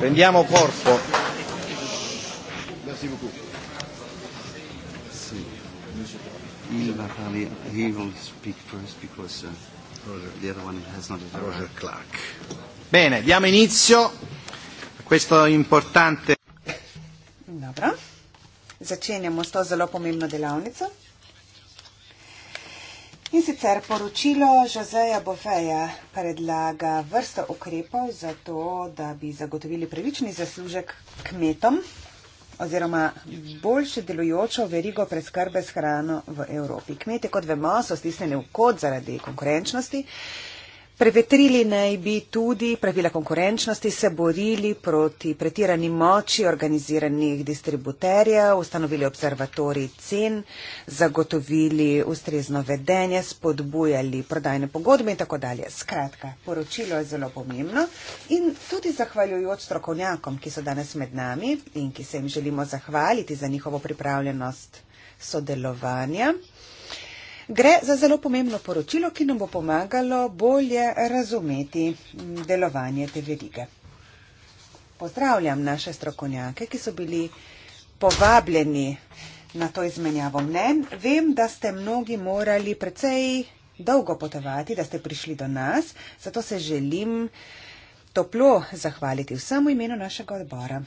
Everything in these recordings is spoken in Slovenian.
Prendiamo corpo. Uh, Bene, diamo inizio a questo importante. Dobro. Začenjamo s to zelo pomembno delavnico. In sicer poročilo Žozeja Bofeja predlaga vrsto ukrepov za to, da bi zagotovili prilični zaslužek kmetom oziroma boljše delujočo verigo preskrbe s hrano v Evropi. Kmete, kot vemo, so stisnjeni v kot zaradi konkurenčnosti. Prevetrili naj bi tudi pravila konkurenčnosti, se borili proti pretirani moči organiziranih distributerjev, ustanovili observatori cen, zagotovili ustrezno vedenje, spodbujali prodajne pogodbe in tako dalje. Skratka, poročilo je zelo pomembno in tudi zahvaljujoč strokovnjakom, ki so danes med nami in ki se jim želimo zahvaliti za njihovo pripravljenost sodelovanja. Gre za zelo pomembno poročilo, ki nam bo pomagalo bolje razumeti delovanje te verige. Pozdravljam naše strokovnjake, ki so bili povabljeni na to izmenjavo mnen. Vem, da ste mnogi morali precej dolgo potovati, da ste prišli do nas, zato se želim toplo zahvaliti vsem v imenu našega odbora.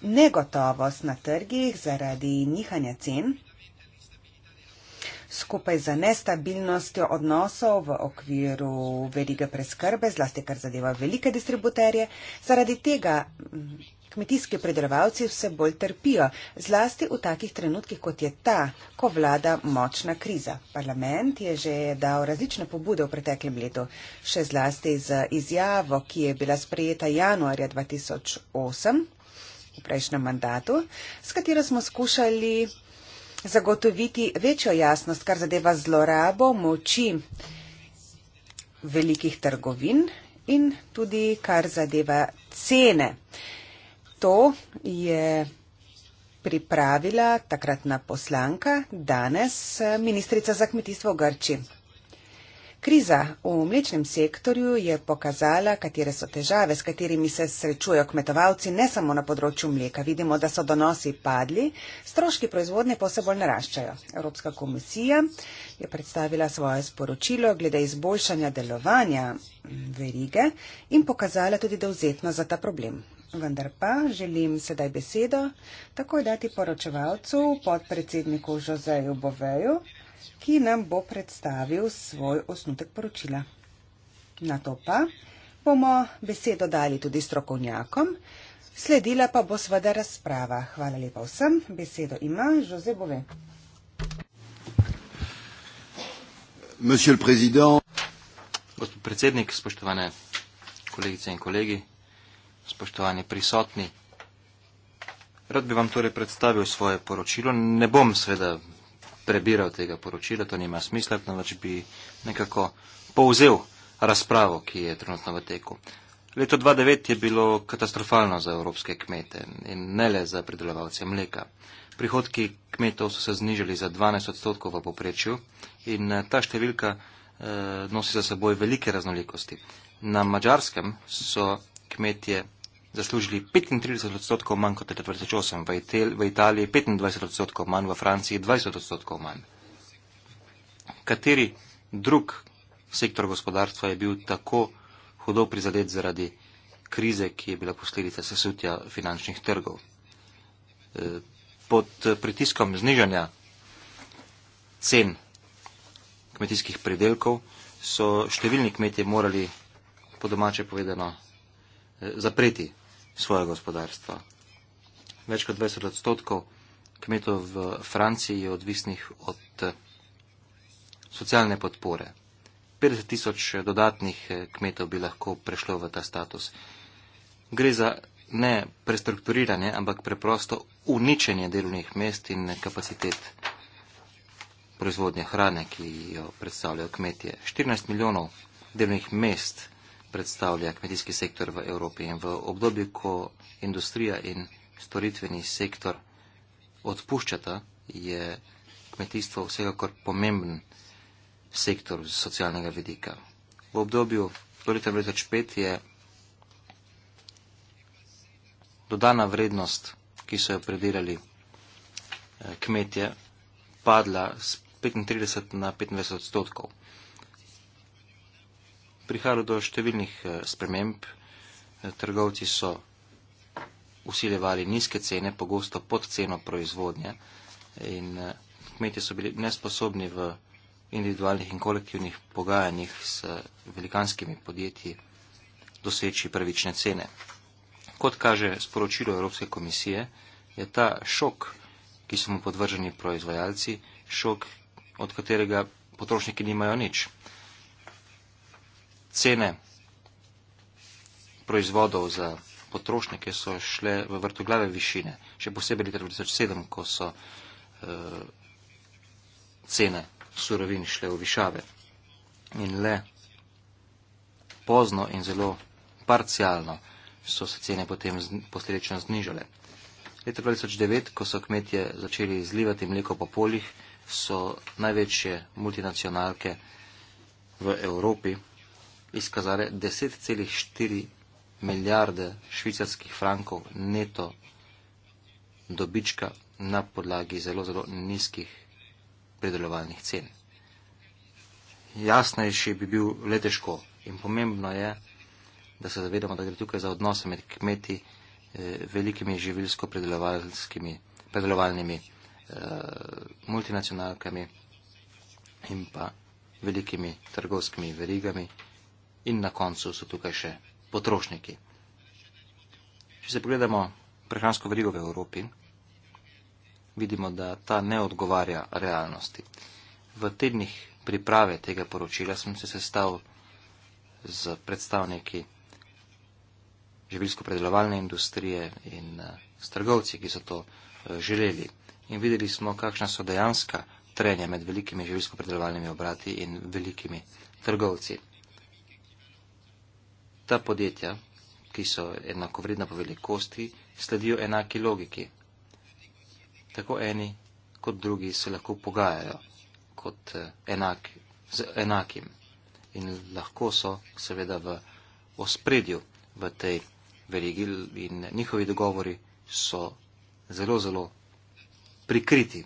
Negotovost na trgih zaradi nihanja cen skupaj z nestabilnostjo odnosov v okviru verige preskrbe, zlasti kar zadeva velike distributerje. Zaradi tega mm, kmetijski predelovalci vse bolj trpijo, zlasti v takih trenutkih, kot je ta, ko vlada močna kriza. Parlament je že dal različne pobude v preteklem letu, še zlasti z izjavo, ki je bila sprejeta januarja 2008 v prejšnjem mandatu, s katero smo skušali zagotoviti večjo jasnost, kar zadeva zlorabo moči velikih trgovin in tudi kar zadeva cene. To je pripravila takratna poslanka, danes ministrica za kmetijstvo v Grči. Kriza v mlečnem sektorju je pokazala, katere so težave, s katerimi se srečujejo kmetovalci, ne samo na področju mleka. Vidimo, da so donosi padli, stroški proizvodnje pa vse bolj naraščajo. Evropska komisija je predstavila svoje sporočilo glede izboljšanja delovanja verige in pokazala tudi dovzetno za ta problem. Vendar pa želim sedaj besedo takoj dati poročevalcu, podpredsedniku Žozeju Boveju ki nam bo predstavil svoj osnutek poročila. Na to pa bomo besedo dali tudi strokovnjakom, sledila pa bo sveda razprava. Hvala lepa vsem, besedo ima Jose Bove. Gospod predsednik, spoštovane kolegice in kolegi, spoštovani prisotni. Rad bi vam torej predstavil svoje poročilo. Ne bom sveda prebiral tega poročila, to nima smisla, namreč bi nekako povzel razpravo, ki je trenutno v teku. Leto 2009 je bilo katastrofalno za evropske kmete in ne le za pridelovalce mleka. Prihodki kmetov so se znižali za 12 odstotkov v poprečju in eh, ta številka eh, nosi za seboj velike raznolikosti. Na mačarskem so kmetje zaslužili 35 odstotkov manj kot 2008, v, Itel, v Italiji 25 odstotkov manj, v Franciji 20 odstotkov manj. Kateri drug sektor gospodarstva je bil tako hudo prizadet zaradi krize, ki je bila posledica sesutja finančnih trgov? E, pod pritiskom znižanja cen kmetijskih predelkov so številni kmetje morali, po domače povedano, e, zapreti svoje gospodarstva. Več kot 20 odstotkov kmetov v Franciji je odvisnih od eh, socialne podpore. 50 tisoč eh, dodatnih eh, kmetov bi lahko prešlo v ta status. Gre za ne prestrukturiranje, ampak preprosto uničenje delovnih mest in kapacitet proizvodnje hrane, ki jo predstavljajo kmetje. 14 milijonov delovnih mest predstavlja kmetijski sektor v Evropi in v obdobju, ko industrija in storitveni sektor odpuščata, je kmetijstvo vsekakor pomemben sektor z socialnega vidika. V obdobju do leta 2005 je dodana vrednost, ki so jo predelali eh, kmetje, padla s 35 na 25 odstotkov prihajalo do številnih eh, sprememb. Eh, trgovci so usiljevali nizke cene, pogosto pod ceno proizvodnje in eh, kmetje so bili nesposobni v individualnih in kolektivnih pogajanjih s velikanskimi podjetji doseči pravične cene. Kot kaže sporočilo Evropske komisije, je ta šok, ki so mu podvrženi proizvajalci, šok, od katerega potrošniki nimajo nič cene proizvodov za potrošnike so šle v vrtoglave višine, še posebej leta 2007, ko so uh, cene surovin šle v višave. In le pozno in zelo parcialno so se cene potem posledično znižale. Leta 2009, ko so kmetje začeli izlivati mleko po poljih, so največje multinacionalke v Evropi izkazale 10,4 milijarde švicarskih frankov neto dobička na podlagi zelo, zelo nizkih predelovalnih cen. Jasnejši bi bil le težko in pomembno je, da se zavedamo, da gre tukaj za odnose med kmeti eh, velikimi živilsko-predelovalskimi predelovalnimi eh, multinacionalkami in pa velikimi trgovskimi verigami, in na koncu so tukaj še potrošniki. Če se pogledamo prehransko verigo v Evropi, vidimo, da ta ne odgovarja realnosti. V tednih priprave tega poročila sem se sestal z predstavniki živilsko-predelovalne industrije in eh, s trgovci, ki so to eh, želeli. In videli smo, kakšna so dejanska trenja med velikimi živilsko-predelovalnimi obrati in velikimi trgovci. Ta podjetja, ki so enakovredna po velikosti, sledijo enaki logiki. Tako eni kot drugi se lahko pogajajo kot eh, enak, z enakim in lahko so seveda v ospredju v tej verigi in njihovi dogovori so zelo, zelo prikriti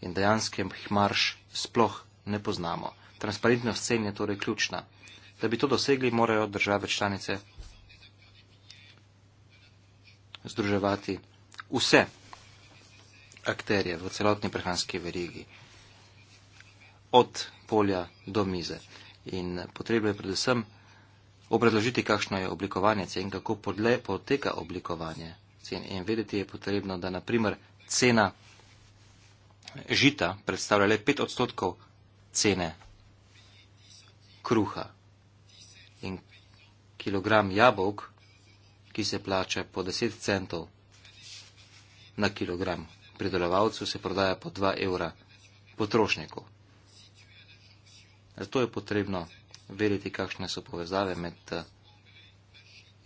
in dejanskem marš sploh ne poznamo. Transparentnost cen je torej ključna. Da bi to dosegli, morajo države članice združevati vse akterje v celotni prehranski verigi, od polja do mize. In potrebno je predvsem obrazložiti, kakšno je oblikovanje cen, kako podle poteka oblikovanje cen. In vedeti je potrebno, da naprimer cena žita predstavlja le 5 odstotkov cene kruha in kilogram jabolk, ki se plača po 10 centov na kilogram pridelovalcu, se prodaja po 2 evra potrošniku. Zato je potrebno veriti, kakšne so povezave med eh,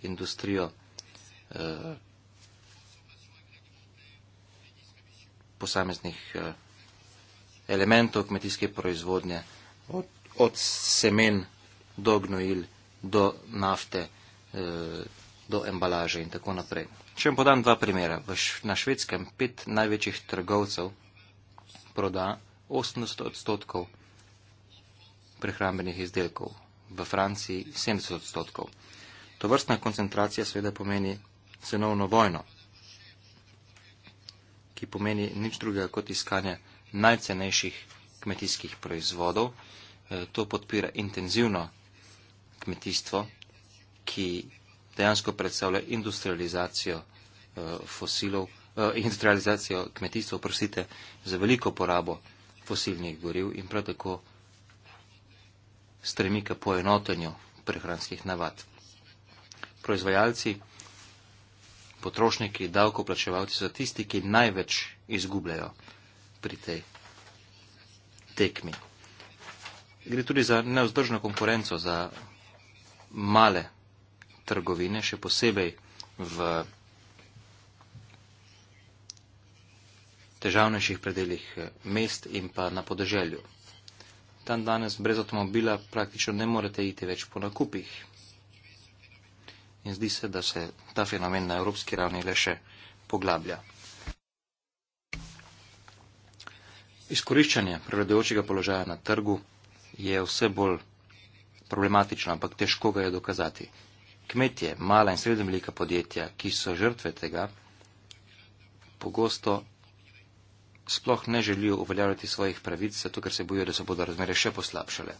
industrijo eh, posameznih eh, elementov kmetijske proizvodnje, od, od semen do gnojil do nafte, eh, do embalaže in tako naprej. Če vam podam dva primera. Na švedskem pet največjih trgovcev proda 80 odstotkov prehrambenih izdelkov, v Franciji 70 odstotkov. To vrstna koncentracija seveda pomeni cenovno vojno, ki pomeni nič drugega kot iskanje najcenejših kmetijskih proizvodov. Eh, to podpira intenzivno kmetijstvo, ki dejansko predstavlja industrializacijo eh, fosilov, eh, industrializacijo kmetijstva, prosite, za veliko porabo fosilnih goriv in prav tako stremi k poenotenju prehranskih navad. Proizvajalci, potrošniki, davkoplačevalci so tisti, ki največ izgubljajo pri tej tekmi. Gre tudi za neozdržno konkurenco, za male trgovine, še posebej v težavnejših predeljih eh, mest in pa na podeželju. Tam danes brez avtomobila praktično ne morete iti več po nakupih. In zdi se, da se ta fenomen na evropski ravni le še poglablja. Izkoriščanje prevladujočega položaja na trgu je vse bolj problematična, ampak težko ga je dokazati. Kmetje, mala in srednja velika podjetja, ki so žrtve tega, pogosto sploh ne želijo uveljavljati svojih pravic, zato ker se bojijo, da se bodo razmere še poslabšale.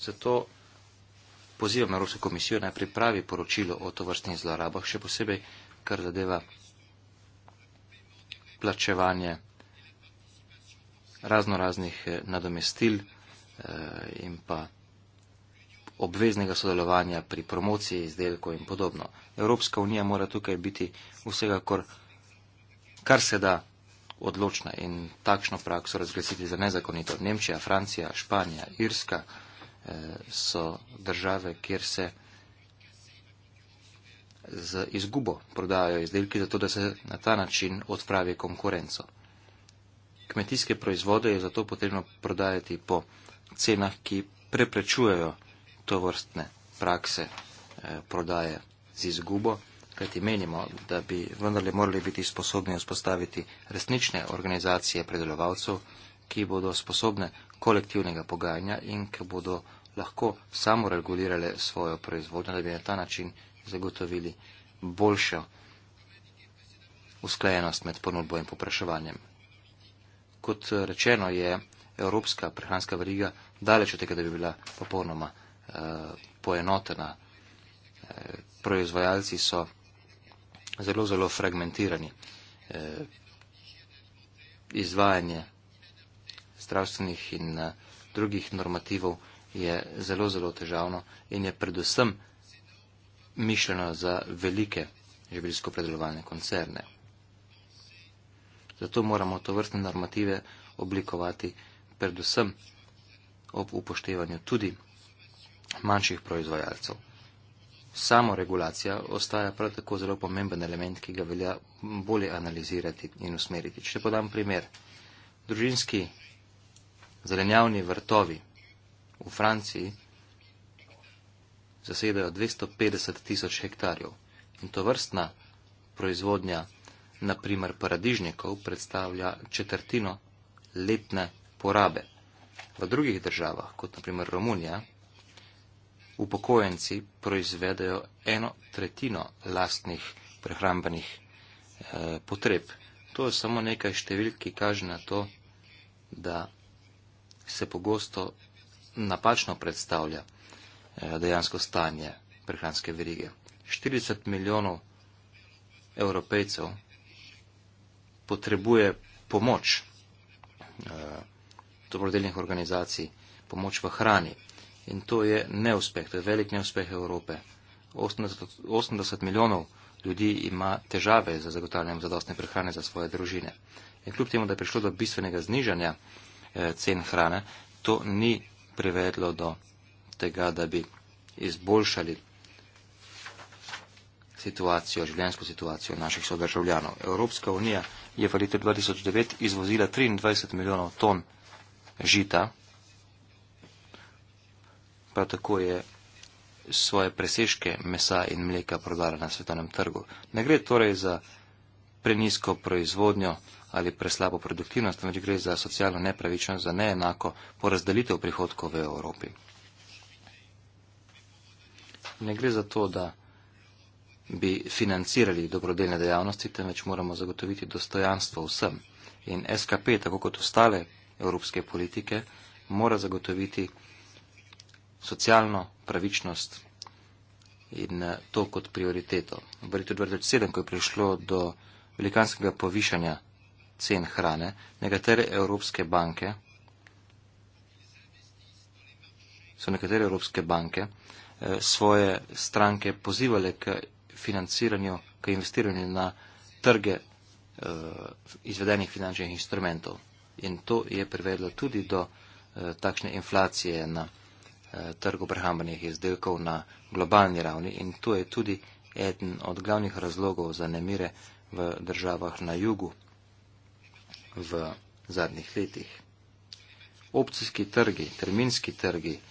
Zato pozivam Evropsko komisijo naj pripravi poročilo o tovrstnih zlorabah, še posebej, kar zadeva plačevanje razno raznih eh, nadomestil eh, in pa obveznega sodelovanja pri promociji izdelkov in podobno. Evropska unija mora tukaj biti vsega, kor, kar se da odločna in takšno prakso razglasiti za nezakonito. Nemčija, Francija, Španija, Irska eh, so države, kjer se z izgubo prodajajo izdelki, zato da se na ta način odpravi konkurenco. Kmetijske proizvode je zato potrebno prodajati po cenah, ki preprečujejo to vrstne prakse eh, prodaje z izgubo, kajti menimo, da bi vendarle morali biti sposobni vzpostaviti resnične organizacije predelovalcev, ki bodo sposobne kolektivnega pogajanja in ki bodo lahko samo regulirale svojo proizvodnjo, da bi na ta način zagotovili boljšo usklajenost med ponudbo in popraševanjem. Kot rečeno je Evropska prehranska veriga daleč od tega, da bi bila popolnoma Eh, poenotena. Eh, proizvajalci so zelo, zelo fragmentirani. Eh, izvajanje zdravstvenih in drugih normativov je zelo, zelo težavno in je predvsem mišljeno za velike živilsko predelovalne koncerne. Zato moramo to vrstne normative oblikovati predvsem ob upoštevanju tudi manjših proizvajalcev. Samoregulacija ostaja prav tako zelo pomemben element, ki ga velja bolje analizirati in usmeriti. Če podam primer, družinski zelenjavni vrtovi v Franciji zasedajo 250 tisoč hektarjev in to vrstna proizvodnja, naprimer paradižnikov, predstavlja četrtino letne porabe. V drugih državah, kot naprimer Romunija, upokojenci proizvedajo eno tretjino lastnih prehrambenih eh, potreb. To je samo nekaj številk, ki kaže na to, da se pogosto napačno predstavlja eh, dejansko stanje prehranske verige. 40 milijonov evropejcev potrebuje pomoč eh, dobrodelnih organizacij, pomoč v hrani. In to je neuspeh, to je velik neuspeh Evrope. 80, 80 milijonov ljudi ima težave za zagotavljanjem zadostne prehrane za svoje družine. In kljub temu, da je prišlo do bistvenega znižanja eh, cen hrane, to ni privedlo do tega, da bi izboljšali situacijo, življenjsko situacijo naših sodržavljanov. Evropska unija je v letu 2009 izvozila 23 milijonov ton žita, prav tako je svoje presežke mesa in mleka prodala na svetovnem trgu. Ne gre torej za prenisko proizvodnjo ali preslabo produktivnost, ampak gre za socialno nepravičnost, za neenako porazdelitev prihodkov v Evropi. Ne gre za to, da bi financirali dobrodelne dejavnosti, temveč moramo zagotoviti dostojanstvo vsem. In SKP, tako kot ostale evropske politike, mora zagotoviti socialno pravičnost in eh, to kot prioriteto. V letu 2007, ko je prišlo do velikanskega povišanja cen hrane, nekatere evropske banke so nekatere evropske banke eh, svoje stranke pozivale k financiranju, k investiranju na trge eh, izvedenih finančnih instrumentov. In to je privedlo tudi do takšne inflacije na Eh, trgu prehrambenih izdelkov na globalni ravni in to je tudi eden od glavnih razlogov za nemire v državah na jugu v zadnjih letih. Opcijski trgi, terminski trgi eh,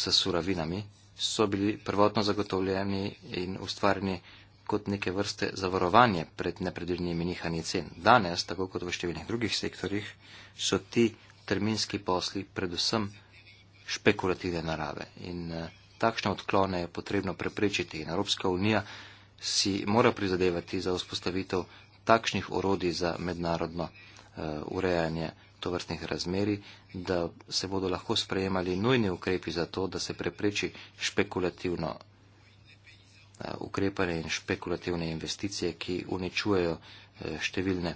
s suravinami so bili prvotno zagotovljeni in ustvarjeni kot neke vrste zavarovanje pred nepredvidnimi nihanji cen. Danes, tako kot v številnih drugih sektorjih, so ti terminski posli predvsem špekulativne narave. In eh, takšne odklone je potrebno preprečiti in Evropska unija si mora prizadevati za vzpostavitev takšnih orodij za mednarodno eh, urejanje tovrstnih razmeri, da se bodo lahko sprejemali nujni ukrepi za to, da se prepreči špekulativno eh, ukrepanje in špekulativne investicije, ki uničujejo številne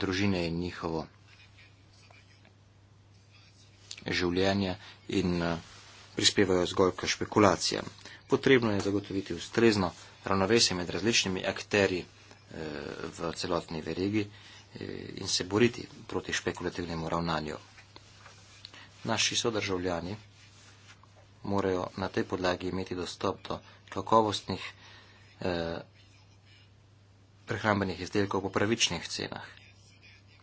družine in njihovo življenje in eh, prispevajo zgolj k špekulacijam. Potrebno je zagotoviti ustrezno ravnovesje med različnimi akteri eh, v celotni verigi eh, in se boriti proti špekulativnemu ravnanju. Naši sodržavljani morajo na tej podlagi imeti dostop do kakovostnih prehrambenih izdelkov po pravičnih cenah.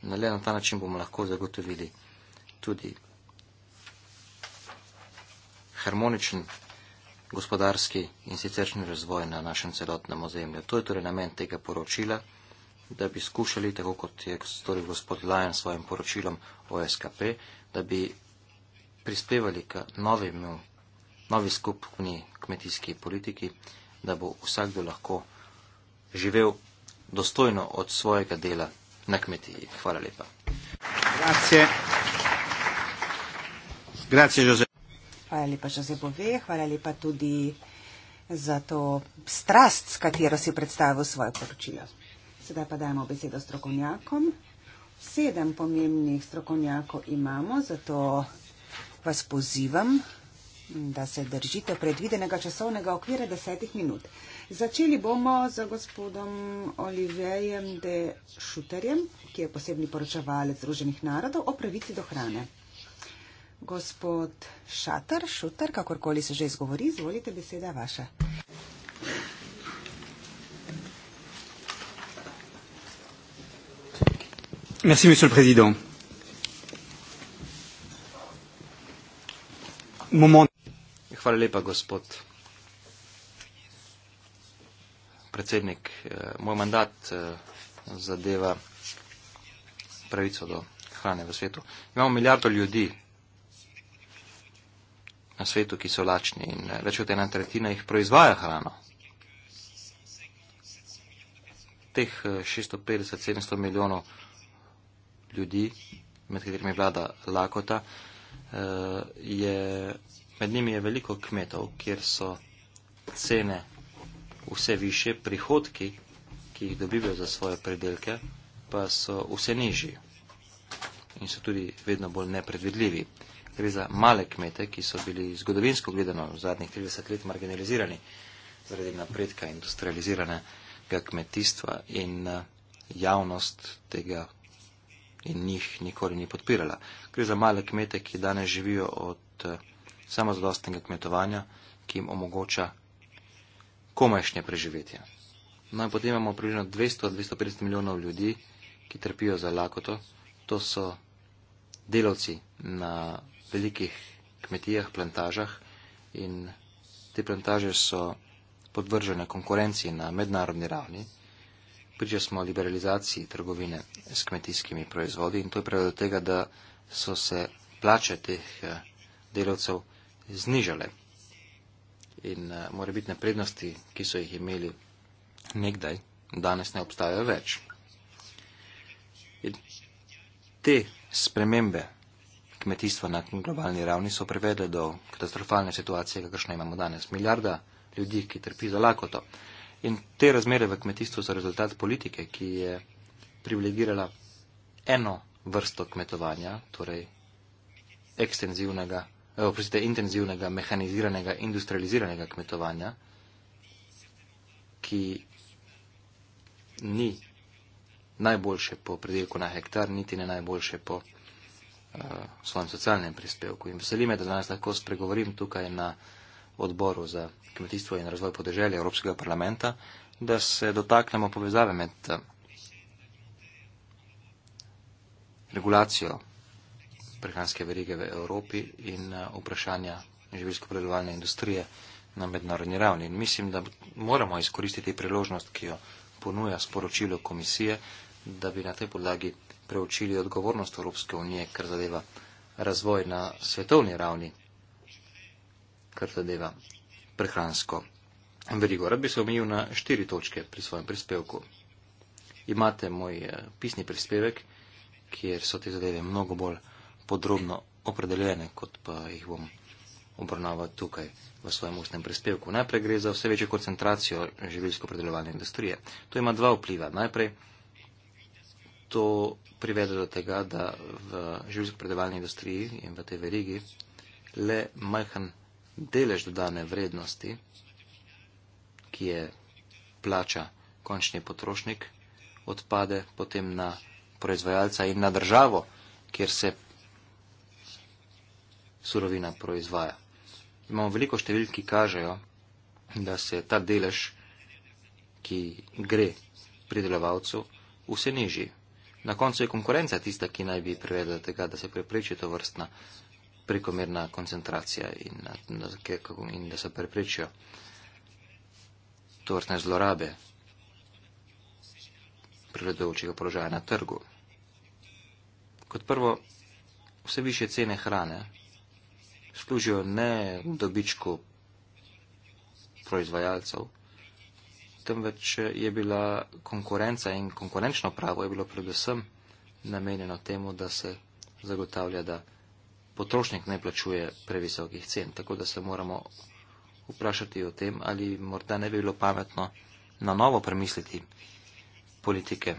Le na ta način bomo lahko zagotovili tudi harmoničen gospodarski in siceršnji razvoj na našem celotnem ozemlju. To je torej namen tega poročila, da bi skušali, tako kot je storil gospod Lajan s svojim poročilom o SKP, da bi prispevali k novemu, novi skupni kmetijski politiki, da bo vsakdo lahko živel dostojno od svojega dela na kmetiji. Hvala lepa. Grazie. Grazie, Hvala lepa, že zebove, hvala lepa tudi za to strast, s katero si predstavil svoje poročilo. Sedaj pa dajmo besedo strokovnjakom. Sedem pomembnih strokovnjakov imamo, zato vas pozivam, da se držite predvidenega časovnega okvira desetih minut. Začeli bomo z gospodom Olivejem de Šuterjem, ki je posebni poročevalec Združenih narodov o pravici do hrane. Gospod Šater, šuter, kakorkoli se že izgovori, izvolite, beseda vaša. Merci, monsieur le président. Moment. Hvala lepa, gospod predsednik. Eh, moj mandat eh, zadeva pravico do hrane v svetu. Imamo milijardo ljudi, na svetu, ki so lačni in eh, več kot ena tretjina jih proizvaja hrano. Teh 650-700 eh, milijonov ljudi, med katerimi vlada lakota, eh, je, med njimi je veliko kmetov, kjer so cene vse više, prihodki, ki jih dobivajo za svoje predelke, pa so vse nižji in so tudi vedno bolj nepredvidljivi gre za male kmete, ki so bili zgodovinsko gledano v zadnjih 30 let marginalizirani zaradi napredka industrializiranega kmetijstva in eh, javnost tega in njih nikoli ni podpirala. Gre za male kmete, ki danes živijo od eh, samozadostnega kmetovanja, ki jim omogoča komajšnje preživetje. No in potem imamo približno 200-250 milijonov ljudi, ki trpijo za lakoto. To so delavci na velikih kmetijah, plantažah in te plantaže so podvržene konkurenciji na mednarodni ravni. Priča smo liberalizaciji trgovine s kmetijskimi proizvodi in to je prav do tega, da so se plače teh eh, delavcev znižale. In eh, more biti neprednosti, ki so jih imeli nekdaj, danes ne obstajajo več. In te spremembe kmetijstva na globalni ravni so privedle do katastrofalne situacije, kakršno imamo danes. Milijarda ljudi, ki trpi za lakoto. In te razmere v kmetijstvu so rezultat politike, ki je privilegirala eno vrsto kmetovanja, torej ekstenzivnega, eh, oprostite, intenzivnega, mehaniziranega, industrializiranega kmetovanja, ki ni najboljše po predelku na hektar, niti ne najboljše po Eh, v svojem socialnem prispevku. In veselime, da danes lahko spregovorim tukaj na odboru za kmetijstvo in razvoj podeželja Evropskega parlamenta, da se dotaknemo povezave med eh, regulacijo prehranske verige v Evropi in eh, vprašanja živilsko-predovalne industrije na mednarodni ravni. In mislim, da moramo izkoristiti priložnost, ki jo ponuja sporočilo komisije, da bi na tej podlagi preučili odgovornost Evropske unije, kar zadeva razvoj na svetovni ravni, kar zadeva prehransko verigo. Rad bi se omenil na štiri točke pri svojem prispevku. Imate moj eh, pisni prispevek, kjer so te zadeve mnogo bolj podrobno opredeljene, kot pa jih bom obravnaval tukaj v svojem ustnem prispevku. Najprej gre za vse večjo koncentracijo živilsko predelovalne industrije. To ima dva vpliva. Najprej to privede do tega, da v življenjsko predevalni industriji in v tej verigi le majhen delež dodane vrednosti, ki je plača končni potrošnik, odpade potem na proizvajalca in na državo, kjer se surovina proizvaja. Imamo veliko številk, ki kažejo, da se ta delež, ki gre pridelovalcu, vse nižji na koncu je konkurenca tista, ki naj bi privedla tega, da se prepreči to vrstna prekomerna koncentracija in, in da se preprečijo to vrstne zlorabe prevladujočega položaja na trgu. Kot prvo, vse više cene hrane služijo ne dobičku proizvajalcev, temveč je bila konkurenca in konkurenčno pravo je bilo predvsem namenjeno temu, da se zagotavlja, da potrošnik ne plačuje previsokih cen. Tako da se moramo vprašati o tem, ali morda ne bi bilo pametno na novo premisliti politike,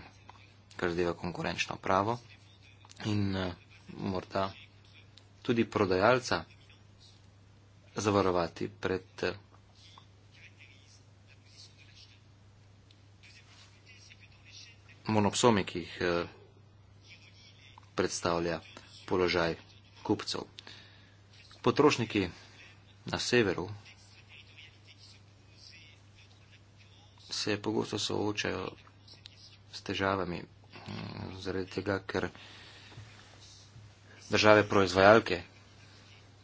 kar zadeva konkurenčno pravo in eh, morda tudi prodajalca zavarovati pred. Eh, monopsomi, ki jih eh, predstavlja položaj kupcev. Potrošniki na severu se pogosto soočajo s težavami mm, zaradi tega, ker države proizvajalke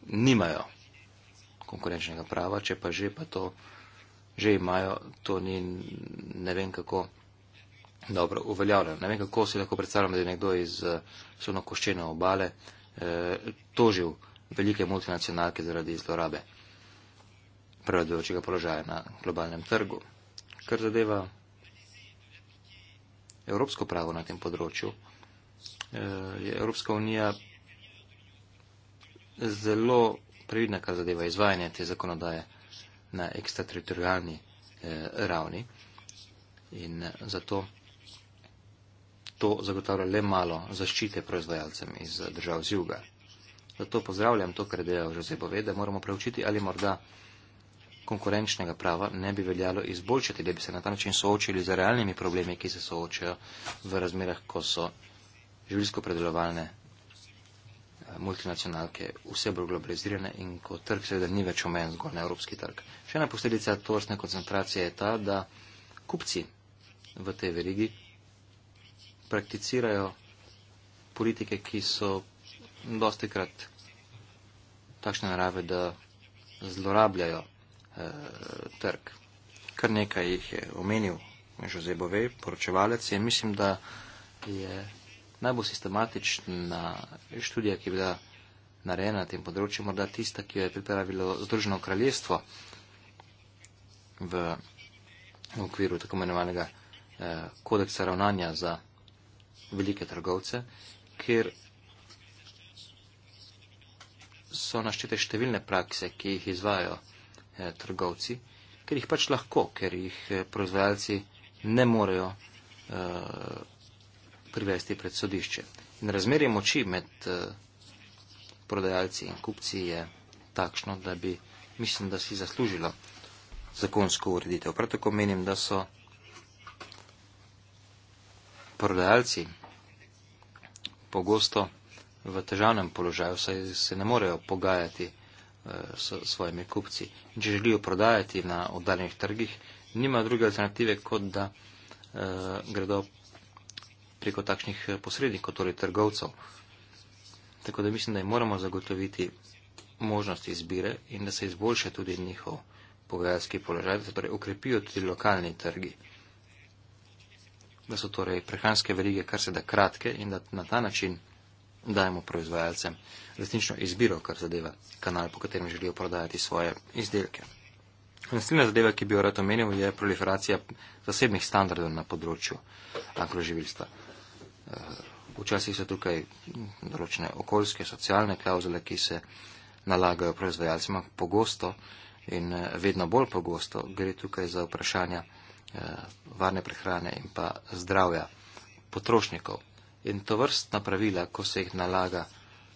nimajo konkurenčnega prava, če pa že pa to že imajo, to ni ne vem kako dobro uveljavljen. Ne vem, kako si lahko predstavljam, da je nekdo iz eh, sodno koščene obale eh, tožil velike multinacionalke zaradi zlorabe prevladujočega položaja na globalnem trgu. Kar zadeva evropsko pravo na tem področju, eh, je Evropska unija zelo previdna, kar zadeva izvajanje te zakonodaje na ekstrateritorijalni eh, ravni. In eh, zato to zagotavlja le malo zaščite proizvajalcem iz držav z juga. Zato pozdravljam to, kar dejal Jose Bove, da moramo preučiti, ali morda konkurenčnega prava ne bi veljalo izboljšati, da bi se na ta način soočili z realnimi problemi, ki se soočajo v razmerah, ko so življsko predelovalne eh, multinacionalke vse bolj globalizirane in ko trg seveda ni več omejen zgolj na evropski trg. Še ena posledica tovrstne koncentracije je ta, da kupci v tej verigi prakticirajo politike, ki so dosti krat takšne narave, da zlorabljajo eh, trg. Kar nekaj jih je omenil Jose Bove, poročevalec, in mislim, da je najbolj sistematična študija, ki je bila narejena na tem področju, morda tista, ki jo je pripravilo Združeno kraljestvo v okviru tako imenovanega eh, kodeksa ravnanja za velike trgovce, kjer so naštete številne prakse, ki jih izvajo eh, trgovci, ker jih pač lahko, ker jih eh, proizvajalci ne morejo eh, privesti pred sodišče. In razmerje moči med eh, prodajalci in kupci je takšno, da bi, mislim, da si zaslužilo zakonsko ureditev. Prav tako menim, da so prodajalci pogosto v težavnem položaju, saj se ne morejo pogajati eh, s svojimi kupci. In če želijo prodajati na oddaljenih trgih, nima druge alternative, kot da eh, gredo preko takšnih eh, posrednikov, torej trgovcev. Tako da mislim, da jim moramo zagotoviti možnost izbire in da se izboljša tudi njihov pogajalski položaj, da se torej ukrepijo tudi lokalni trgi da so torej prehranske verige kar se da kratke in da na ta način dajemo proizvajalcem resnično izbiro, kar zadeva kanal, po katerem želijo prodajati svoje izdelke. Naslednja zadeva, ki bi jo rad omenil, je proliferacija zasebnih standardov na področju agroživilstva. Eh, včasih so tukaj določene okoljske, socialne kauzele, ki se nalagajo proizvajalcem pogosto in eh, vedno bolj pogosto gre tukaj za vprašanja Eh, varne prehrane in pa zdravja potrošnikov. In to vrstna pravila, ko se jih nalaga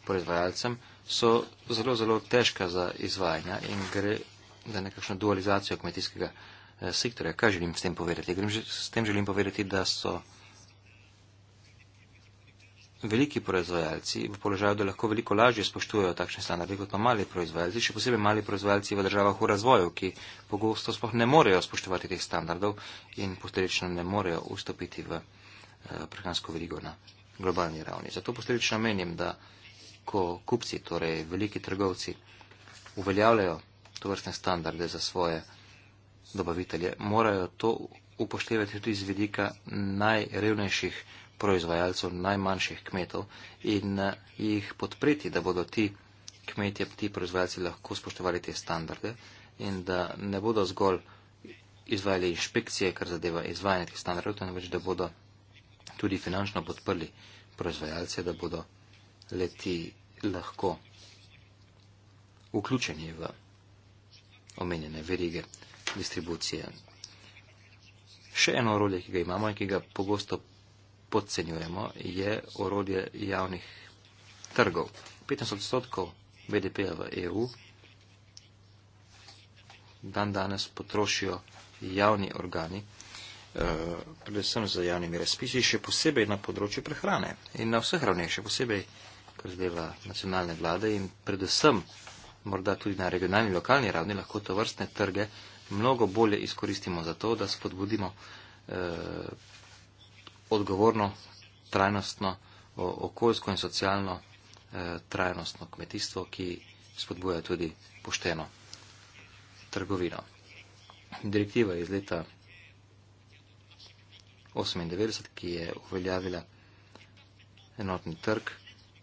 proizvajalcem, so zelo, zelo težka za izvajanje in gre za nekakšno dualizacijo kmetijskega eh, sektorja. Kaj želim s tem povedati? Želim, s tem želim povedati, da so veliki proizvajalci v položaju, da lahko veliko lažje spoštujejo takšne standarde kot pa mali proizvajalci, še posebej mali proizvajalci v državah v razvoju, ki pogosto sploh ne morejo spoštovati teh standardov in posledično ne morejo vstopiti v eh, prehransko verigo na globalni ravni. Zato posledično menim, da ko kupci, torej veliki trgovci, uveljavljajo to vrstne standarde za svoje dobavitelje, morajo to upoštevati tudi z vidika najrevnejših proizvajalcev, najmanjših kmetov in eh, jih podpreti, da bodo ti kmetje, ti proizvajalci lahko spoštovali te standarde in da ne bodo zgolj izvajali inšpekcije, kar zadeva izvajanje teh standardov, temveč da bodo tudi finančno podprli proizvajalce, da bodo leti lahko vključeni v omenjene verige distribucije. Še eno orodje, ki ga imamo in ki ga pogosto podcenjujemo, je orodje javnih trgov. 15 odstotkov BDP-ja v EU dan danes potrošijo javni organi, eh, predvsem z javnimi razpisi, še posebej na področju prehrane in na vseh ravneh, še posebej, kar zdeva nacionalne vlade in predvsem morda tudi na regionalni, lokalni ravni, lahko to vrstne trge mnogo bolje izkoristimo za to, da spodbudimo eh, odgovorno, trajnostno, okoljsko in socialno eh, trajnostno kmetijstvo, ki spodbuja tudi pošteno trgovino. Direktiva iz leta 1998, ki je uveljavila enotni trg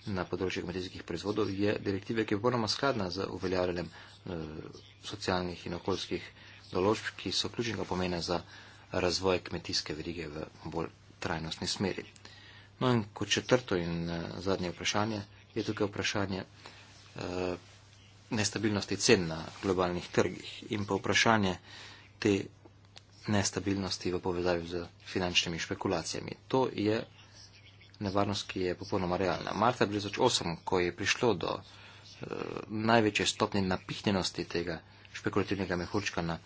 na področju kmetijskih proizvodov, je direktiva, ki je popolnoma skladna z uveljavljanjem eh, socialnih in okoljskih določb, ki so ključnega pomena za razvoj kmetijske verige v bolj trajnostni smeri. No in kot četrto in eh, zadnje vprašanje je tukaj vprašanje eh, nestabilnosti cen na globalnih trgih in pa vprašanje te nestabilnosti v povezavi z finančnimi špekulacijami. To je nevarnost, ki je popolnoma realna. Marta 2008, ko je prišlo do e, največje stopnje napihnjenosti tega špekulativnega mehurčka na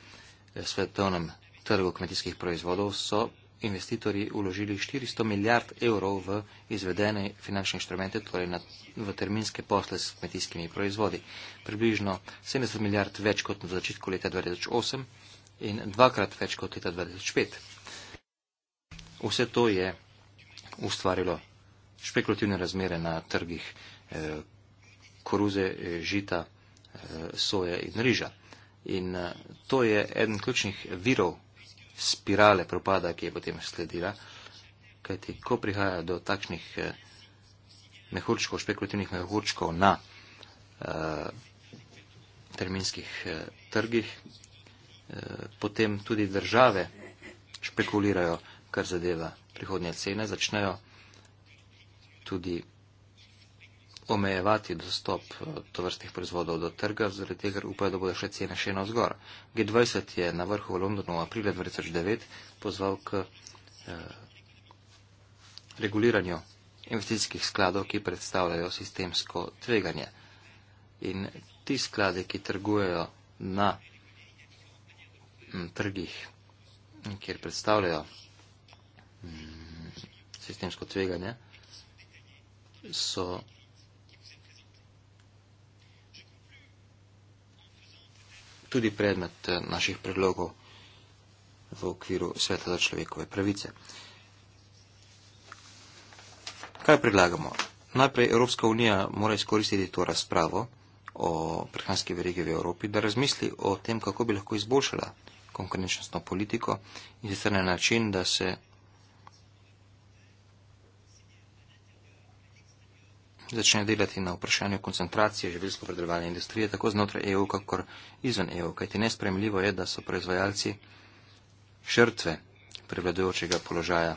svetovnem trgu kmetijskih proizvodov, so investitorji uložili 400 milijard evrov v izvedene finančne inštrumente, torej na, v terminske posle s kmetijskimi proizvodi. Približno 70 milijard več kot na začetku leta 2008 in dvakrat več kot leta 2005. Vse to je ustvarilo špekulativne razmere na trgih eh, koruze, eh, žita, eh, soje in riža. In to je eden ključnih virov spirale propada, ki je potem sledila, kajti ko prihaja do takšnih eh, mehurčkov, špekulativnih mehurčkov na eh, terminskih eh, trgih, eh, potem tudi države špekulirajo, kar zadeva prihodnje cene, začnejo tudi omejevati dostop eh, tovrstnih proizvodov do trga, zaradi tega upajo, da bodo še cene še eno zgor. G20 je na vrhu v Londonu v aprilu 2009 pozval k eh, reguliranju investicijskih skladov, ki predstavljajo sistemsko tveganje. In ti sklade, ki trgujejo na mm, trgih, kjer predstavljajo mm, sistemsko tveganje, so tudi predmet eh, naših predlogov v okviru sveta za človekove pravice. Kaj predlagamo? Najprej Evropska unija mora izkoristiti to razpravo o prehranski verigi v Evropi, da razmisli o tem, kako bi lahko izboljšala konkurenčnostno politiko in sicer na način, da se začne delati na vprašanju koncentracije živilsko predelovalne industrije tako znotraj EU, kakor izven EU, kajti nespremljivo je, da so proizvajalci žrtve prevladujočega položaja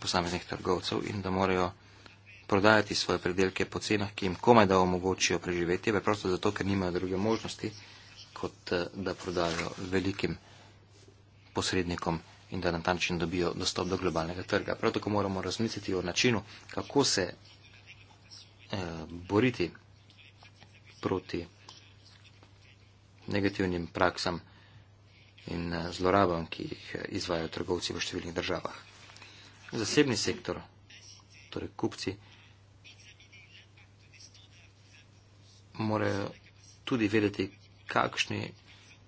posameznih trgovcev in da morajo prodajati svoje predelke po cenah, ki jim komaj da omogočijo preživetje, preprosto zato, ker nimajo druge možnosti, kot eh, da prodajo velikim posrednikom in da na ta način dobijo dostop do globalnega trga. Prav tako moramo razmisliti o načinu, kako se eh, boriti proti negativnim praksam in eh, zlorabam, ki jih eh, izvajo trgovci v številnih državah. Zasebni sektor, torej kupci, morajo tudi vedeti, kakšni,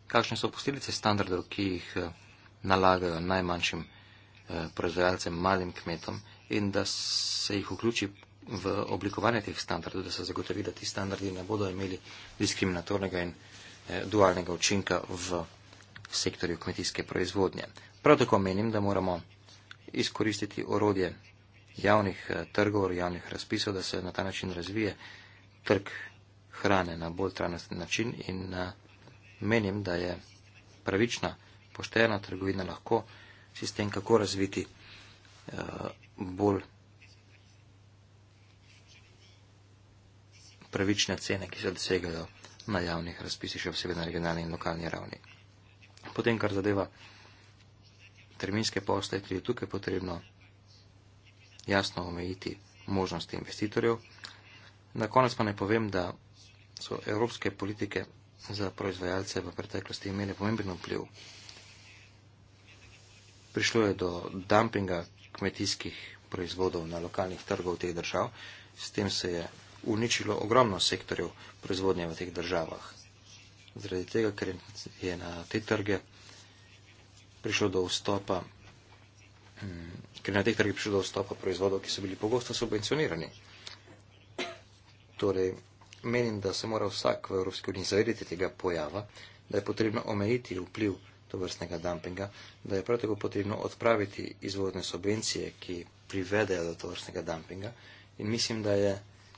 kakšne so posledice standardov, ki jih eh, nalagajo najmanjšim proizvajalcem, malim kmetom in da se jih vključi v oblikovanje teh standardov, da se zagotovi, da ti standardi ne bodo imeli diskriminatornega in eh, dualnega učinka v sektorju kmetijske proizvodnje. Prav tako menim, da moramo izkoristiti orodje javnih eh, trgov, javnih razpisov, da se na ta način razvije trg hrane na bolj trajnost način in eh, menim, da je pravična, poštena trgovina lahko sistem, kako razviti bolj pravične cene, ki se dosegajo na javnih razpisih, še posebej na regionalni in lokalni ravni. Potem, kar zadeva terminske posle, tudi tukaj potrebno jasno omejiti možnosti investitorjev. Na konec pa ne povem, da so evropske politike za proizvajalce v preteklosti imele pomemben vpliv. Prišlo je do dumpinga kmetijskih proizvodov na lokalnih trgov teh držav. S tem se je uničilo ogromno sektorjev proizvodnje v teh državah. Zaradi tega, ker je na te trge prišlo do vstopa, mm, ker na teh trge prišlo do vstopa proizvodov, ki so bili pogosto subvencionirani. Torej, menim, da se mora vsak v Evropski uniji zavedeti tega pojava, da je potrebno omejiti vpliv tovrstnega dumpinga, da je prav tako potrebno odpraviti izvozne subvencije, ki privedejo do tovrstnega dumpinga in mislim, da je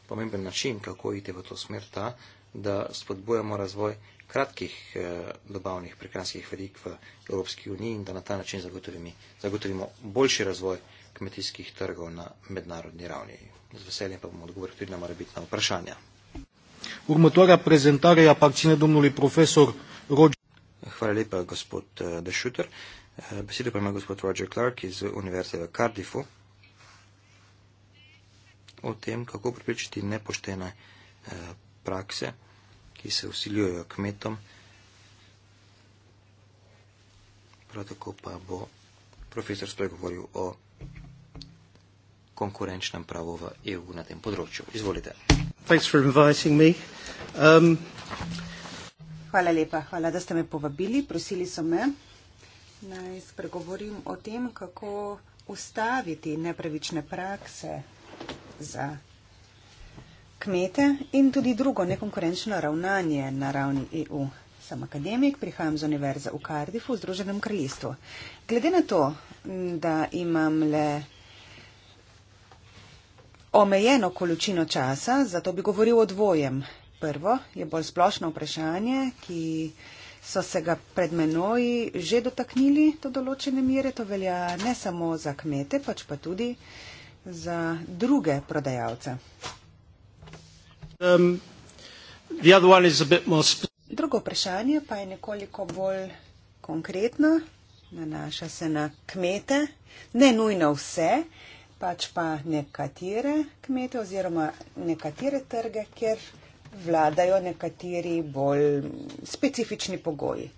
pomemben način, kako iti v to smer, ta, da spodbujamo razvoj kratkih eh, dobavnih prekranskih verik v Evropski uniji in da na ta način zagotovimo, zagotovimo boljši razvoj kmetijskih trgov na mednarodni ravni. Z veseljem pa bomo odgovorili tudi na morebitna vprašanja. Următoarea prezentare a aparține domnului profesor Roger. Hvala lepa, gospod eh, Dešuter. Eh, besedo pa ima gospod Roger Clark iz Univerze v Cardiffu o tem, kako pripričati nepoštene eh, prakse, ki se usiljujejo kmetom. Prav tako pa bo profesor spregovoril o konkurenčnem pravu v EU na tem področju. Izvolite. Um, hvala lepa, hvala, da ste me povabili. Prosili so me, naj spregovorim o tem, kako ustaviti nepravične prakse za kmete in tudi drugo nekonkurenčno ravnanje na ravni EU. Sem akademik, prihajam z univerze v Cardiffu v Združenem kraljestvu. Glede na to, da imam le omejeno količino časa, zato bi govoril o dvojem. Prvo je bolj splošno vprašanje, ki so se ga pred menoj že dotaknili do določene mere. To velja ne samo za kmete, pač pa tudi za druge prodajalce? Um, Drugo vprašanje pa je nekoliko bolj konkretno, nanaša se na kmete, ne nujno vse, pač pa nekatere kmete oziroma nekatere trge, kjer vladajo nekateri bolj specifični pogoji.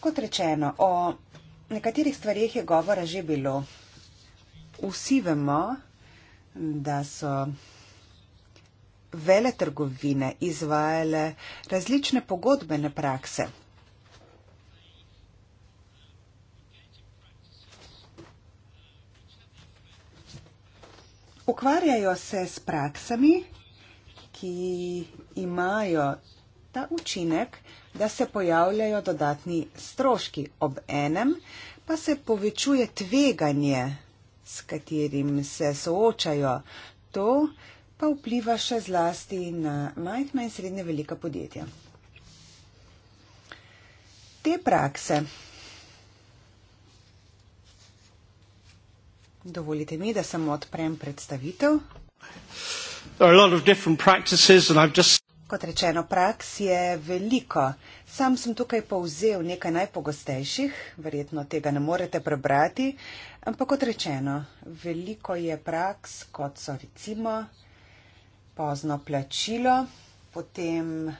Kot rečeno, o nekaterih stvarih je govora že bilo vsi vemo, da so vele trgovine izvajale različne pogodbene prakse. Ukvarjajo se s praksami, ki imajo ta učinek, da se pojavljajo dodatni stroški ob enem, pa se povečuje tveganje s katerim se soočajo. To pa vpliva še zlasti na majhna in srednje velika podjetja. Te prakse. Dovolite mi, da samo odprem predstavitev. There are a lot of different practices and I've just kot rečeno, praks je veliko. Sam sem tukaj povzel nekaj najpogostejših, verjetno tega ne morete prebrati, ampak kot rečeno, veliko je praks, kot so recimo pozno plačilo, potem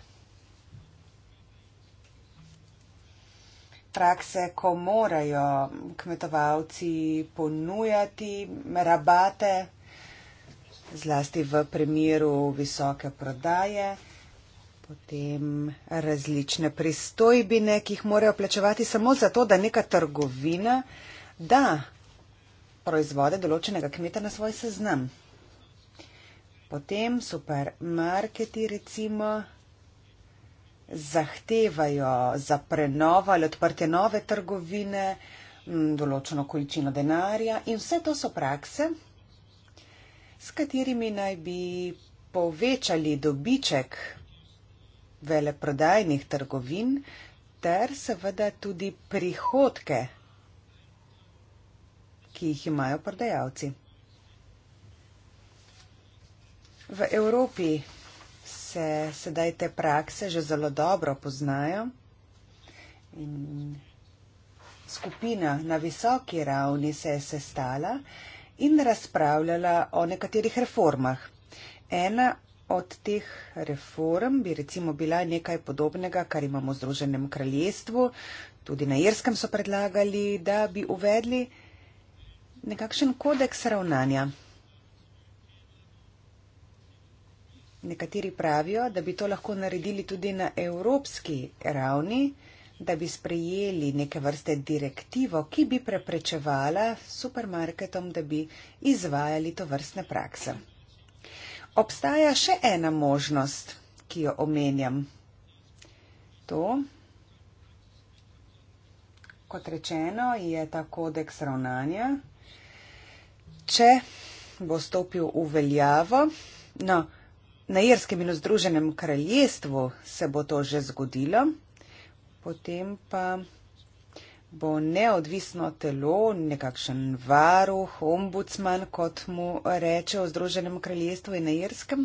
prakse, ko morajo kmetovalci ponujati rabate, zlasti v primeru visoke prodaje. Potem različne pristojbine, ki jih morajo plačevati samo zato, da neka trgovina da proizvode določenega kmeta na svoj seznam. Potem supermarketi recimo zahtevajo za prenovo ali odprtje nove trgovine določeno količino denarja in vse to so prakse, s katerimi naj bi povečali dobiček veleprodajnih trgovin ter seveda tudi prihodke, ki jih imajo prodajalci. V Evropi se sedaj te prakse že zelo dobro poznajo in skupina na visoki ravni se je sestala in razpravljala o nekaterih reformah. Ena od teh reform bi recimo bila nekaj podobnega, kar imamo v Združenem kraljestvu. Tudi na Irskem so predlagali, da bi uvedli nekakšen kodeks ravnanja. Nekateri pravijo, da bi to lahko naredili tudi na evropski ravni, da bi sprejeli neke vrste direktivo, ki bi preprečevala supermarketom, da bi izvajali to vrstne prakse. Obstaja še ena možnost, ki jo omenjam. To, kot rečeno, je ta kodeks ravnanja. Če bo stopil v veljavo, no, na Irskem in v Združenem kraljestvu se bo to že zgodilo, potem pa bo neodvisno telo, nekakšen varuh, ombudsman, kot mu reče o Združenem kraljestvu in na Irskem.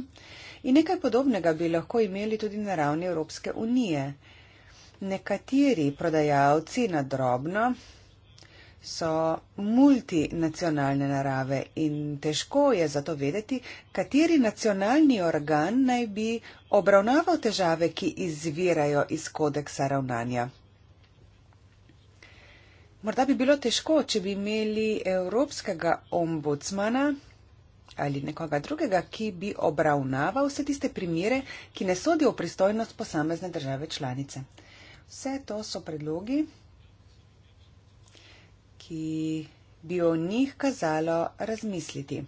In nekaj podobnega bi lahko imeli tudi na ravni Evropske unije. Nekateri prodajalci na drobno so multinacionalne narave in težko je zato vedeti, kateri nacionalni organ naj bi obravnaval težave, ki izvirajo iz kodeksa ravnanja. Morda bi bilo težko, če bi imeli evropskega ombudsmana ali nekoga drugega, ki bi obravnaval vse tiste primere, ki ne sodijo v pristojnost posamezne države članice. Vse to so predlogi, ki bi o njih kazalo razmisliti.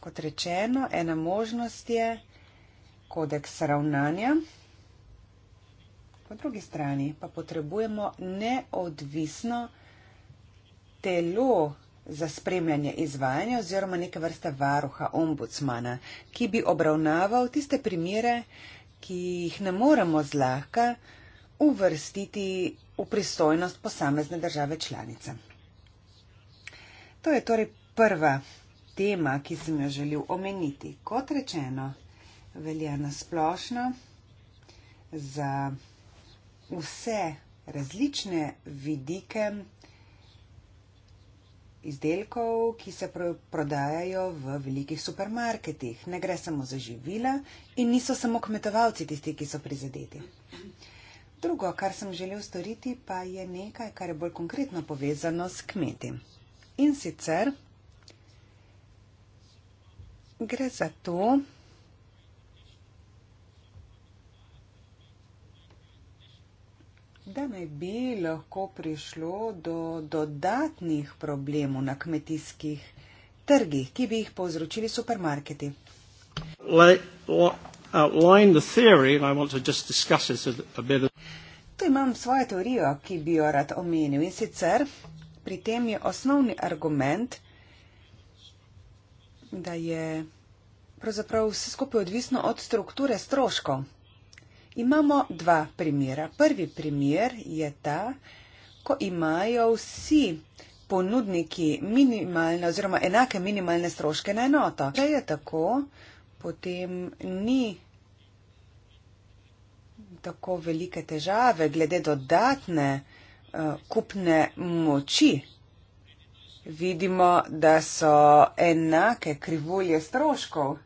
Kot rečeno, ena možnost je kodeks ravnanja. Po drugi strani pa potrebujemo neodvisno telo za spremljanje izvajanja oziroma neke vrste varuha, ombudsmana, ki bi obravnaval tiste primere, ki jih ne moremo zlahka uvrstiti v pristojnost posamezne države članice. To je torej prva tema, ki sem jo želel omeniti. Kot rečeno, velja na splošno za vse različne vidike izdelkov, ki se prodajajo v velikih supermarketih. Ne gre samo za živila in niso samo kmetovalci tisti, ki so prizadeti. Drugo, kar sem želel storiti, pa je nekaj, kar je bolj konkretno povezano s kmeti. In sicer gre za to, da naj bi lahko prišlo do dodatnih problemov na kmetijskih trgih, ki bi jih povzročili supermarketi. Tu imam svojo teorijo, ki bi jo rad omenil in sicer pri tem je osnovni argument, da je pravzaprav vse skupaj odvisno od strukture stroškov. Imamo dva primera. Prvi primer je ta, ko imajo vsi ponudniki minimalne oziroma enake minimalne stroške na enoto. Če je tako, potem ni tako velike težave glede dodatne uh, kupne moči. Vidimo, da so enake krivulje stroškov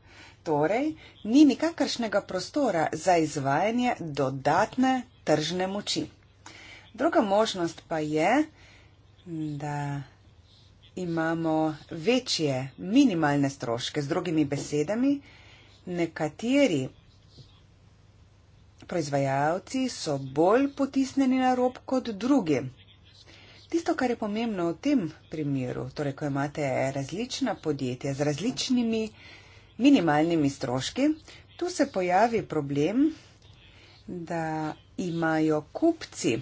torej ni nikakršnega prostora za izvajanje dodatne tržne moči. Druga možnost pa je, da imamo večje minimalne stroške. Z drugimi besedami, nekateri proizvajalci so bolj potisneni na rob kot drugi. Tisto, kar je pomembno v tem primeru, torej, ko imate različna podjetja z različnimi minimalnimi stroški. Tu se pojavi problem, da imajo kupci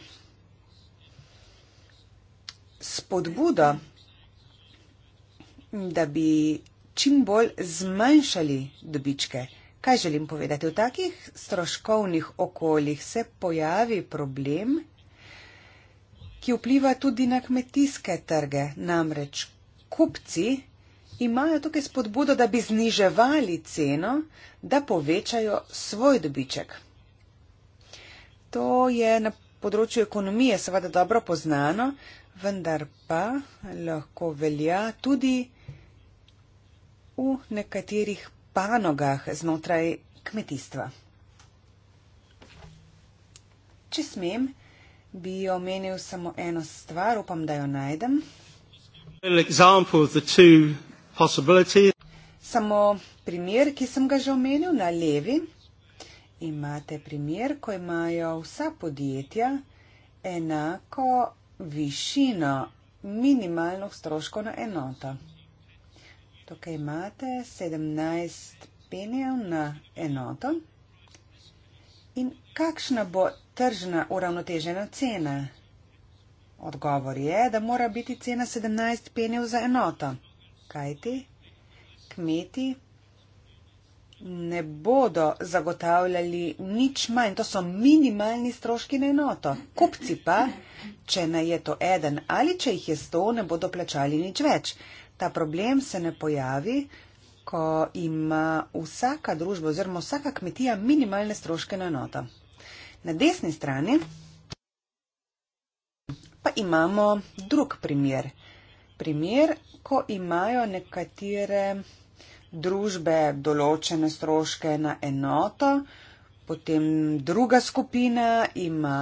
spodbudo, da bi čim bolj zmanjšali dobičke. Kaj želim povedati? V takih stroškovnih okoljih se pojavi problem, ki vpliva tudi na kmetijske trge. Namreč kupci imajo tukaj spodbudo, da bi zniževali ceno, da povečajo svoj dobiček. To je na področju ekonomije seveda dobro poznano, vendar pa lahko velja tudi v nekaterih panogah znotraj kmetijstva. Če smem, bi omenil samo eno stvar, upam, da jo najdem possibility. Samo primer, ki sem ga že omenil na levi, imate primer, ko imajo vsa podjetja enako višino minimalnih stroškov na enoto. Tukaj imate 17 penijev na enoto. In kakšna bo tržna uravnotežena cena? Odgovor je, da mora biti cena 17 penijev za enoto kajti kmeti ne bodo zagotavljali nič manj, to so minimalni stroški na enoto. Kupci pa, če naj je to eden ali če jih je sto, ne bodo plačali nič več. Ta problem se ne pojavi, ko ima vsaka družba oziroma vsaka kmetija minimalne stroške na enoto. Na desni strani pa imamo drug primer primer, ko imajo nekatere družbe določene stroške na enoto, potem druga skupina ima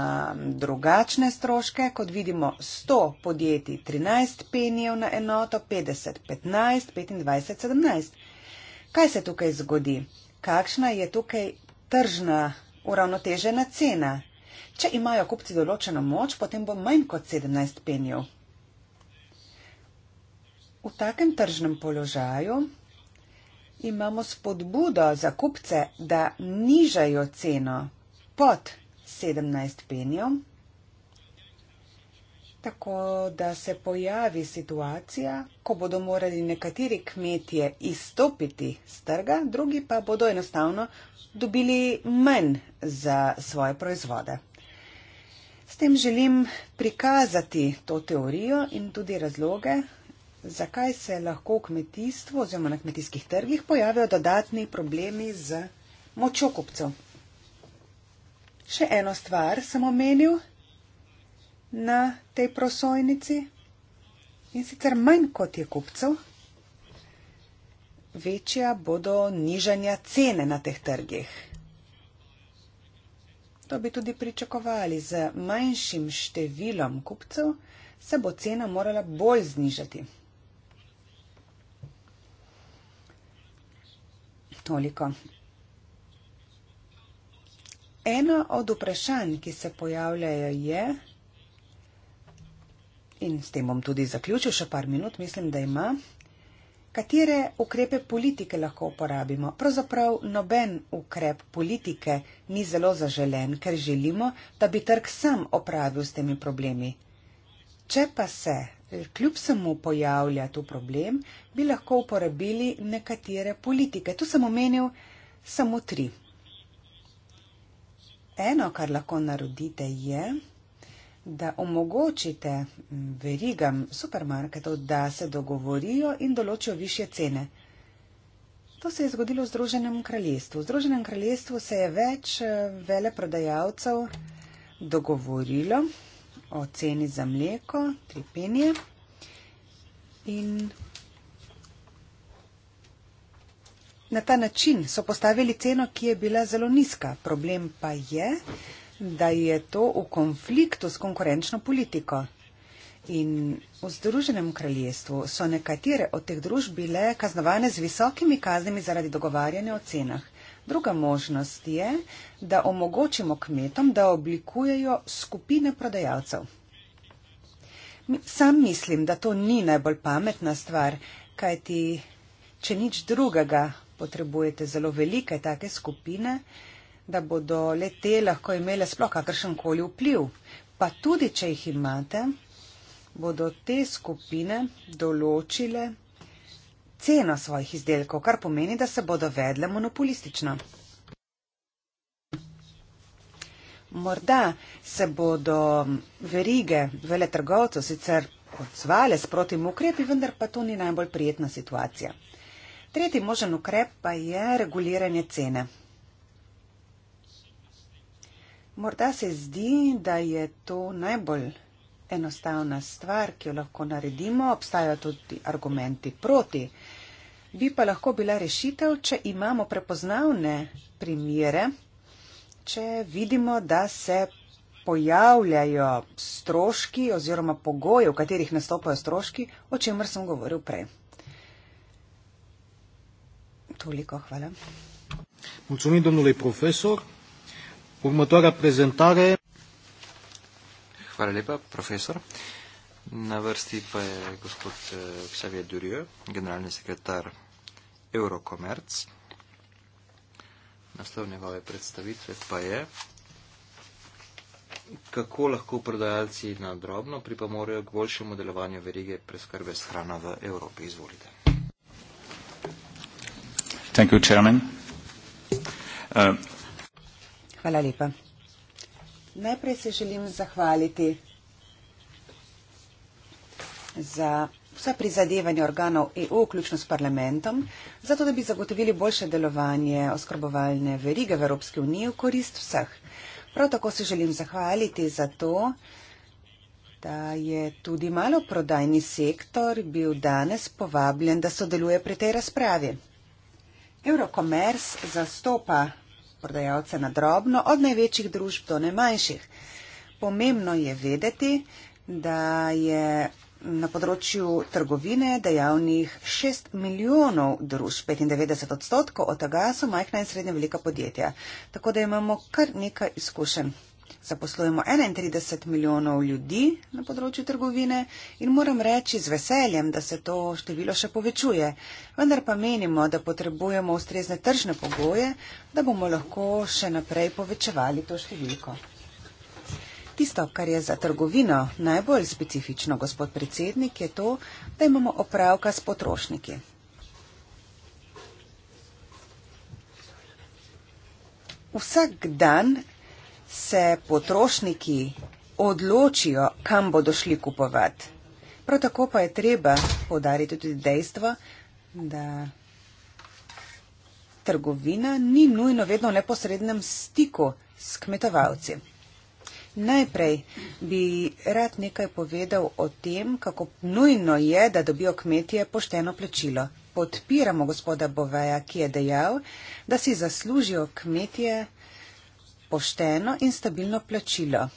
drugačne stroške, kot vidimo 100 podjetij 13 penijev na enoto, 50 15, 25 17. Kaj se tukaj zgodi? Kakšna je tukaj tržna uravnotežena cena? Če imajo kupci določeno moč, potem bo manj kot 17 penijev. V takem tržnem položaju imamo spodbudo za kupce, da nižajo ceno pod 17 penjev, tako da se pojavi situacija, ko bodo morali nekateri kmetje izstopiti z trga, drugi pa bodo enostavno dobili manj za svoje proizvode. S tem želim prikazati to teorijo in tudi razloge, zakaj se lahko v kmetijstvu oziroma na kmetijskih trgih pojavijo dodatni problemi z močjo kupcev. Še eno stvar sem omenil na tej prosojnici in sicer manj kot je kupcev, večja bodo nižanja cene na teh trgih. To bi tudi pričakovali. Z manjšim številom kupcev se bo cena morala bolj znižati. Toliko. Eno od vprašanj, ki se pojavljajo, je, in s tem bom tudi zaključil, še par minut, mislim, da ima, katere ukrepe politike lahko uporabimo. Pravzaprav noben ukrep politike ni zelo zaželen, ker želimo, da bi trg sam opravil s temi problemi. Če pa se kljub se mu pojavlja tu problem, bi lahko uporabili nekatere politike. Tu sem omenil samo tri. Eno, kar lahko naredite, je, da omogočite verigam supermarketov, da se dogovorijo in določijo više cene. To se je zgodilo v Združenem kraljestvu. V Združenem kraljestvu se je več veleprodajalcev dogovorilo o ceni za mleko, tri penje in na ta način so postavili ceno, ki je bila zelo nizka. Problem pa je, da je to v konfliktu s konkurenčno politiko. In v Združenem kraljestvu so nekatere od teh družb bile kaznovane z visokimi kaznimi zaradi dogovarjanja o cenah. Druga možnost je, da omogočimo kmetom, da oblikujejo skupine prodajalcev. Sam mislim, da to ni najbolj pametna stvar, kajti, če nič drugega, potrebujete zelo velike take skupine, da bodo le te lahko imele sploh kakršen koli vpliv. Pa tudi, če jih imate, bodo te skupine določile ceno svojih izdelkov, kar pomeni, da se bodo vedle monopolistično. Morda se bodo verige veletrgovcev sicer odzvale s protim ukrepi, vendar pa to ni najbolj prijetna situacija. Tretji možen ukrep pa je reguliranje cene. Morda se zdi, da je to najbolj enostavna stvar, ki jo lahko naredimo. Obstajajo tudi argumenti proti bi pa lahko bila rešitev, če imamo prepoznavne primere, če vidimo, da se pojavljajo stroški oziroma pogoje, v katerih nastopajo stroški, o čemer sem govoril prej. Toliko, hvala. Mulțumim, domnule profesor. Următoarea prezentare. Hvala lepa, profesor. Uh, Na vrsti pa je gospod eh, Xavier Durieu, generalni sekretar Eurocommerce. Naslov njegove predstavitve pa je, kako lahko prodajalci na drobno pripomorejo k boljšemu delovanju verige preskrbe s hrano v Evropi. Izvolite. Thank you, uh, Hvala lepa. Najprej se želim zahvaliti za vsa prizadevanja organov EU, vključno s parlamentom, zato da bi zagotovili boljše delovanje oskrbovalne verige v Evropski uniji v korist vseh. Prav tako se želim zahvaliti za to, da je tudi maloprodajni sektor bil danes povabljen, da sodeluje pri tej razpravi. Eurocommers zastopa prodajalce na drobno od največjih družb do najmanjših. Pomembno je vedeti, da je na področju trgovine dejavnih 6 milijonov družb, 95 odstotkov od tega so majhna in srednja velika podjetja. Tako da imamo kar nekaj izkušenj. Zaposlujemo 31 milijonov ljudi na področju trgovine in moram reči z veseljem, da se to število še povečuje. Vendar pa menimo, da potrebujemo ustrezne tržne pogoje, da bomo lahko še naprej povečevali to številko. Tisto, kar je za trgovino najbolj specifično, gospod predsednik, je to, da imamo opravka s potrošniki. Vsak dan se potrošniki odločijo, kam bodo šli kupovati. Prav tako pa je treba podariti tudi dejstvo, da trgovina ni nujno vedno v neposrednem stiku s kmetovalci. Najprej bi rad nekaj povedal o tem, kako nujno je, da dobijo kmetije pošteno plačilo. Podpiramo gospoda Boveja, ki je dejal, da si zaslužijo kmetije pošteno in stabilno plačilo.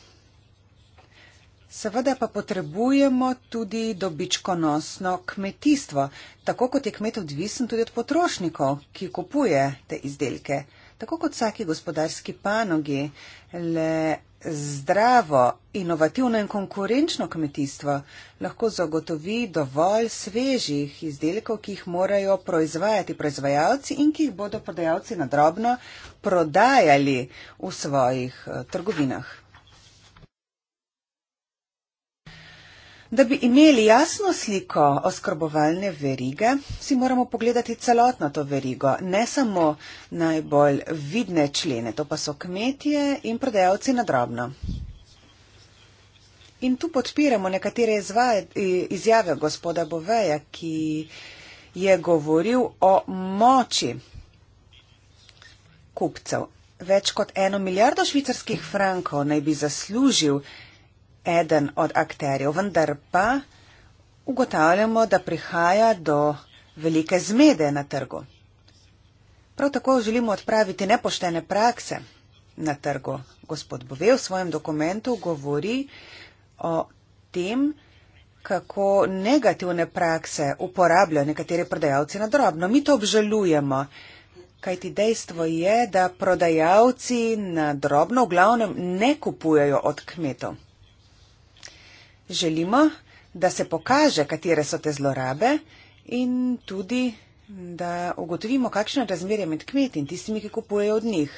Seveda pa potrebujemo tudi dobičkonosno kmetijstvo, tako kot je kmet odvisen tudi od potrošnikov, ki kupuje te izdelke. Tako kot vsaki gospodarski panogi, le zdravo, inovativno in konkurenčno kmetijstvo lahko zagotovi dovolj svežih izdelkov, ki jih morajo proizvajati proizvajalci in ki jih bodo prodajalci nadrobno prodajali v svojih eh, trgovinah. Da bi imeli jasno sliko oskrbovalne verige, si moramo pogledati celotno to verigo, ne samo najbolj vidne člene, to pa so kmetije in prodajalci nadrobno. In tu podpiramo nekatere izvaje, izjave gospoda Boveja, ki je govoril o moči kupcev. Več kot eno milijardo švicarskih frankov naj bi zaslužil eden od akterjev, vendar pa ugotavljamo, da prihaja do velike zmede na trgu. Prav tako želimo odpraviti nepoštene prakse na trgu. Gospod Bove v svojem dokumentu govori o tem, kako negativne prakse uporabljajo nekateri prodajalci na drobno. Mi to obžalujemo, kajti dejstvo je, da prodajalci na drobno v glavnem ne kupujajo od kmetov. Želimo, da se pokaže, katere so te zlorabe in tudi, da ugotovimo, kakšno je razmerje med kmeti in tistimi, ki kupujejo od njih.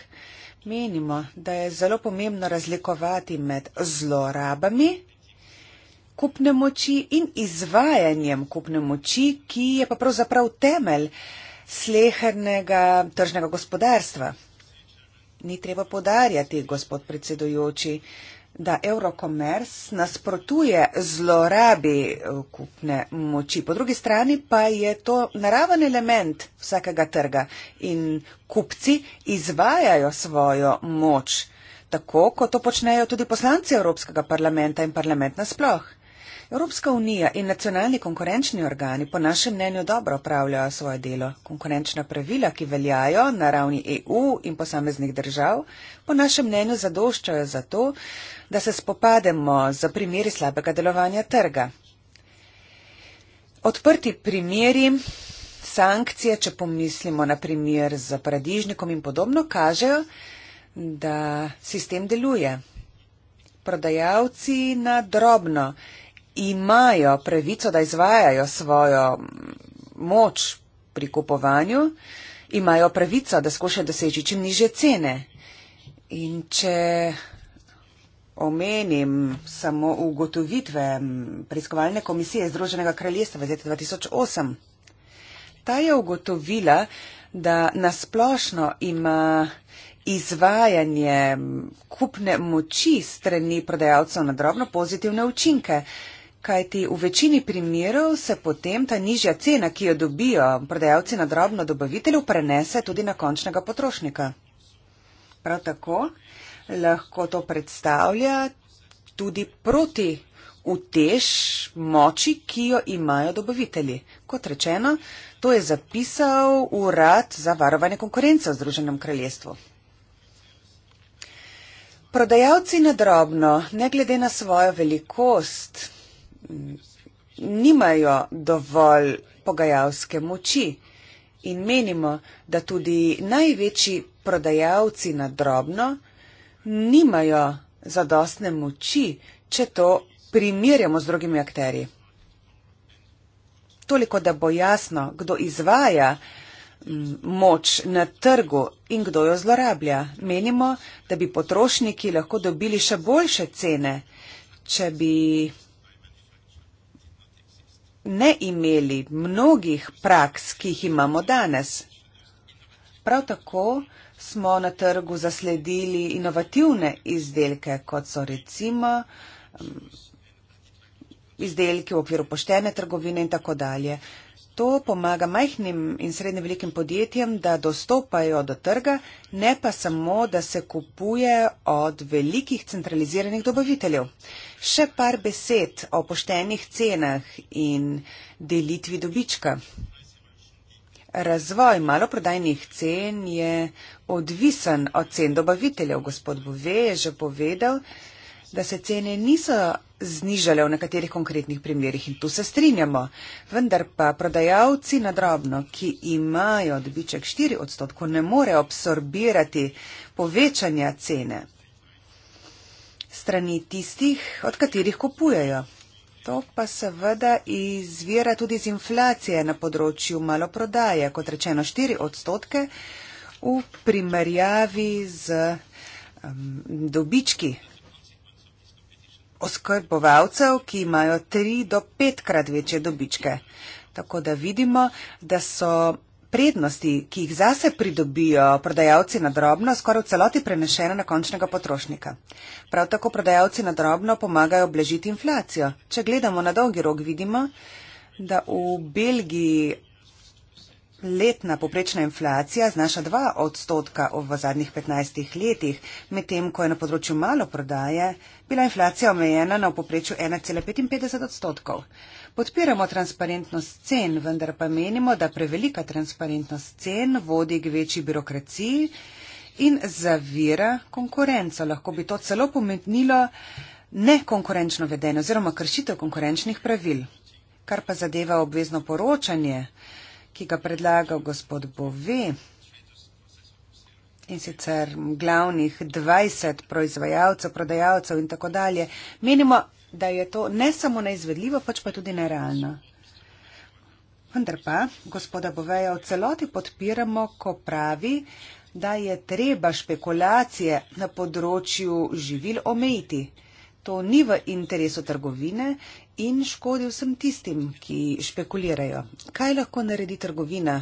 Menimo, da je zelo pomembno razlikovati med zlorabami kupne moči in izvajanjem kupne moči, ki je pa pravzaprav temelj slehernega tržnega gospodarstva. Ni treba podarjati, gospod predsedujoči da Eurocommerce nasprotuje zlorabi eh, kupne moči. Po drugi strani pa je to naraven element vsakega trga in kupci izvajajo svojo moč, tako kot to počnejo tudi poslanci Evropskega parlamenta in parlament nasploh. Evropska unija in nacionalni konkurenčni organi po našem mnenju dobro upravljajo svoje delo. Konkurenčna pravila, ki veljajo na ravni EU in posameznih držav, po našem mnenju zadoščajo za to, da se spopademo z primeri slabega delovanja trga. Odprti primeri, sankcije, če pomislimo na primer z paradižnikom in podobno, kažejo, da sistem deluje. Prodajalci na drobno imajo pravico, da izvajajo svojo moč pri kupovanju, imajo pravico, da skušajo doseči čim niže cene. In če omenim samo ugotovitve preiskovalne komisije Združenega kraljestva iz leta 2008, ta je ugotovila, da nasplošno ima izvajanje kupne moči strani prodajalcev na drobno pozitivne učinke kajti v večini primerov se potem ta nižja cena, ki jo dobijo prodajalci na drobno dobavitelju, prenese tudi na končnega potrošnika. Prav tako lahko to predstavlja tudi proti utež moči, ki jo imajo dobavitelji. Kot rečeno, to je zapisal Urad za varovanje konkurence v Združenem kraljestvu. Prodajalci na drobno, ne glede na svojo velikost, nimajo dovolj pogajalske moči in menimo, da tudi največji prodajalci na drobno nimajo zadostne moči, če to primerjamo z drugimi akteri. Toliko, da bo jasno, kdo izvaja moč na trgu in kdo jo zlorablja. Menimo, da bi potrošniki lahko dobili še boljše cene, če bi ne imeli mnogih praks, ki jih imamo danes. Prav tako smo na trgu zasledili inovativne izdelke, kot so recimo mm, izdelki v okviru poštene trgovine in tako dalje. To pomaga majhnim in srednje velikim podjetjem, da dostopajo do trga, ne pa samo, da se kupuje od velikih centraliziranih dobaviteljev. Še par besed o poštenih cenah in delitvi dobička. Razvoj maloprodajnih cen je odvisen od cen dobaviteljev. Gospod Bove je že povedal, da se cene niso znižale v nekaterih konkretnih primerjih in tu se strinjamo. Vendar pa prodajalci na drobno, ki imajo dobiček 4 odstotkov, ne more absorbirati povečanja cene strani tistih, od katerih kupujejo. To pa seveda izvira tudi iz inflacije na področju maloprodaje, kot rečeno 4 odstotke v primerjavi z um, dobički oskrbovalcev, ki imajo 3 do 5 krat večje dobičke. Tako da vidimo, da so prednosti, ki jih zase pridobijo prodajalci na drobno, skoraj v celoti prenešene na končnega potrošnika. Prav tako prodajalci na drobno pomagajo blažiti inflacijo. Če gledamo na dolgi rok, vidimo, da v Belgiji letna poprečna inflacija znaša 2 odstotka v zadnjih 15 letih, medtem ko je na področju malo prodaje bila inflacija omejena na v poprečju 1,55 odstotkov. Podpiramo transparentnost cen, vendar pa menimo, da prevelika transparentnost cen vodi k večji birokraciji in zavira konkurenco. Lahko bi to celo pomenilo nekonkurenčno vedenje oziroma kršitev konkurenčnih pravil. Kar pa zadeva obvezno poročanje, ki ga predlaga gospod Bove in sicer glavnih 20 proizvajalcev, prodajalcev in tako dalje, menimo, da je to ne samo neizvedljivo, pač pa tudi nerealno. Vendar pa, gospoda Boveja, v celoti podpiramo, ko pravi, da je treba špekulacije na področju živil omejiti. To ni v interesu trgovine in škodi vsem tistim, ki špekulirajo. Kaj lahko naredi trgovina,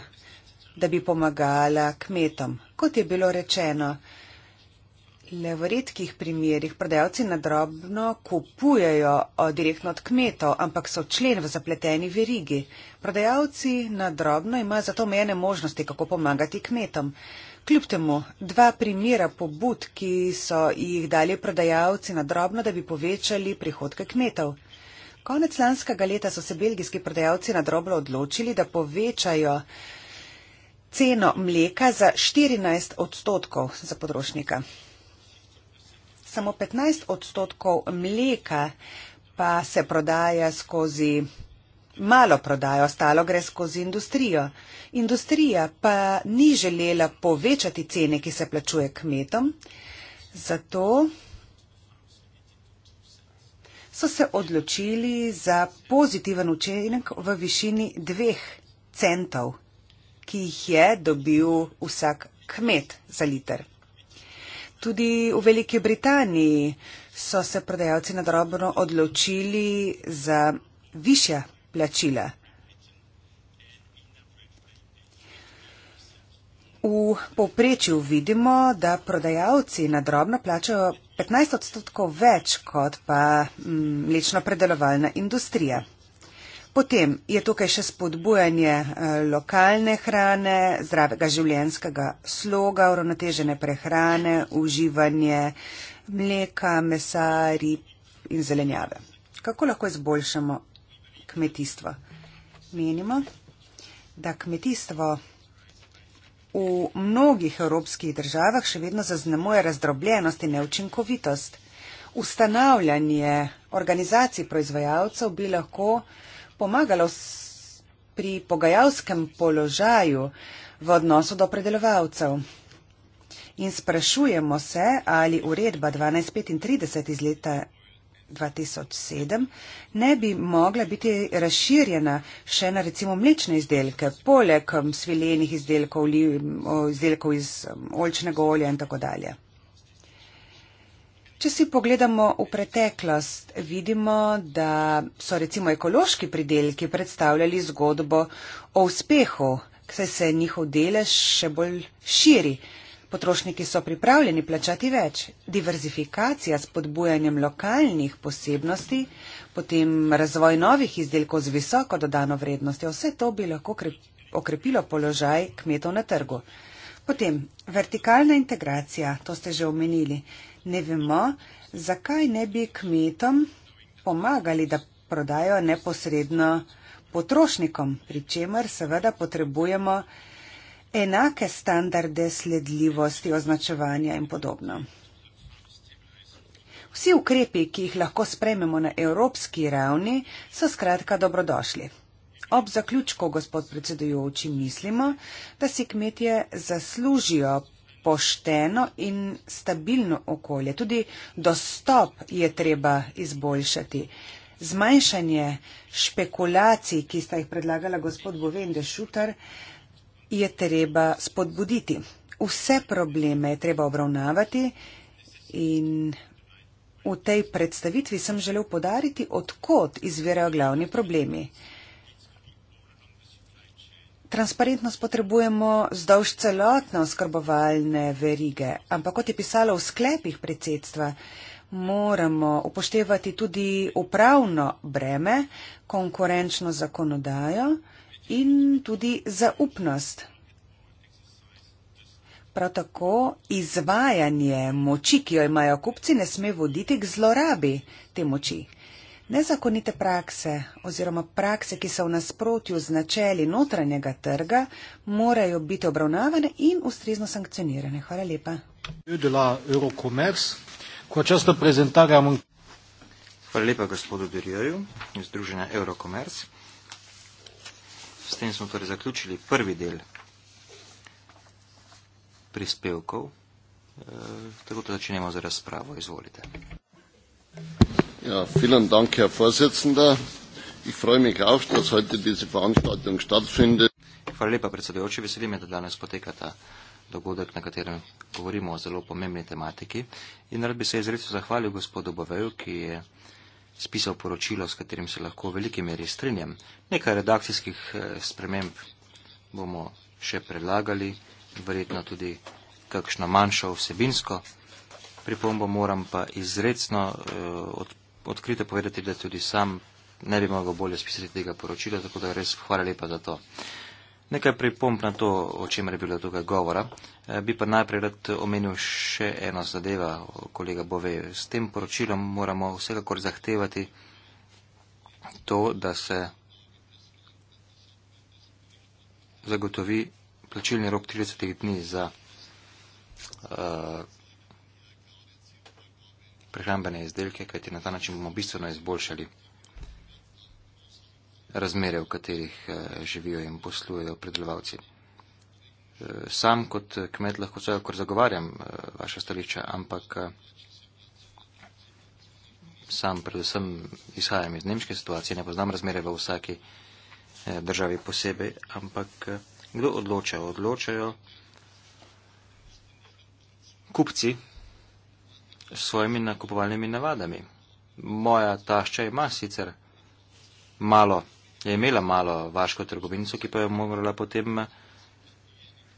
da bi pomagala kmetom? Kot je bilo rečeno, Le v redkih primerjih prodajalci nadrobno kupujejo eh, direktno od kmetov, ampak so člen v zapleteni verigi. Prodajalci nadrobno imajo zato omejene možnosti, kako pomagati kmetom. Kljub temu, dva primera pobud, ki so jih dali prodajalci nadrobno, da bi povečali prihodke kmetov. Konec lanskega leta so se belgijski prodajalci nadrobno odločili, da povečajo ceno mleka za 14 odstotkov za potrošnika. Samo 15 odstotkov mleka pa se prodaja skozi malo prodajo, ostalo gre skozi industrijo. Industrija pa ni želela povečati cene, ki se plačuje kmetom, zato so se odločili za pozitiven učenek v višini dveh centov, ki jih je dobil vsak kmet za liter. Tudi v Veliki Britaniji so se prodajalci nadrobno odločili za višja plačila. V povprečju vidimo, da prodajalci nadrobno plačajo 15 odstotkov več kot pa mm, mlečno predelovalna industrija. Potem je tukaj še spodbujanje eh, lokalne hrane, zdravega življenskega sloga, uravnotežene prehrane, uživanje mleka, mesa, rib in zelenjave. Kako lahko izboljšamo kmetijstvo? Menimo, da kmetijstvo v mnogih evropskih državah še vedno zaznamuje razdrobljenost in neučinkovitost. Ustanavljanje organizacij proizvajalcev bi lahko pomagalo pri pogajalskem položaju v odnosu do predelovalcev. In sprašujemo se, ali uredba 1235 iz leta 2007 ne bi mogla biti razširjena še na recimo mlečne izdelke, poleg um, svilenih izdelkov, izdelkov iz um, oljčnega olja in tako dalje. Če si pogledamo v preteklost, vidimo, da so recimo ekološki pridelki predstavljali zgodbo o uspehu, saj se njihov delež še bolj širi. Potrošniki so pripravljeni plačati več. Diverzifikacija s podbujanjem lokalnih posebnosti, potem razvoj novih izdelkov z visoko dodano vrednostjo, vse to bi lahko okrepilo položaj kmetov na trgu. Potem vertikalna integracija, to ste že omenili ne vemo, zakaj ne bi kmetom pomagali, da prodajo neposredno potrošnikom, pri čemer seveda potrebujemo enake standarde sledljivosti, označevanja in podobno. Vsi ukrepi, ki jih lahko sprememo na evropski ravni, so skratka dobrodošli. Ob zaključku, gospod predsedujoči, mislimo, da si kmetje zaslužijo pošteno in stabilno okolje. Tudi dostop je treba izboljšati. Zmanjšanje špekulacij, ki sta jih predlagala gospod Bovende Šutar, je treba spodbuditi. Vse probleme je treba obravnavati in v tej predstavitvi sem želel podariti, odkot izvirajo glavni problemi. Transparentnost potrebujemo zdolž celotne oskrbovalne verige, ampak kot je pisalo v sklepih predsedstva, moramo upoštevati tudi upravno breme, konkurenčno zakonodajo in tudi zaupnost. Prav tako izvajanje moči, ki jo imajo kupci, ne sme voditi k zlorabi te moči. Nezakonite prakse oziroma prakse, ki so v nasprotju z načeli notranjega trga, morajo biti obravnavane in ustrezno sankcionirane. Hvala lepa. Hvala lepa gospodu Derjoju iz Združenja Eurocommerce. S tem smo torej zaključili prvi del prispevkov. E, tako da začnemo z razpravo. Izvolite. Ja, vielen Dank, Herr Vorsitzender. Ich freue mich auch, dass heute diese Veranstaltung stattfindet. Hvala lepa, predsedujoči, veseli me, da danes poteka ta dogodek, na katerem govorimo o zelo pomembni tematiki. In rad bi se izredno zahvalil gospodu Boveju, ki je spisal poročilo, s katerim se lahko v veliki meri strinjam. Nekaj redakcijskih eh, sprememb bomo še predlagali, verjetno tudi kakšno manjšo vsebinsko. Pripombo moram pa izredno eh, odpraviti odkrito povedati, da tudi sam ne bi mogel bolje spisati tega poročila, tako da res hvala lepa za to. Nekaj pripomp na to, o čemer je bilo tukaj govora. Eh, bi pa najprej rad omenil še eno zadeva, kolega Bove. S tem poročilom moramo vsekakor zahtevati to, da se zagotovi plačilni rok 30 dni za uh, prehrambene izdelke, kajti na ta način bomo bistveno izboljšali razmere, v katerih eh, živijo in poslujejo predelovalci. Eh, sam kot eh, kmet lahko vse, kar zagovarjam vaše stališče, ampak sam predvsem izhajam iz nemške situacije, ne poznam razmere v vsaki državi posebej, ampak kdo odloča? Odločajo kupci, s svojimi nakupovalnimi navadami. Moja tašča ima sicer malo, je imela malo vaško trgovinico, ki pa jo morala potem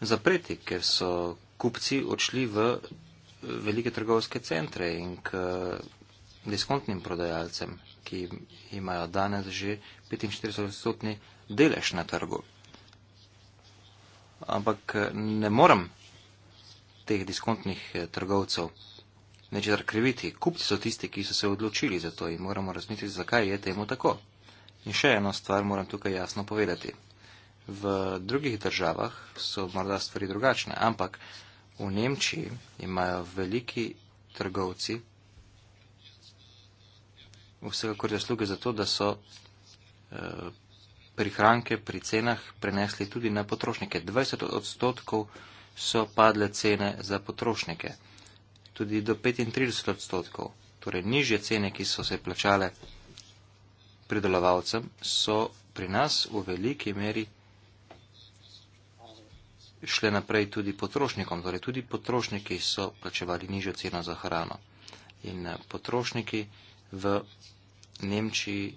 zapreti, ker so kupci odšli v eh, velike trgovske centre in k eh, diskontnim prodajalcem, ki imajo danes že 45-stotni delež na trgu. Ampak eh, ne morem teh diskontnih trgovcev nečedar kriviti. Kupci so tisti, ki so se odločili za to in moramo razmisliti, zakaj je temu tako. In še eno stvar moram tukaj jasno povedati. V drugih državah so morda stvari drugačne, ampak v Nemčiji imajo veliki trgovci vsekakor zasluge za to, da so eh, prihranke pri cenah prenesli tudi na potrošnike. 20 odstotkov so padle cene za potrošnike tudi do 35 odstotkov. Torej, nižje cene, ki so se plačale pridelovalcem, so pri nas v veliki meri šle naprej tudi potrošnikom. Torej, tudi potrošniki so plačevali nižjo ceno za hrano. In eh, potrošniki v Nemčiji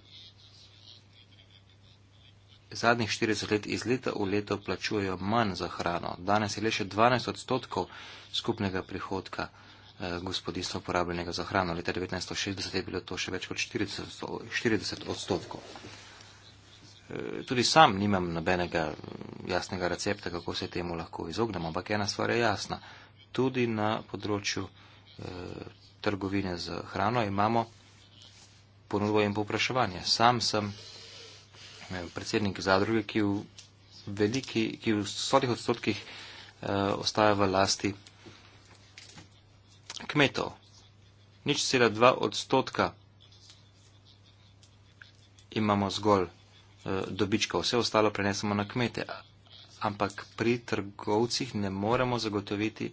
zadnjih 40 let iz leta v leto plačujejo manj za hrano. Danes je le še 12 odstotkov skupnega prihodka. Eh, gospodinstva porabljenega za hrano. Leta 1960 je bilo to še več kot 40 odstotkov. Eh, tudi sam nimam nobenega mm, jasnega recepta, kako se temu lahko izognemo, ampak ena stvar je jasna. Tudi na področju eh, trgovine z hrano imamo ponudbo in povpraševanje. Sam sem eh, predsednik zadruge, ki v, veliki, ki v stotih odstotkih eh, ostaja v lasti kmetov. Nič sedaj dva odstotka imamo zgolj e, eh, dobička, vse ostalo prenesemo na kmete. Ampak pri trgovcih ne moremo zagotoviti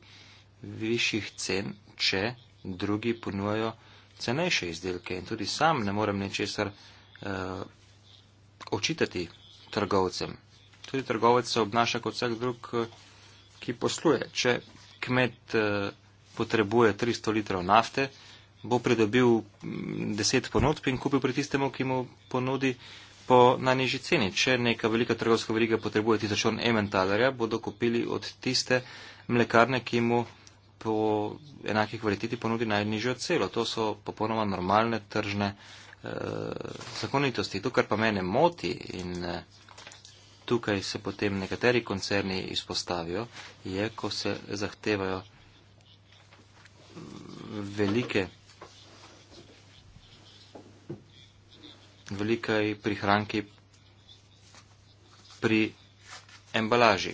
višjih cen, če drugi ponujajo cenejše izdelke. In tudi sam ne morem nečesar e, eh, očitati trgovcem. Tudi trgovec se obnaša kot vsak drug, eh, ki posluje. Če kmet. E, potrebuje 300 litrov nafte, bo pridobil 10 mm, ponudb in kupil pri tistemu, ki mu ponudi po najnižji ceni. Če neka velika trgovska veriga potrebuje 1000 ementalerja, bodo kupili od tiste mlekarne, ki mu po enakih kvaliteti ponudi najnižjo celo. To so popolnoma normalne tržne eh, zakonitosti. To, kar pa mene moti in eh, tukaj se potem nekateri koncerni izpostavijo, je, ko se zahtevajo velike, velike prihranke pri embalaži.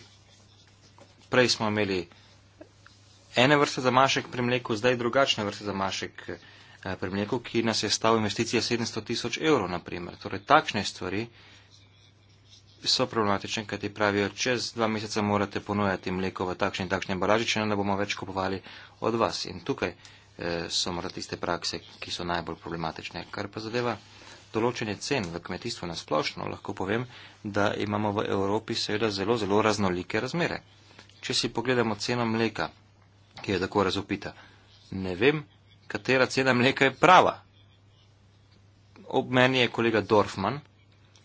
Prej smo imeli ene vrste zamašek pri mleku, zdaj drugačne vrste zamašek eh, pri mleku, ki nas je stal investicija 700 tisoč evrov, naprimer. Torej, takšne stvari, so problematične, kaj ti pravijo, čez dva meseca morate ponujati mleko v takšni in takšni embalaži, če ne bomo več kupovali od vas. In tukaj e, so morda tiste prakse, ki so najbolj problematične. Kar pa zadeva določene cen v kmetijstvu na splošno, lahko povem, da imamo v Evropi seveda zelo, zelo raznolike razmere. Če si pogledamo ceno mleka, ki je tako razopita, ne vem, katera cena mleka je prava. Ob meni je kolega Dorfman,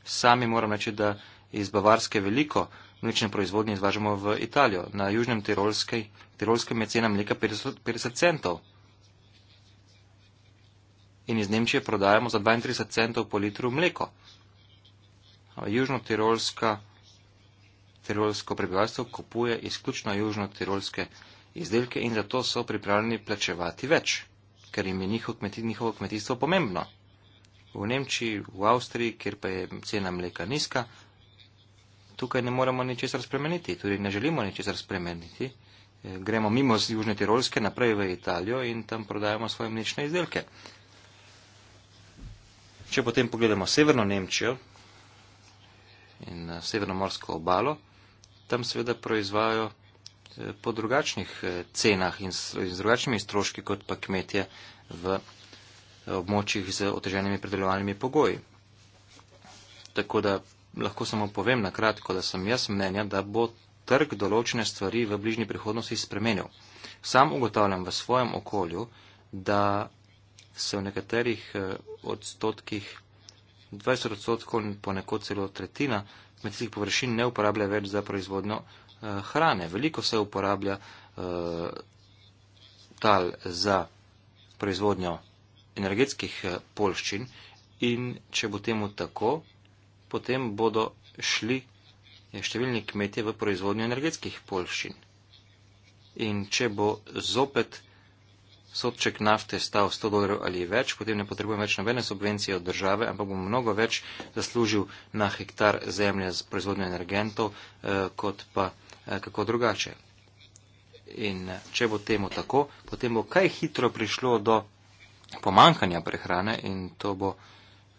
sami moram reči, da iz Bavarske veliko mlečne proizvodnje izvažamo v Italijo. Na južnem Tirolskej, Tirolskem je cena mleka 50, 50 centov. In iz Nemčije prodajamo za 32 centov po litru mleko. Južno Tirolska, Tirolsko prebivalstvo kupuje izključno južno Tirolske izdelke in zato so pripravljeni plačevati več, ker jim je njihovo kmeti, njihov kmetijstvo pomembno. V Nemčiji, v Avstriji, kjer pa je cena mleka nizka, tukaj ne moremo ničesar spremeniti, tudi ne želimo ničesar spremeniti. Eh, gremo mimo z Južne Tirolske naprej v Italijo in tam prodajamo svoje mlečne izdelke. Če potem pogledamo severno Nemčijo in eh, severnomorsko obalo, tam seveda proizvajajo eh, po drugačnih cenah in z drugačnimi stroški kot pa kmetje v območjih z oteženimi predelovalnimi pogoji. Tako da lahko samo povem na kratko, da sem jaz mnenja, da bo trg določene stvari v bližnji prihodnosti spremenil. Sam ugotavljam v svojem okolju, da se v nekaterih eh, odstotkih, 20 odstotkov in ponekod celo tretjina kmetijskih površin ne uporablja več za proizvodno eh, hrane. Veliko se uporablja eh, tal za proizvodnjo energetskih eh, polščin in če bo temu tako, potem bodo šli eh, številni kmetje v proizvodnjo energetskih polščin. In če bo zopet sodček nafte stal 100 dolarjev ali več, potem ne potrebujem več nobene subvencije od države, ampak bom mnogo več zaslužil na hektar zemlje z proizvodnjo energentov, eh, kot pa eh, kako drugače. In če bo temu tako, potem bo kaj hitro prišlo do pomankanja prehrane in to bo.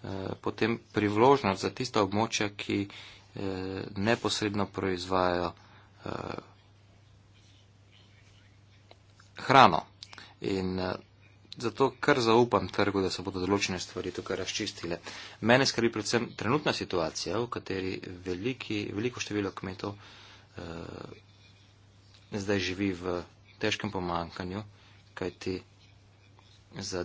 Eh, potem privložnost za tista območja, ki eh, neposredno proizvajajo eh, hrano. In zato kar zaupam trgu, da se bodo določene stvari tukaj razčistile. Mene skrbi predvsem trenutna situacija, v kateri veliki, veliko število kmetov eh, zdaj živi v težkem pomankanju, kajti za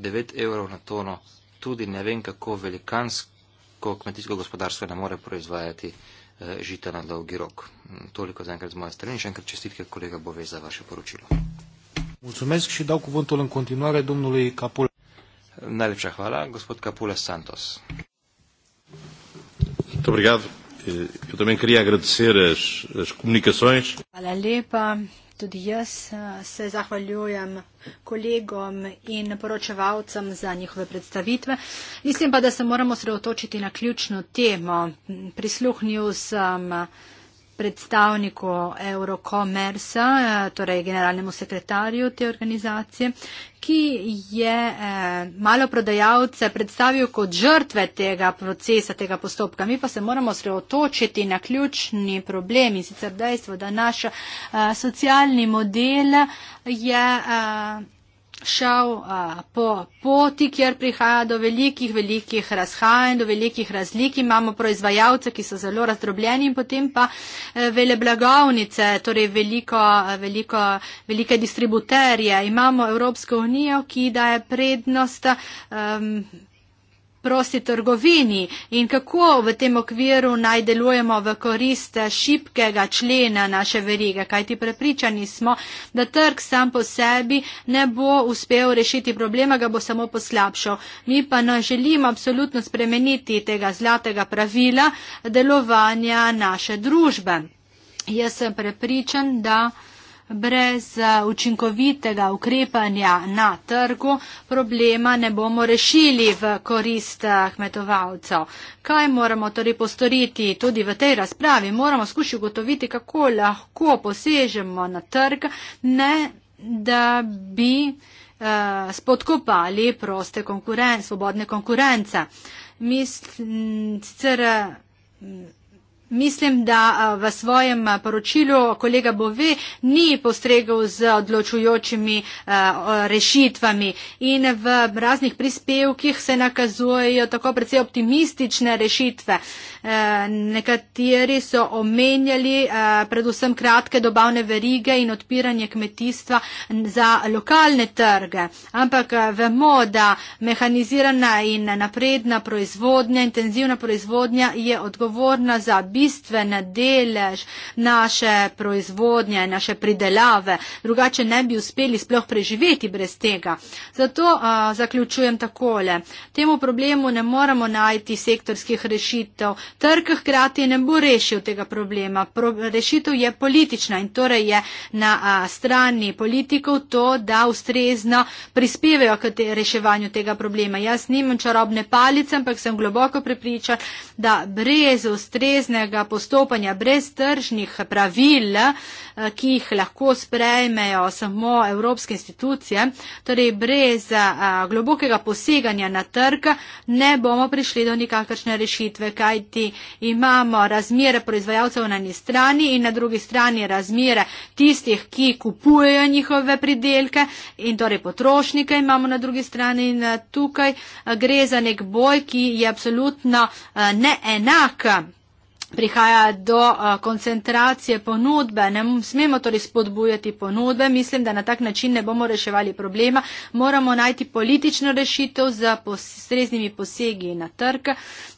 9 evrov na tono tudi ne vem, kako velikansko kmetijsko gospodarstvo ne more proizvajati eh, žita na dolgi rok. Mm, toliko za enkrat z moje strani, še enkrat čestitke kolega Bove za vaše poročilo. Najlepša hvala, gospod Kapule Santos. Eh, hvala lepa. Tudi jaz eh, se zahvaljujem kolegom in poročevalcem za njihove predstavitve. Mislim pa, da se moramo sredotočiti na ključno temo. Prisluhnil sem. Um, predstavniku Eurocommerce, eh, torej generalnemu sekretarju te organizacije, ki je eh, malo prodajalce predstavil kot žrtve tega procesa, tega postopka. Mi pa se moramo sreotočiti na ključni problem in sicer dejstvo, da naš eh, socialni model je šel uh, po poti, kjer prihaja do velikih, velikih razhajanj, do velikih razlik. Imamo proizvajalce, ki so zelo razdrobljeni in potem pa uh, vele blagovnice, torej veliko, uh, veliko, velike distributerje. Imamo Evropsko unijo, ki daje prednost. Um, prosti trgovini in kako v tem okviru naj delujemo v korist šipkega člena naše verige, kajti prepričani smo, da trg sam po sebi ne bo uspel rešiti problema, ga bo samo poslabšal. Mi pa ne želimo absolutno spremeniti tega zlatega pravila delovanja naše družbe. Jaz sem prepričan, da. Brez eh, učinkovitega ukrepanja na trgu problema ne bomo rešili v korist eh, kmetovalcev. Kaj moramo torej postoriti tudi v tej razpravi? Moramo skušati ugotoviti, kako lahko posežemo na trg, ne da bi eh, spodkopali proste konkurence, svobodne konkurence. Mislim, sicer. Eh, Mislim, da v svojem poročilu kolega Bove ni postregal z odločujočimi rešitvami in v raznih prispevkih se nakazujejo tako precej optimistične rešitve. E, nekateri so omenjali predvsem kratke dobavne verige in odpiranje kmetijstva za lokalne trge, ampak vemo, da mehanizirana in napredna proizvodnja, intenzivna proizvodnja je odgovorna za biti bistvene delež naše proizvodnje, naše pridelave, drugače ne bi uspeli sploh preživeti brez tega. Zato a, zaključujem takole. Temu problemu ne moramo najti sektorskih rešitev. Trg hkrati ne bo rešil tega problema. Pro, rešitev je politična in torej je na a, strani politikov to, da ustrezno prispevajo k te, reševanju tega problema. Jaz nimam čarobne palice, ampak sem globoko prepričan, da brez ustreznega tržnega postopanja, brez tržnih pravil, eh, ki jih lahko sprejmejo samo evropske institucije, torej brez eh, globokega poseganja na trg, ne bomo prišli do nikakršne rešitve, kajti imamo razmere proizvajalcev na eni strani in na drugi strani razmere tistih, ki kupujejo njihove pridelke in torej potrošnike imamo na drugi strani in eh, tukaj gre za nek boj, ki je absolutno neenaka prihaja do koncentracije ponudbe, ne smemo torej spodbujati ponudbe, mislim, da na tak način ne bomo reševali problema, moramo najti politično rešitev z posreznimi posegi na trg,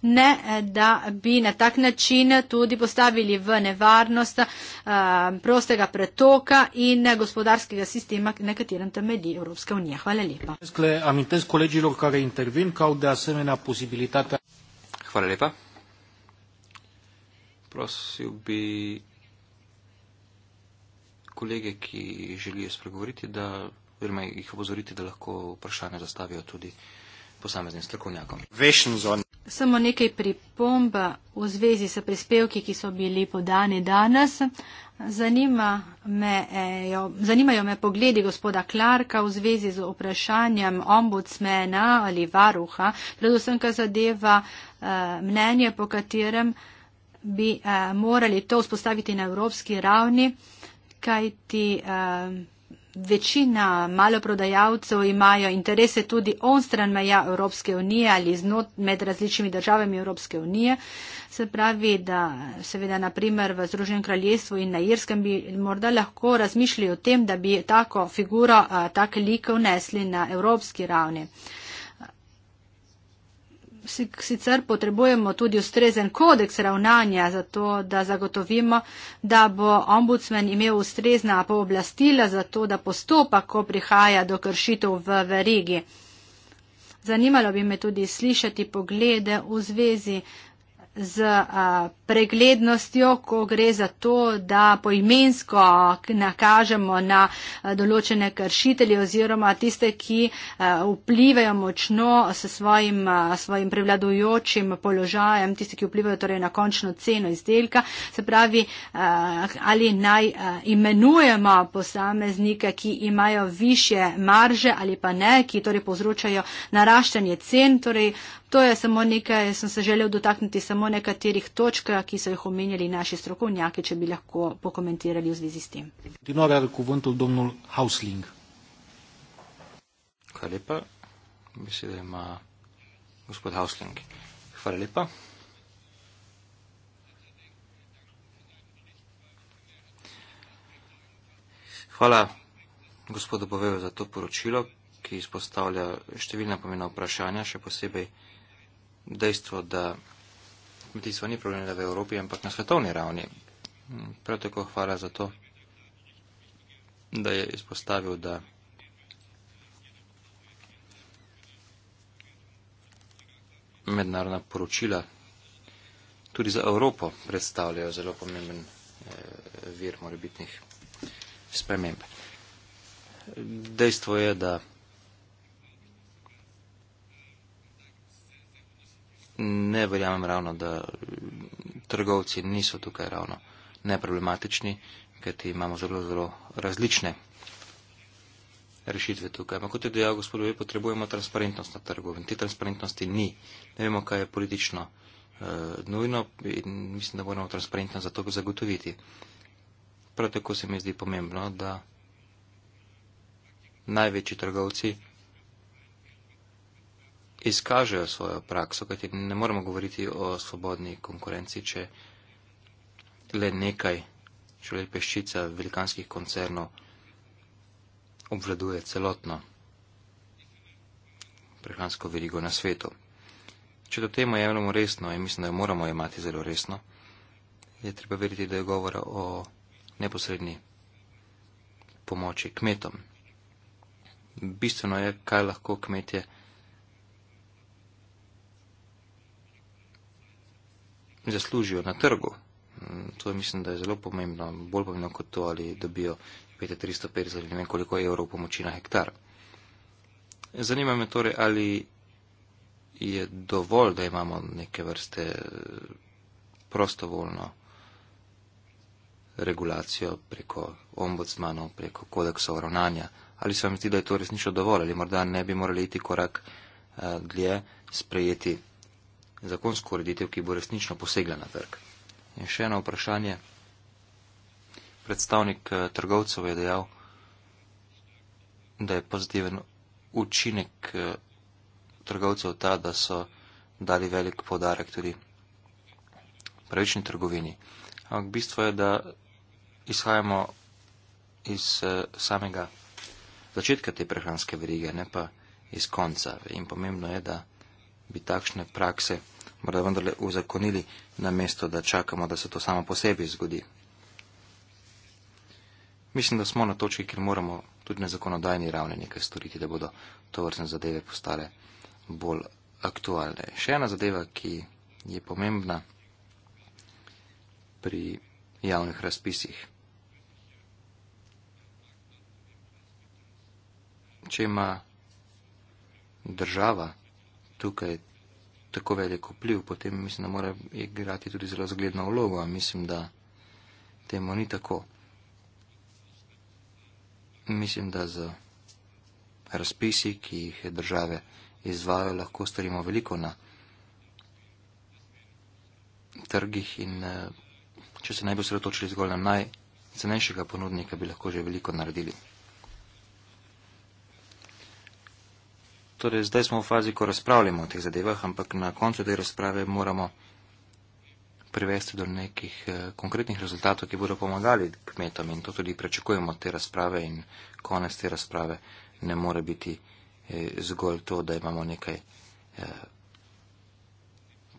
ne e, da bi na tak način tudi postavili v nevarnost prostega pretoka in gospodarskega sistema, na katerem temelji Evropska unija. Hvala lepa. Hvala lepa prosil bi kolege, ki želijo spregovoriti, da, oziroma jih opozoriti, da lahko vprašanje zastavijo tudi posameznim strokovnjakom. Samo nekaj pripomb v zvezi s prispevki, ki so bili podani danes. Zanima me, ejo, eh, zanimajo me pogledi gospoda Klarka v zvezi z vprašanjem ombudsmena ali varuha, predvsem, kar zadeva eh, mnenje, po katerem eh, bi eh, morali to vzpostaviti na evropski ravni, kajti eh, večina maloprodajalcev imajo interese tudi onstran meja Evropske unije ali znot med različnimi državami Evropske unije. Se pravi, da seveda naprimer v Združenem kraljestvu in na Irskem bi morda lahko razmišljali o tem, da bi tako figuro, eh, tak lik vnesli na evropski ravni. Eh, sicer potrebujemo tudi ustrezen kodeks ravnanja, zato da zagotovimo, da bo ombudsman imel ustrezna pooblastila za to, da postopa, ko prihaja do kršitev v verigi. Zanimalo bi me tudi slišati poglede v zvezi z a, preglednostjo, ko gre za to, da poimensko nakažemo na eh, določene kršitelje oziroma tiste, ki eh, vplivajo močno s svojim, eh, svojim prevladujočim položajem, tiste, ki vplivajo torej na končno ceno izdelka, se pravi, ali naj imenujemo posameznike, ki imajo više marže ali pa ne, ki torej povzročajo naraščanje cen. Torej, To je samo nekaj, sem se želel dotakniti samo nekaterih točk, ki so jih omenjali naši strokovnjaki, če bi lahko pokomentirali v zvezi s tem. Hvala lepa. Mislim, da ima gospod Hausling. Hvala lepa. Hvala gospodu Boveju za to poročilo, ki izpostavlja številna pomena vprašanja, še posebej dejstvo, da kmetijstvo ni problem le v Evropi, ampak na svetovni ravni. Prav tako hvala za to, da je izpostavil, da mednarodna poročila tudi za Evropo predstavljajo zelo pomemben eh, vir morebitnih sprememb. Dejstvo je, da ne verjamem ravno, da trgovci niso tukaj ravno neproblematični, ker ti imamo zelo, zelo različne rešitve tukaj. Ampak kot je dejal gospod Ve, potrebujemo transparentnost na trgu in te transparentnosti ni. Ne vemo, kaj je politično uh, nujno in mislim, da moramo transparentno za to zagotoviti. Prav tako se mi zdi pomembno, da največji trgovci izkažejo svojo prakso, kajti ne moremo govoriti o svobodni konkurenci, če le nekaj, če le peščica velikanskih koncernov obvladuje celotno prehransko verigo na svetu. Če to temo jemljemo resno in mislim, da jo moramo jemati zelo resno, je treba veriti, da je govora o neposrednji pomoči kmetom. Bistveno je, kaj lahko kmetje. zaslužijo na trgu. Mm, to je, mislim, da je zelo pomembno, bolj pomembno kot to, ali dobijo 5350 ali ne koliko evrov pomoči na hektar. Zanima me torej, ali je dovolj, da imamo neke vrste eh, prostovoljno regulacijo preko ombudsmanov, preko kodeksa ravnanja. Ali se vam zdi, da je to resnično dovolj, ali morda ne bi morali iti korak eh, dlje, sprejeti zakonsko ureditev, ki bo resnično posegla na trg. In še eno vprašanje. Predstavnik eh, trgovcev je dejal, da je pozitiven učinek eh, trgovcev ta, da so dali velik podarek tudi pravični trgovini. Ampak bistvo je, da izhajamo iz eh, samega začetka te prehranske verige, ne pa iz konca. In pomembno je, da bi takšne prakse morda vendarle uzakonili, namesto da čakamo, da se to samo po sebi zgodi. Mislim, da smo na točki, ker moramo tudi na zakonodajni ravni nekaj storiti, da bodo to vrstne zadeve postale bolj aktualne. Še ena zadeva, ki je pomembna pri javnih razpisih. Če ima država tukaj tako velik vpliv, potem mislim, da mora igrati tudi zelo zgledno vlogo, a mislim, da temu ni tako. Mislim, da z razpisi, ki jih države izvajo, lahko storimo veliko na trgih in eh, če se ne bi osredotočili zgolj na najcenejšega ponudnika, bi lahko že veliko naredili. Torej, zdaj smo v fazi, ko razpravljamo o teh zadevah, ampak na koncu te razprave moramo privesti do nekih eh, konkretnih rezultatov, ki bodo pomagali kmetom in to tudi prečakujemo te razprave in konec te razprave ne more biti eh, zgolj to, da imamo nekaj eh,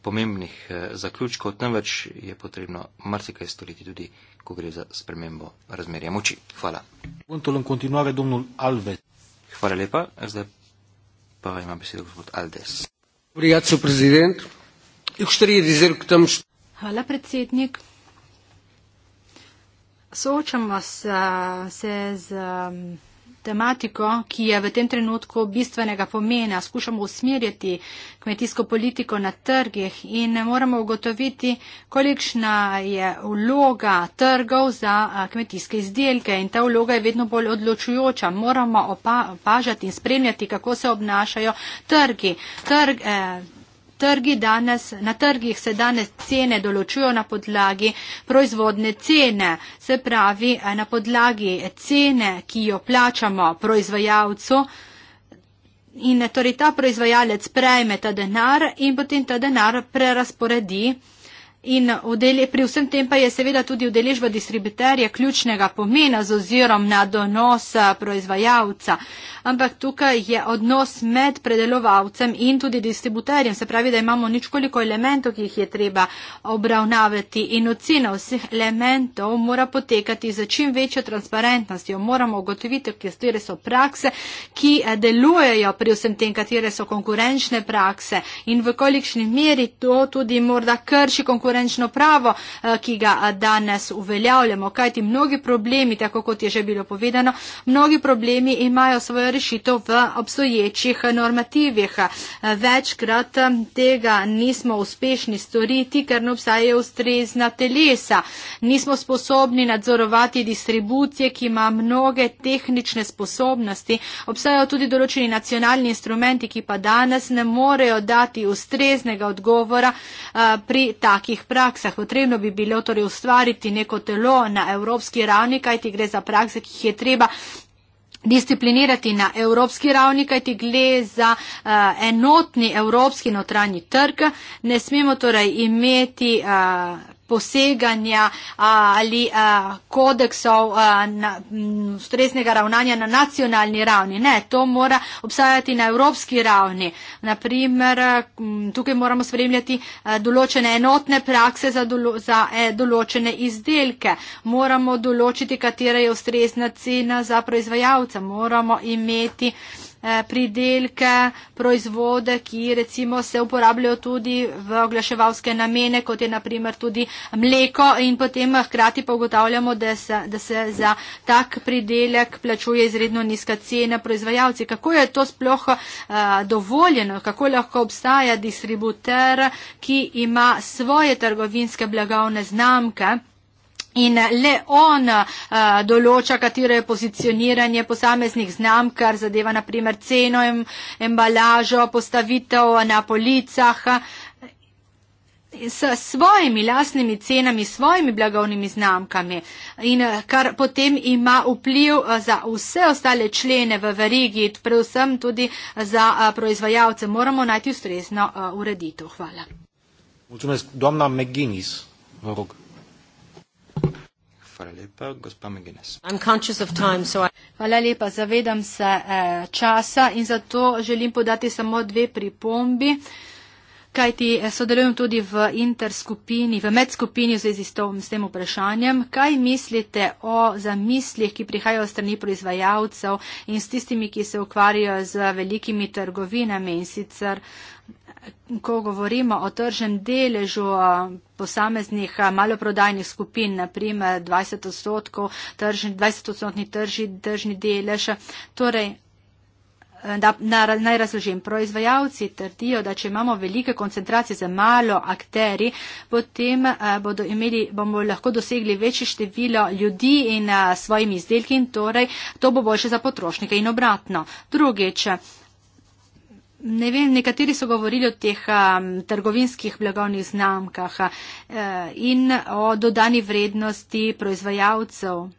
pomembnih eh, zaključkov, temveč je potrebno marsikaj storiti tudi, ko gre za spremembo razmerja moči. Hvala. Hvala lepa. Zdaj Pa ima besedo gospod Aldes. Prijatelj predsednik, jih štiri dizer, ki tam šta. Hvala predsednik. Soočamo se, se z. Um, tematiko, ki je v tem trenutku bistvenega pomena. Skušamo usmerjati kmetijsko politiko na trgih in moramo ugotoviti, kolikšna je vloga trgov za kmetijske izdelke in ta vloga je vedno bolj odločujoča. Moramo opa opažati in spremljati, kako se obnašajo trgi. Trg, eh, trgi danes, na trgih se danes cene določujo na podlagi proizvodne cene, se pravi eh, na podlagi cene, ki jo plačamo proizvajalcu. In torej ta proizvajalec prejme ta denar in potem ta denar prerasporedi In pri vsem tem pa je seveda tudi udeležba distributerja ključnega pomena z ozirom na donos eh, proizvajalca. Ampak tukaj je odnos med predelovalcem in tudi distributerjem, se pravi, da imamo ničkoliko elementov, ki jih je treba obravnavati in ocena vseh elementov mora potekati za čim večjo transparentnostjo. Moramo ugotoviti, katere so prakse, ki eh, delujejo pri vsem tem, katere so konkurenčne prakse in v kolikšni meri to tudi morda krši konkurenčnost konkurenčno pravo, eh, ki ga eh, danes uveljavljamo. Kajti mnogi problemi, tako kot je že bilo povedano, mnogi problemi imajo svojo rešitev v obstoječih eh, normativih. Večkrat tega nismo uspešni storiti, ker ne obstajajo ustrezna telesa. Nismo sposobni nadzorovati distribucije, ki ima mnoge tehnične sposobnosti. Obstajajo tudi določeni nacionalni instrumenti, ki pa danes ne morejo dati ustreznega odgovora pri takih praksah. Potrebno bi bilo torej ustvariti neko telo na evropski ravni, kajti gre za prakse, ki jih je treba disciplinirati na evropski ravni, kajti gre za uh, enotni evropski notranji trg. Ne smemo torej imeti. Uh, poseganja ali kodeksov stresnega ravnanja na nacionalni ravni. Ne, to mora obstajati na evropski ravni. Naprimer, tukaj moramo spremljati določene enotne prakse za, dolo, za e, določene izdelke. Moramo določiti, katera je ustrezna cena za proizvajalca. Moramo imeti. Eh, pridelke, proizvode, ki recimo se uporabljajo tudi v oglaševalske namene, kot je naprimer tudi mleko in potem hkrati pa ugotavljamo, da se, da se za tak pridelek plačuje izredno nizka cena proizvajalci. Kako je to sploh eh, dovoljeno, kako lahko obstaja distributer, ki ima svoje trgovinske blagovne znamke? In eh, le on uh, določa, katero je pozicioniranje posameznih znamk, kar zadeva naprimer ceno, em, embalažo, postavitev na policah. Eh, s svojimi lasnimi cenami, s svojimi blagovnimi znamkami in kar potem ima vpliv za vse ostale člene v verigi, predvsem tudi za proizvajalce, moramo najti ustrezno ureditev. Hvala. Mulțumesc, doamna McGuinness, vă rog. Hvala lepa, gospa McGuinness. So I... Hvala lepa, zavedam se eh, časa in zato želim podati samo dve pripombi, kajti eh, sodelujem tudi v interskupini, v medskupini v zvezi s, to, s tem vprašanjem. Kaj mislite o zamislih, ki prihajajo strani proizvajalcev in s tistimi, ki se ukvarjajo z velikimi trgovinami in sicer ko govorimo o tržnem deležu posameznih maloprodajnih skupin, naprimer 20 odstotkov, 20 odstotni tržni, tržni delež. Torej, da na, naj razložim, proizvajalci trdijo, da če imamo velike koncentracije za malo akteri, potem bodo imeli, bomo lahko dosegli večje število ljudi in svojimi izdelki in torej to bo boljše za potrošnike in obratno. Drugič, ne vem, nekateri so govorili o teh um, trgovinskih blagovnih znamkah uh, in o dodani vrednosti proizvajalcev.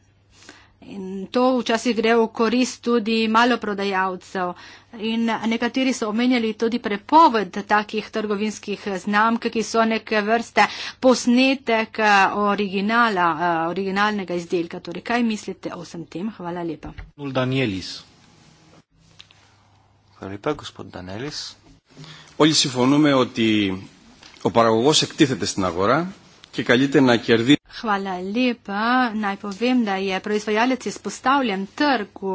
In to včasih gre v korist tudi maloprodajalcev. In nekateri so omenjali tudi prepoved takih trgovinskih znamk, ki so neke vrste posnetek uh, originala, uh, originalnega izdelka. Torej, kaj mislite o vsem tem? Hvala lepa. Nul Danielis. Hvala lepa, gospod Danelis. Όλοι συμφωνούμε ότι ο παραγωγός εκτίθεται στην αγορά και καλείται να κερδίσει. Hvala lepa. Naj povem, da je proizvajalec izpostavljen trgu.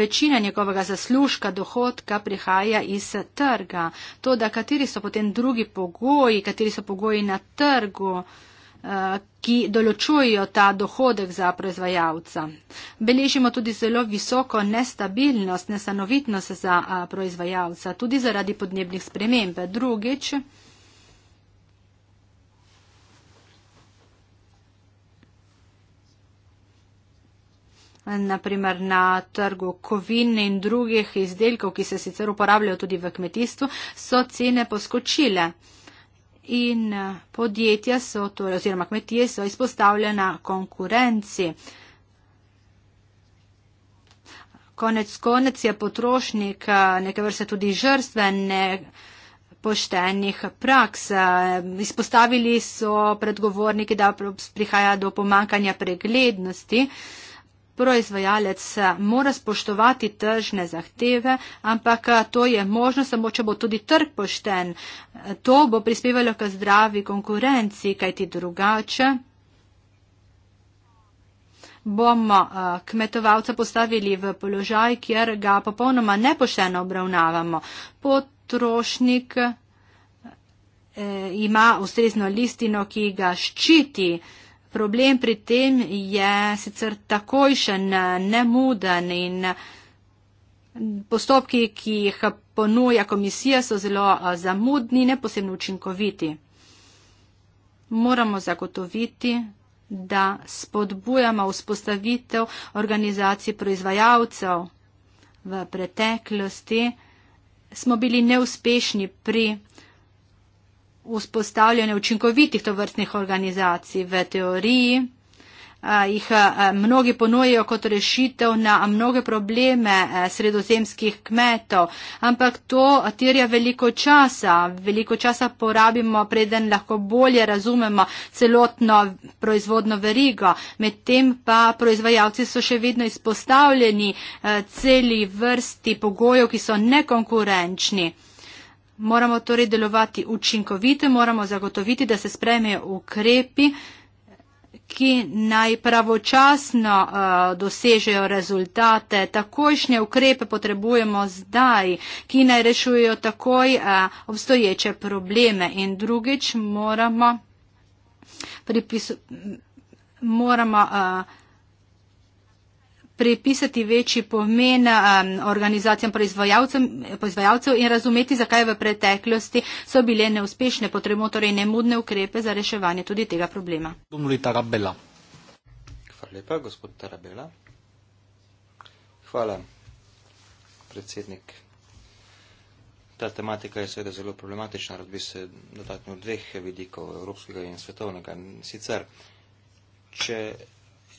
Večina njegovega zaslužka, dohodka prihaja iz trga. To, da kateri so potem drugi pogoji, kateri so pogoji na trgu. Eh, ki določujejo ta dohodek za proizvajalca. Beležimo tudi zelo visoko nestabilnost, nesanovitnost za eh, proizvajalca, tudi zaradi podnebnih sprememb. Drugič, naprimer na trgu kovine in drugih izdelkov, ki se sicer uporabljajo tudi v kmetijstvu, so cene poskočile in eh, podjetja so, torej, oziroma kmetije so izpostavljena konkurenci. Konec konec je potrošnik eh, neke vrste tudi žrstvene poštenih praks. Eh, izpostavili so predgovorniki, da prihaja do pomankanja preglednosti proizvajalec eh, mora spoštovati tržne zahteve, ampak eh, to je možno samo, če bo tudi trg pošten. Eh, to bo prispevalo k zdravi konkurenci, kajti drugače bomo kmetovalca postavili v položaj, kjer ga popolnoma nepošteno obravnavamo. Potrošnik ima ustrezno listino, ki ga ščiti. Problem pri tem je sicer takojšen, nemuden in postopki, ki jih ponuja komisija, so zelo zamudni, ne posebno učinkoviti. Moramo zagotoviti, da spodbujamo vzpostavitev organizacij proizvajalcev. V preteklosti smo bili neuspešni pri uh, vzpostavljanje učinkovitih tovrstnih organizacij v teoriji. Uh, jih uh, mnogi ponujajo kot rešitev na mnoge probleme uh, sredozemskih kmetov, ampak to terja veliko časa. Veliko časa porabimo, preden lahko bolje razumemo celotno proizvodno verigo. Medtem pa proizvajalci so še vedno izpostavljeni uh, celi vrsti pogojev, ki so nekonkurenčni. Uh, Moramo torej delovati učinkovito, moramo zagotoviti, da se spremejo ukrepi, ki naj pravočasno uh, dosežejo rezultate. Takojšnje ukrepe potrebujemo zdaj, ki naj rešujejo takoj uh, obstoječe probleme. In drugič moramo pripisati. Moramo uh, pripisati večji pomen um, organizacijam proizvajalcev in razumeti, zakaj v preteklosti so bile neuspešne, potrebno torej nemudne ukrepe za reševanje tudi tega problema. Hvala lepa, gospod Tarabela. Hvala, predsednik. Ta tematika je seveda zelo problematična, rad bi se dotaknil dveh vidikov, evropskega in svetovnega. Sicer, če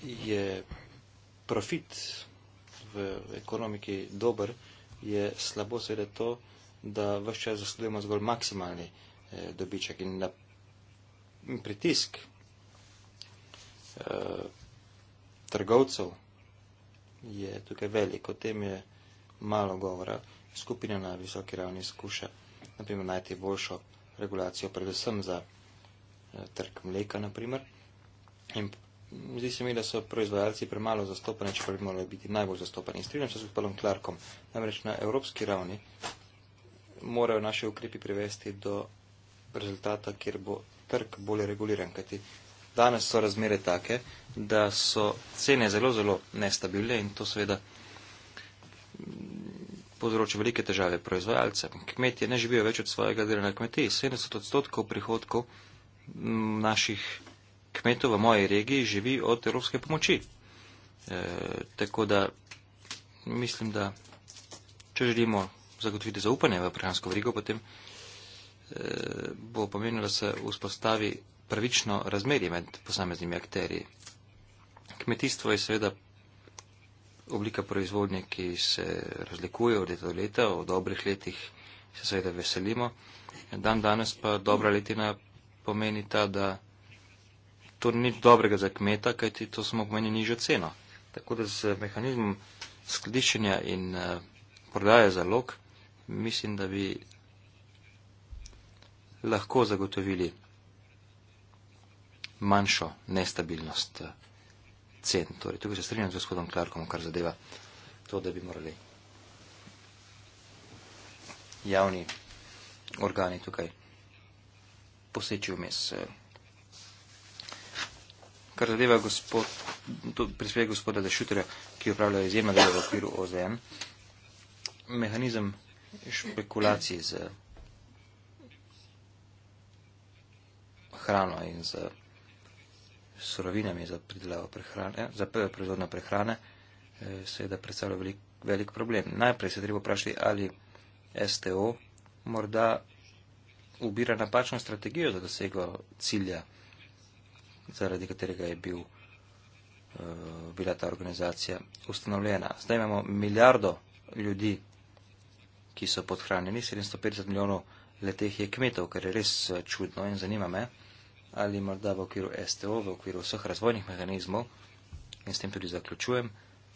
je profit v ekonomiki dober, je slabo seveda to, da vse čas zasledujemo zgolj maksimalni eh, dobiček in na in pritisk eh, trgovcev je tukaj velik, o tem je malo govora. Skupina na visoki ravni skuša, naprimer, najti boljšo regulacijo, predvsem za eh, trg mleka, naprimer, in zdi se mi, da so proizvajalci premalo zastopani, čeprav bi morali biti najbolj zastopani. In strinjam se z gospodom Clarkom, namreč na evropski ravni morajo naše ukrepi privesti do rezultata, kjer bo trg bolje reguliran. Kajti danes so razmere take, da so cene zelo, zelo nestabilne in to seveda povzroča velike težave proizvajalcem. Kmetje ne živijo več od svojega dela na kmetiji. 70 odstotkov prihodkov naših kmetov v moji regiji živi od evropske pomoči. E, tako da mislim, da če želimo zagotoviti zaupanje v prehransko vrigo, potem e, bo pomenilo, da se vzpostavi pravično razmerje med posameznimi akterji. Kmetijstvo je seveda oblika proizvodnje, ki se razlikuje od leta do leta, v dobrih letih se seveda veselimo. Dan danes pa dobra letina pomeni ta, da to ni dobrega za kmeta, kajti to smo pomenili nižjo ceno. Tako da z mehanizmom skladiščenja in uh, prodaje zalog mislim, da bi lahko zagotovili manjšo nestabilnost eh, cen. Torej, tukaj se strinjam z gospodom Klarkom, kar zadeva to, da bi morali javni organi tukaj poseči vmes. Uh, kar zadeva prispevek gospoda Dešutra, ki upravlja izjemno delo v okviru OZN, mehanizem špekulacij z hrano in z surovinami za pridelavo prehrane, za proizvodno prehrane, eh, seveda predstavlja velik, velik problem. Najprej se treba vprašati, ali STO morda ubira napačno strategijo za dosego cilja zaradi katerega je bil, uh, bila ta organizacija ustanovljena. Zdaj imamo milijardo ljudi, ki so podhranjeni, 750 milijonov leteh je kmetov, kar je res eh, čudno in zanima me, ali morda v okviru STO, v okviru vseh razvojnih mehanizmov, in s tem tudi zaključujem,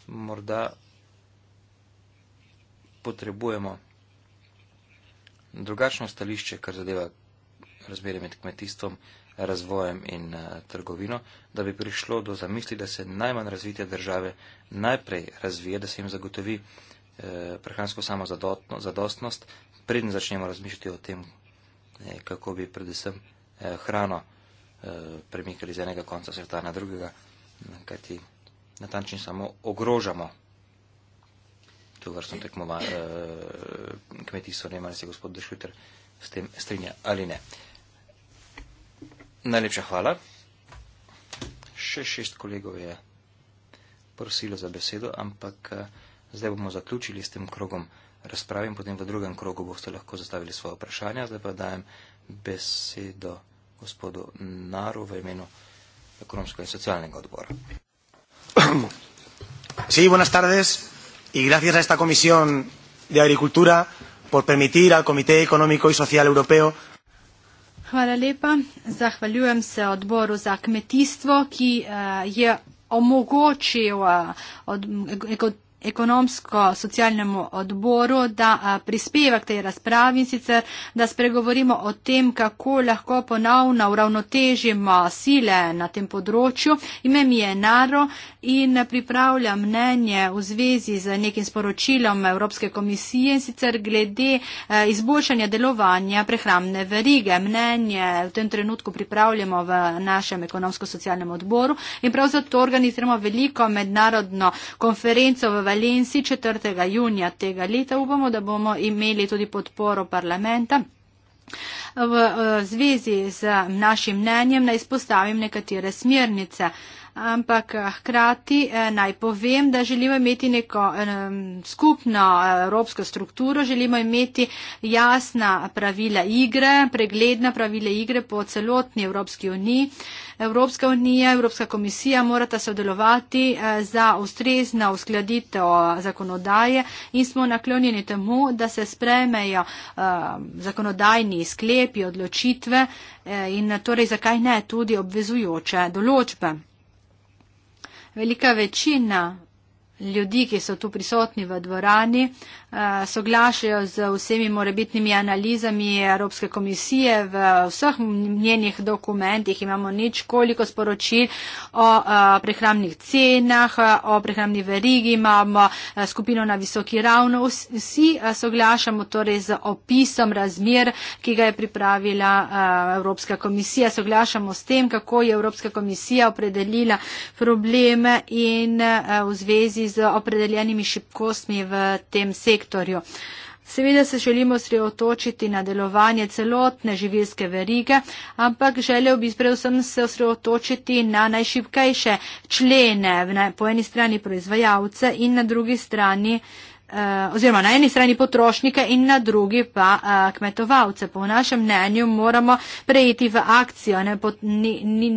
morda potrebujemo drugačno stališče, kar zadeva razmerje med kmetijstvom razvojem in eh, trgovino, da bi prišlo do zamisli, da se najmanj razvite države najprej razvije, da se jim zagotovi eh, prehransko samozadostnost, predn začnemo razmišljati o tem, kako bi predvsem eh, hrano premikali z enega konca sveta na drugega, kajti na ta način samo ogrožamo to vrstno tekmovanje kmetijstvo, ne vem, ali se gospod Dešuter s tem strinja ali ne. Najlepša hvala. Še šest kolegov je prosilo za besedo, ampak eh, zdaj bomo zaključili s tem krogom razprave in potem v drugem krogu boste lahko zastavili svoje vprašanja. Zdaj pa dajem besedo gospodu Naru v imenu ekonomsko in socialnega odbora. Sí, buenas tardes y gracias a esta Comisión de Agricultura por permitir al Comité Económico y Social Europeo Hvala lepa. Zahvaljujem se odboru za kmetijstvo, ki uh, je omogočil uh, od, ekonomsko-socialnemu odboru, da prispeva k tej razpravi in sicer, da spregovorimo o tem, kako lahko ponovno uravnotežimo sile na tem področju. Ime mi je Naro in pripravlja mnenje v zvezi z nekim sporočilom Evropske komisije in sicer glede izboljšanja delovanja prehramne verige. Mnenje v tem trenutku pripravljamo v našem ekonomsko-socialnem odboru in prav zato organiziramo veliko mednarodno konferenco v Valenci 4. junija tega leta. Upamo, da bomo imeli tudi podporo parlamenta. V eh, zvezi z našim mnenjem naj izpostavim nekatere smernice ampak eh, hkrati eh, naj povem, da želimo imeti neko skupno eh, evropsko strukturo, želimo imeti jasna pravila igre, pregledna pravila igre po celotni Evropski uniji. Evropska unija, Evropska komisija morata sodelovati za ustrezno uskladitev zakonodaje in smo naklonjeni temu, da se spremejo zakonodajni sklepi, odločitve in torej zakaj ne tudi obvezujoče določbe velika večina ljudi, ki so tu prisotni v dvorani, eh, soglašajo z vsemi morebitnimi analizami Evropske komisije v vseh njenih dokumentih. Imamo nič koliko sporočil o eh, prehramnih cenah, o prehramni verigi, imamo eh, skupino na visoki ravno. Vsi soglašamo torej z opisom razmer, ki ga je pripravila Evropska komisija. Soglašamo s tem, kako je Evropska komisija opredelila probleme in v zvezi z opredeljenimi šibkostmi v tem sektorju. Seveda se želimo osredotočiti na delovanje celotne živilske verige, ampak želel bi predvsem se osredotočiti na najšipkejše člene, na, po eni strani proizvajalce in na drugi strani eh, Eh, oziroma na eni strani potrošnike in na drugi pa uh, kmetovalce. Po našem mnenju moramo prejeti v akcijo. Ne, pot, ni, ni,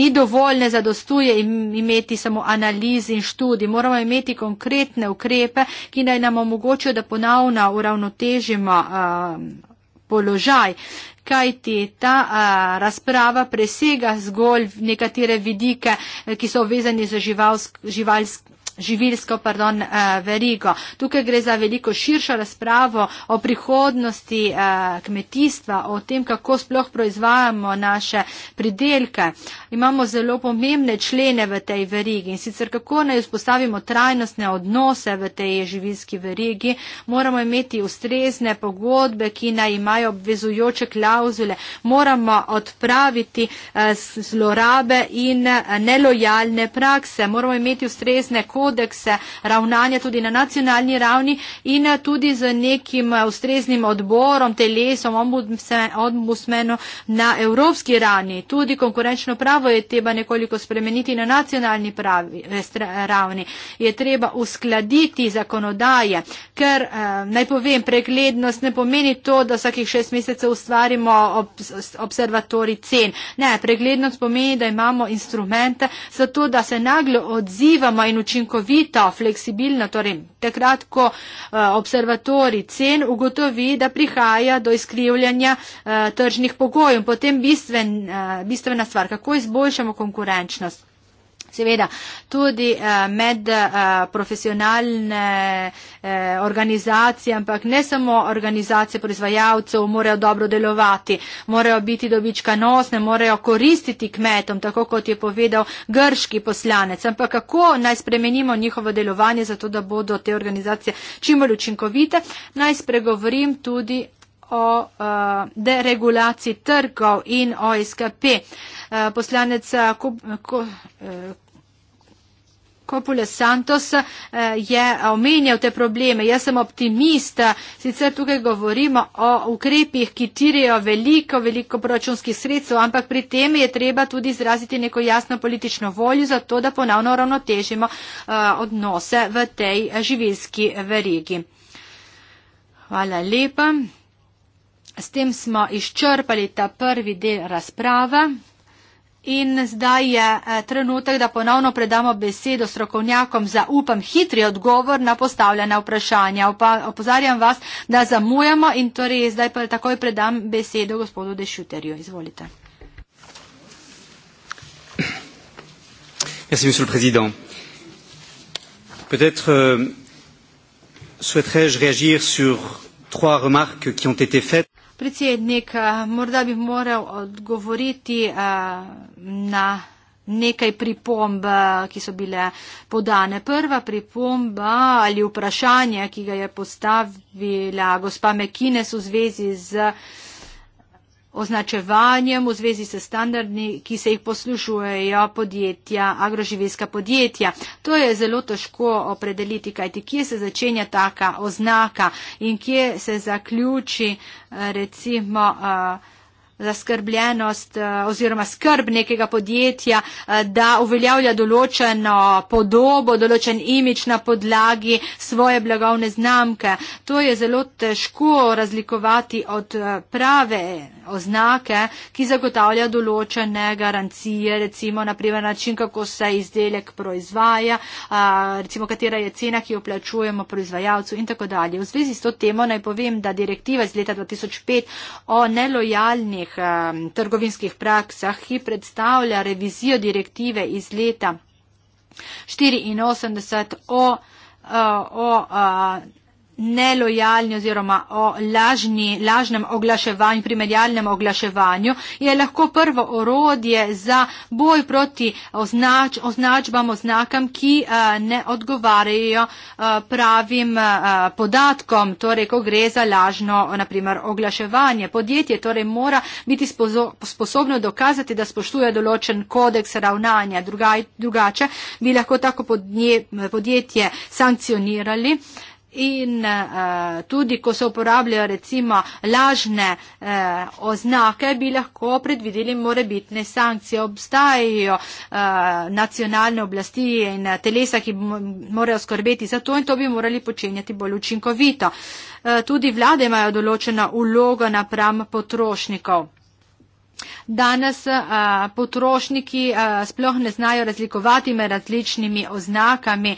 ni dovolj, ne zadostuje imeti samo analiz in študij. Moramo imeti konkretne ukrepe, ki naj nam omogočijo, da ponavno uravnotežimo uh, položaj. Kaj ti ta a, razprava presega zgolj nekatere vidike, ki so vezani za živalsk, živalsk, živilsko pardon, eh, verigo. Tukaj gre za veliko širšo razpravo o prihodnosti eh, kmetijstva, o tem, kako sploh proizvajamo naše pridelke. Imamo zelo pomembne člene v tej verigi in sicer kako naj vzpostavimo trajnostne odnose v tej živilski verigi. Moramo imeti ustrezne pogodbe, ki naj imajo obvezujoče klauzule. Moramo odpraviti eh, zlorabe in nelojalne prakse. Moramo imeti ustrezne kodbe kodekse ravnanja tudi na nacionalni ravni in eh, tudi z nekim eh, ustreznim odborom, telesom, ombudsmenom na evropski ravni. Tudi konkurenčno pravo je treba nekoliko spremeniti na nacionalni pravi, eh, ravni. Je treba uskladiti zakonodaje, ker naj povem, preglednost ne pomeni to, da vsakih šest mesecev ustvarimo observatori cen. Ne, preglednost pomeni, da imamo instrumente za to, da se naglo odzivamo in učinkovito učinkovita, fleksibilna, torej takrat, ko eh, observatori cen ugotovi, da prihaja do izkrivljanja eh, tržnih pogojev. Potem bistven, eh, bistvena stvar, kako izboljšamo konkurenčnost. Seveda, tudi eh, med eh, profesionalne eh, organizacije, ampak ne samo organizacije proizvajalcev, morajo dobro delovati, morajo biti dobičkanosne, morajo koristiti kmetom, tako kot je povedal grški poslanec. Ampak kako naj spremenimo njihovo delovanje, zato da bodo te organizacije čim bolj učinkovite, naj spregovorim tudi o uh, deregulaciji trgov in OSKP. Uh, eh, poslanec uh, ko, uh, Kopulis Santos eh, je omenjal te probleme. Jaz sem optimist, eh, sicer tukaj govorimo o ukrepih, ki tirijo veliko, veliko proračunskih sredstev, ampak pri tem je treba tudi izraziti neko jasno politično voljo za to, da ponovno ravnotežimo eh, odnose v tej živilski verigi. Hvala lepa. S tem smo izčrpali ta prvi del razprave. In zdaj je eh, trenutek, da ponovno predamo besedo strokovnjakom za upam hitri odgovor na postavljena vprašanja. Opozarjam vas, da zamujamo in torej zdaj pa takoj predam besedo gospodu Dešuterju. Izvolite. Merci, monsieur le président. Peut-être euh, souhaiterais-je réagir sur trois remarques qui ont été faites. Predsednik, eh, morda bi moral odgovoriti eh, na nekaj pripomb, eh, ki so bile podane. Prva pripomba ali vprašanje, ki ga je postavila gospa Mekines v zvezi z označevanjem v zvezi s standardi, ki se jih poslušujejo podjetja, agroživijska podjetja. To je zelo težko opredeliti, kajti kje se začenja taka oznaka in kje se zaključi eh, recimo eh, zaskrbljenost eh, oziroma skrb nekega podjetja, da uveljavlja določeno podobo, določen imič na podlagi svoje blagovne znamke. To je zelo težko razlikovati od prave oznake, ki zagotavlja določene garancije, recimo na primer način, kako se izdelek proizvaja, recimo katera je cena, ki jo plačujemo proizvajalcu in tako dalje. V zvezi s to temo naj povem, da direktiva iz leta 2005 o nelojalnih trgovinskih praksah, ki predstavlja revizijo direktive iz leta 84 o, o, o nelojalni oziroma o lažni, lažnem oglaševanju, primerjalnem oglaševanju, je lahko prvo orodje za boj proti označ, označbam, oznakam, ki a, eh, ne odgovarjajo a, eh, pravim a, eh, podatkom, torej ko gre za lažno, naprimer, oglaševanje. Podjetje torej mora biti spozo, sposobno dokazati, da spoštuje določen kodeks ravnanja. Drugaj, drugače bi lahko tako podje, podjetje sankcionirali. A, in uh, tudi, ko se uporabljajo recimo lažne uh, oznake, bi lahko predvideli morebitne sankcije. Obstajajo uh, nacionalne oblasti in telesa, ki morajo skrbeti za to in to bi morali počenjati bolj učinkovito. Uh, tudi vlade imajo določena uloga napram potrošnikov. Danes a, potrošniki a, sploh ne znajo razlikovati med različnimi oznakami,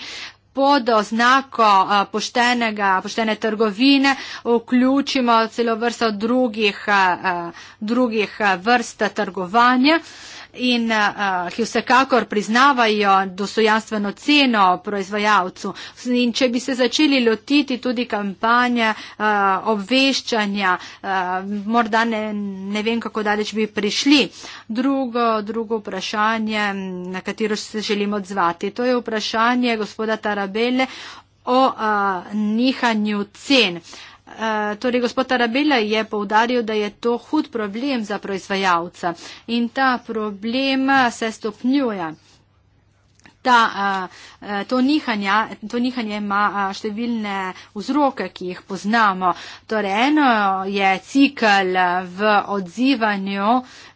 pod oznako poštenega, poštene trgovine vključimo celo vrsto drugih, drugih vrst trgovanja in uh, ki vsekakor priznavajo dostojanstveno ceno proizvajalcu. In če bi se začeli lotiti tudi kampanje uh, obveščanja, uh, morda ne, ne vem, kako daleč bi prišli. Drugo, drugo vprašanje, na katero se želim odzvati, to je vprašanje gospoda Tarabele o uh, nihanju cen. Uh, Eh, torej gospod Arabela je povdaril, da je to hud problem za proizvajalca in ta problem eh, se stopnjuje. Ta, eh, to, nihanje, to nihanje ima številne vzroke, ki jih poznamo. Torej, eno je cikl v odzivanju,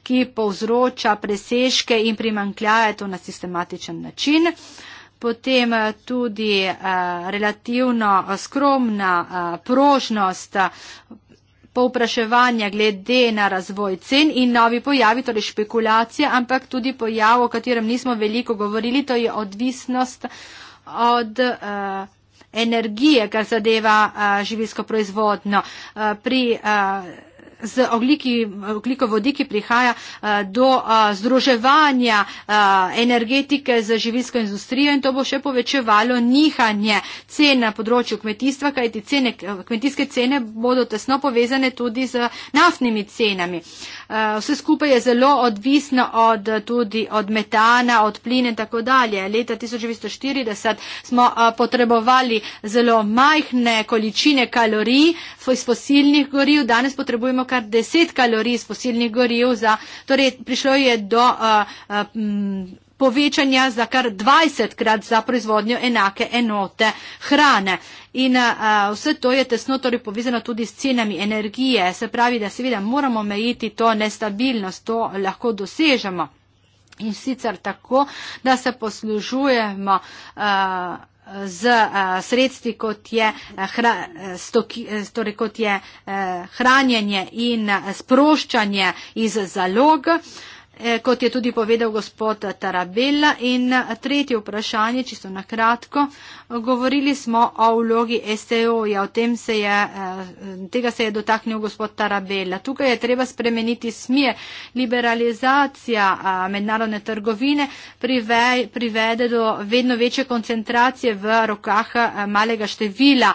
ki povzroča presežke in primankljaje to na sistematičen način potem eh, tudi eh, relativno eh, skromna prožnost povpraševanja glede na razvoj cen in novi pojavi, torej špekulacija, ampak tudi pojav, o katerem nismo veliko govorili, to je odvisnost od energije, kar zadeva živilsko proizvodno. Pri z oglikovodiki prihaja eh, do eh, združevanja eh, energetike z živilsko industrijo in to bo še povečevalo nihanje cen na področju kmetijstva, kajti cene, kmetijske cene bodo tesno povezane tudi z naftnimi cenami. Vse skupaj je zelo odvisno od, tudi od metana, od plina in tako dalje. Leta 1940 smo potrebovali zelo majhne količine kalorij iz fosilnih goriv, danes potrebujemo kar 10 kalorij iz posilnih goriv, za, torej prišlo je do uh, uh, povečanja za kar 20 krat za proizvodnjo enake enote hrane. In a, uh, uh, vse to je tesno torej povezano tudi s cenami energije, se pravi, da seveda moramo omejiti to nestabilnost, to lahko dosežemo. In sicer tako, da se poslužujemo. A, uh, z eh, sredstvi, kot je, eh, hra, eh, stoki, torej kot je hranjenje in sproščanje iz zalog. Eh, kot je tudi povedal gospod Tarabella. In eh, tretje vprašanje, čisto na kratko, govorili smo o vlogi SEO-ja, eh, tega se je dotaknil gospod Tarabella. Tukaj je treba spremeniti smer. Liberalizacija mednarodne trgovine privede do vedno večje koncentracije v rokah malega števila,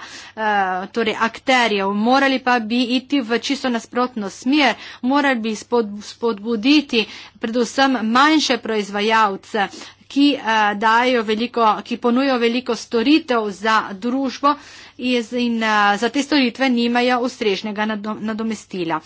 torej akterjev. Morali pa bi iti v čisto nasprotno smer, morali bi spodbuditi predvsem manjše proizvajalce, ki, eh, veliko, ki ponujo veliko storitev za družbo in eh, za te storitve nimajo ustrežnega nadomestila.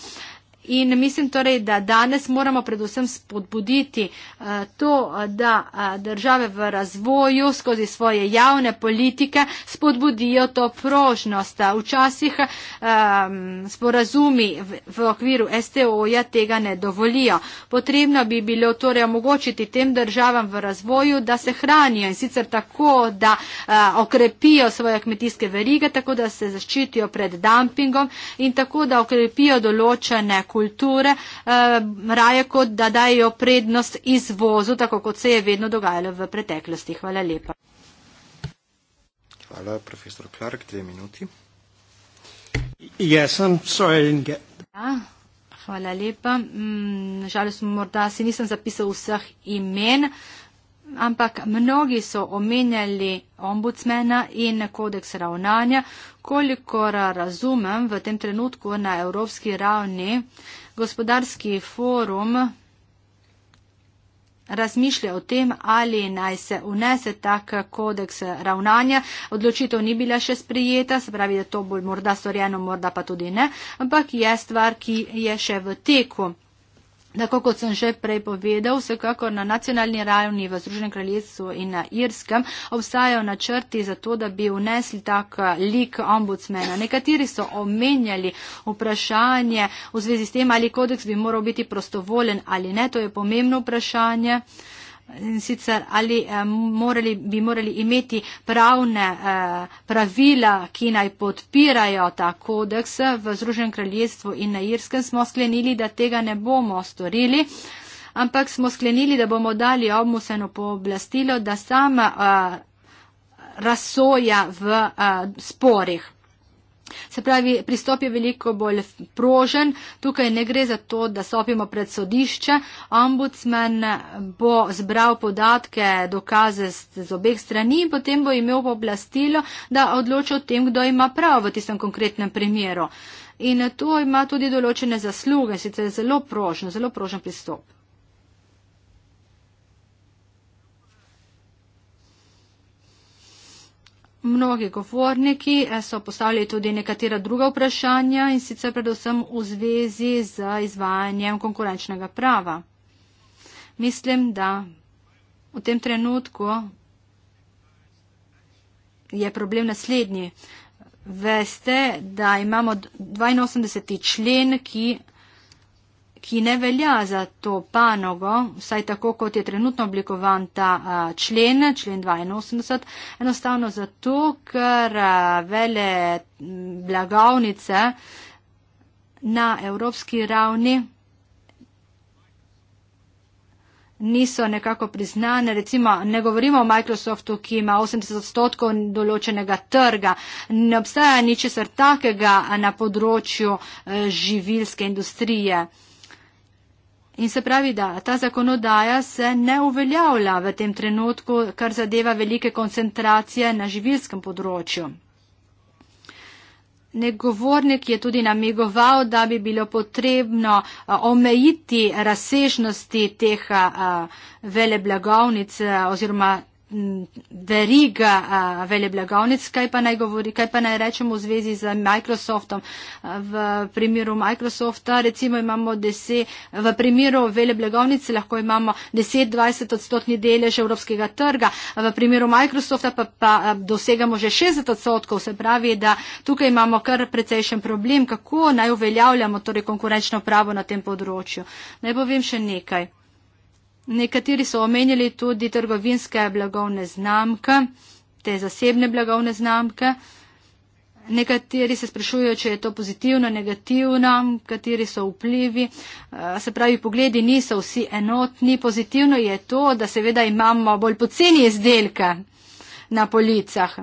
In mislim torej, da danes moramo predvsem spodbuditi eh, to, eh, da eh, države v razvoju skozi svoje javne politike spodbudijo to prožnost. Včasih um, sporazumi v, v okviru STO-ja tega ne dovolijo. Potrebno bi bilo torej omogočiti tem državam v razvoju, da se hranijo in sicer tako, da uh, okrepijo svoje kmetijske verige, tako da se zaščitijo pred dumpingom in tako, da okrepijo določene kulture kulture, eh, raje kot da dajo prednost izvozu, tako kot se je vedno dogajalo v preteklosti. Hvala lepa. Hvala, profesor Clark, dve minuti. Yes, ja, Hvala lepa. Mm, Žal sem morda si nisem zapisal vseh imen ampak mnogi so omenjali ombudsmena in kodeks ravnanja, kolikor razumem v tem trenutku na evropski ravni gospodarski forum razmišlja o tem, ali naj se unese tak kodeks ravnanja. Odločitev ni bila še sprijeta, se pravi, da to bo morda storjeno, morda pa tudi ne, ampak je stvar, ki je še v teku. Tako kot sem že prej povedal, vsekakor na nacionalni ravni v Združenem kraljestvu in na Irskem obstajajo načrti za to, da bi vnesli tak eh, lik ombudsmena. Nekateri so omenjali vprašanje v zvezi s tem, ali kodeks bi moral biti prostovolen ali ne. To je pomembno vprašanje. Uh, In sicer ali eh, morali, bi morali imeti pravne eh, pravila, ki naj podpirajo ta kodeks v Združenem kraljestvu in na Irskem, smo sklenili, da tega ne bomo storili, ampak smo sklenili, da bomo dali obmuseno pooblastilo, da sama eh, razsoja v eh, sporih. Se pravi, pristop je veliko bolj prožen. Tukaj ne gre za to, da stopimo pred sodišče. Ombudsman bo zbral podatke, dokaze z, z obeh strani in potem bo imel pooblastilo, da odloča o tem, kdo ima prav v tistem konkretnem primeru. In to ima tudi določene zasluge, sicer zelo prožen, zelo prožen pristop. Mnogi govorniki eh, so postavili tudi nekatera druga vprašanja in sicer predvsem v zvezi z izvajanjem konkurenčnega prava. Mislim, da v tem trenutku je problem naslednji. Veste, da imamo 82. člen, ki ki ne velja za to panogo, saj tako kot je trenutno oblikovan ta člen, člen 82, enostavno zato, ker vele blagovnice na evropski ravni niso nekako priznane. Recimo, ne govorimo o Microsoftu, ki ima 80 odstotkov določenega trga. Ne obstaja ničesar takega na področju e, živilske industrije. In se pravi, da ta zakonodaja se ne uveljavlja v tem trenutku, kar zadeva velike koncentracije na živilskem področju. Negovornik je tudi namigoval, da bi bilo potrebno omejiti razsežnosti teh vele blagovnic oziroma veriga veleblagovnic, kaj pa naj govori, kaj pa naj rečemo v zvezi z Microsoftom. V primeru Microsofta recimo imamo 10, v primeru veleblagovnic lahko imamo 10-20 odstotni delež evropskega trga, v primeru Microsofta pa, pa dosegamo že 60 odstotkov, se pravi, da tukaj imamo kar precejšen problem, kako naj uveljavljamo torej konkurenčno pravo na tem področju. Naj povem še nekaj. Nekateri so omenjali tudi trgovinske blagovne znamke, te zasebne blagovne znamke. Nekateri se sprašujejo, če je to pozitivno, negativno, kateri so vplivi. Se pravi, pogledi niso vsi enotni. Pozitivno je to, da seveda imamo bolj poceni izdelke na policah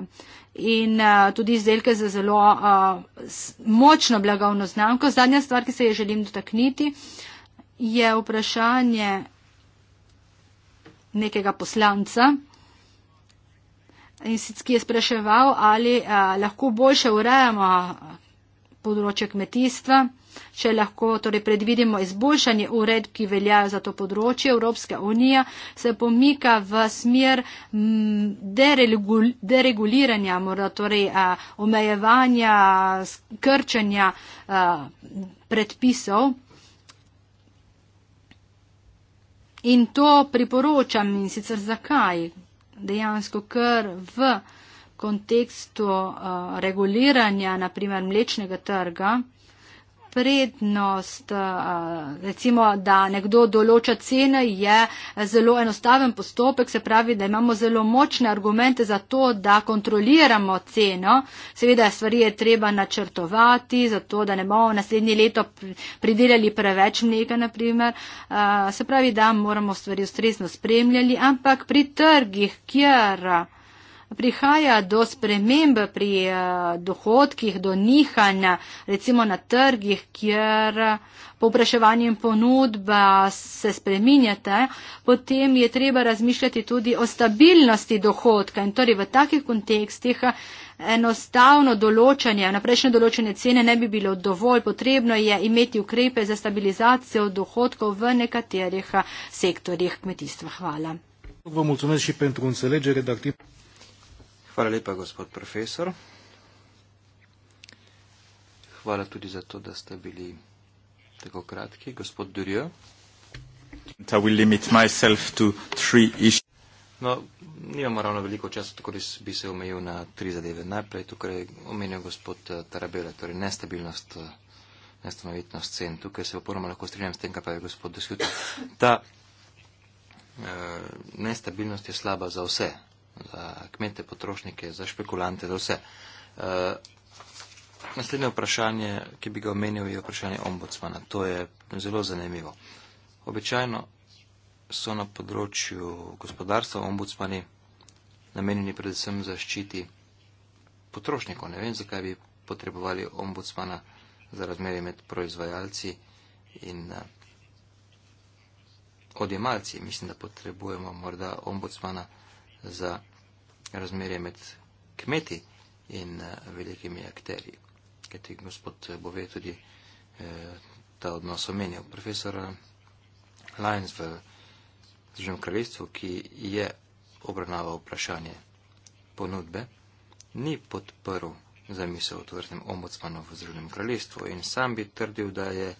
in tudi izdelke za zelo močno blagovno znamko. Zadnja stvar, ki se je želim dotakniti, je vprašanje nekega poslanca in ki je spraševal, ali a, eh, lahko boljše urejamo eh, področje kmetijstva, če lahko torej predvidimo izboljšanje uredb, ki veljajo za to področje. Evropska unija se pomika v smer mm, dereguliranja, morda torej a, eh, omejevanja, krčanja a, predpisov. In to priporočam in sicer zakaj? Dejansko, ker v kontekstu uh, reguliranja, naprimer, mlečnega trga, prednost, eh, recimo, da nekdo določa cene, je zelo enostaven postopek, se pravi, da imamo zelo močne argumente za to, da kontroliramo ceno. Seveda, stvari je treba načrtovati, zato da ne bomo naslednje leto pridelali preveč mleka, naprimer. Eh, se pravi, da moramo stvari ustrezno spremljali, ampak pri trgih, kjer prihaja do sprememb pri eh, dohodkih, do nihanja, recimo na trgih, kjer eh, povpraševanje in ponudba se spreminjate, potem je treba razmišljati tudi o stabilnosti dohodka in torej v takih kontekstih eh, enostavno določanje, naprejšnje določene cene ne bi bilo dovolj, potrebno je imeti ukrepe za stabilizacijo dohodkov v nekaterih sektorjih kmetijstva. Hvala. Vă mulțumesc și pentru înțelegere, dar timp... Hvala lepa, gospod profesor. Hvala tudi za to, da ste bili tako kratki. Gospod Durjo. No, nimamo ravno veliko časa, tako da bi se omejil na tri zadeve. Najprej tukaj je omenil gospod eh, Tarabela, torej nestabilnost, eh, nestanovitnost cen. Tukaj se oporoma lahko strinjam s tem, kar pa je gospod Desjuta. Ta uh, nestabilnost je slaba za vse, za kmete, potrošnike, za špekulante, za vse. Eh, naslednje vprašanje, ki bi ga omenil, je vprašanje ombudsmana. To je zelo zanimivo. Običajno so na področju gospodarstva ombudsmani namenjeni predvsem zaščiti potrošnikov. Ne vem, zakaj bi potrebovali ombudsmana za razmerje med proizvajalci in eh, odjemalci. Mislim, da potrebujemo morda ombudsmana za razmerje med kmeti in eh, velikimi akterji. Kaj ti gospod Bove tudi eh, ta odnos omenjal. Profesor eh, Lines v Združenem kraljestvu, ki je obravnaval vprašanje ponudbe, ni podprl zamisel o tvrdem ombudsmanu v Združenem kraljestvu in sam bi trdil, da je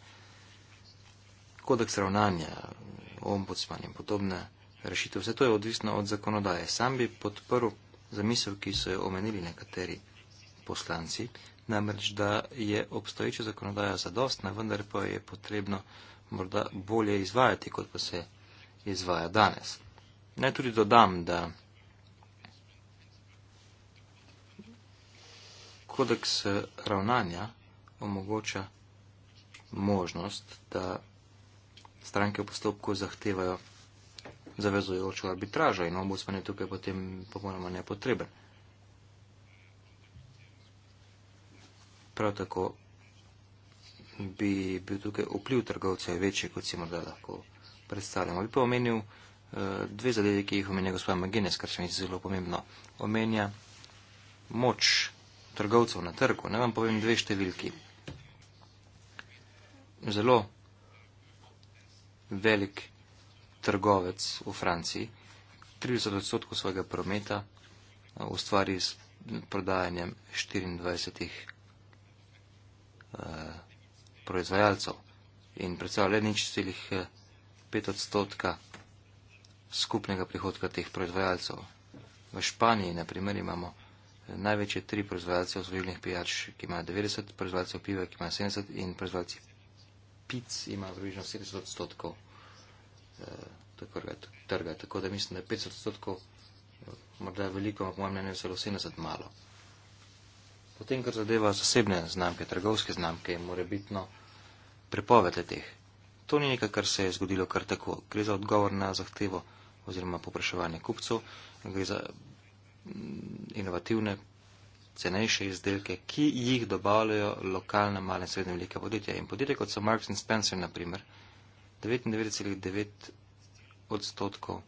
kodeks ravnanja ombudsman in podobne rešitev. Vse to je odvisno od zakonodaje. Sam bi podprl zamisel, ki so jo omenili nekateri poslanci, namreč, da je obstoječa zakonodaja zadostna, vendar pa je potrebno morda bolje izvajati, kot pa se izvaja danes. Naj tudi dodam, da kodeks ravnanja omogoča možnost, da stranke v postopku zahtevajo zavezujočo arbitražo in ombudsman je tukaj potem popolnoma nepotreben. Prav tako bi bil tukaj vpliv trgovcev večji, kot si morda lahko predstavljamo. Bi pa omenil eh, dve zadeve, ki jih omenja gospod Magines, kar se mi zdi zelo pomembno. Omenja moč trgovcev na trgu. Ne vam povem dve številki. Zelo velik trgovec v Franciji. 30 odstotkov svojega prometa eh, ustvari s prodajanjem 24 eh, proizvajalcev in predstavlja le nič celih 5 eh, odstotka skupnega prihodka teh proizvajalcev. V Španiji, na primer, imamo eh, največje tri proizvajalce osvežilnih pijač, ki imajo 90, proizvajalce piva, ki imajo 70 in proizvajalci pic imajo približno 70 odstotkov Eh, trga. Tako da mislim, da je 500 odstotkov eh, morda veliko, ampak moj mnenje je zelo 70 malo. Potem, kar zadeva zasebne znamke, trgovske znamke, mora bitno prepovede teh. To ni nekaj, kar se je zgodilo kar tako. Gre za odgovor na zahtevo oziroma popraševanje kupcev, gre za mm, inovativne, cenejše izdelke, ki jih dobavljajo lokalne male in srednje velike podjetja. In podjetja, kot so Marks in Spencer, naprimer, 99,9 odstotkov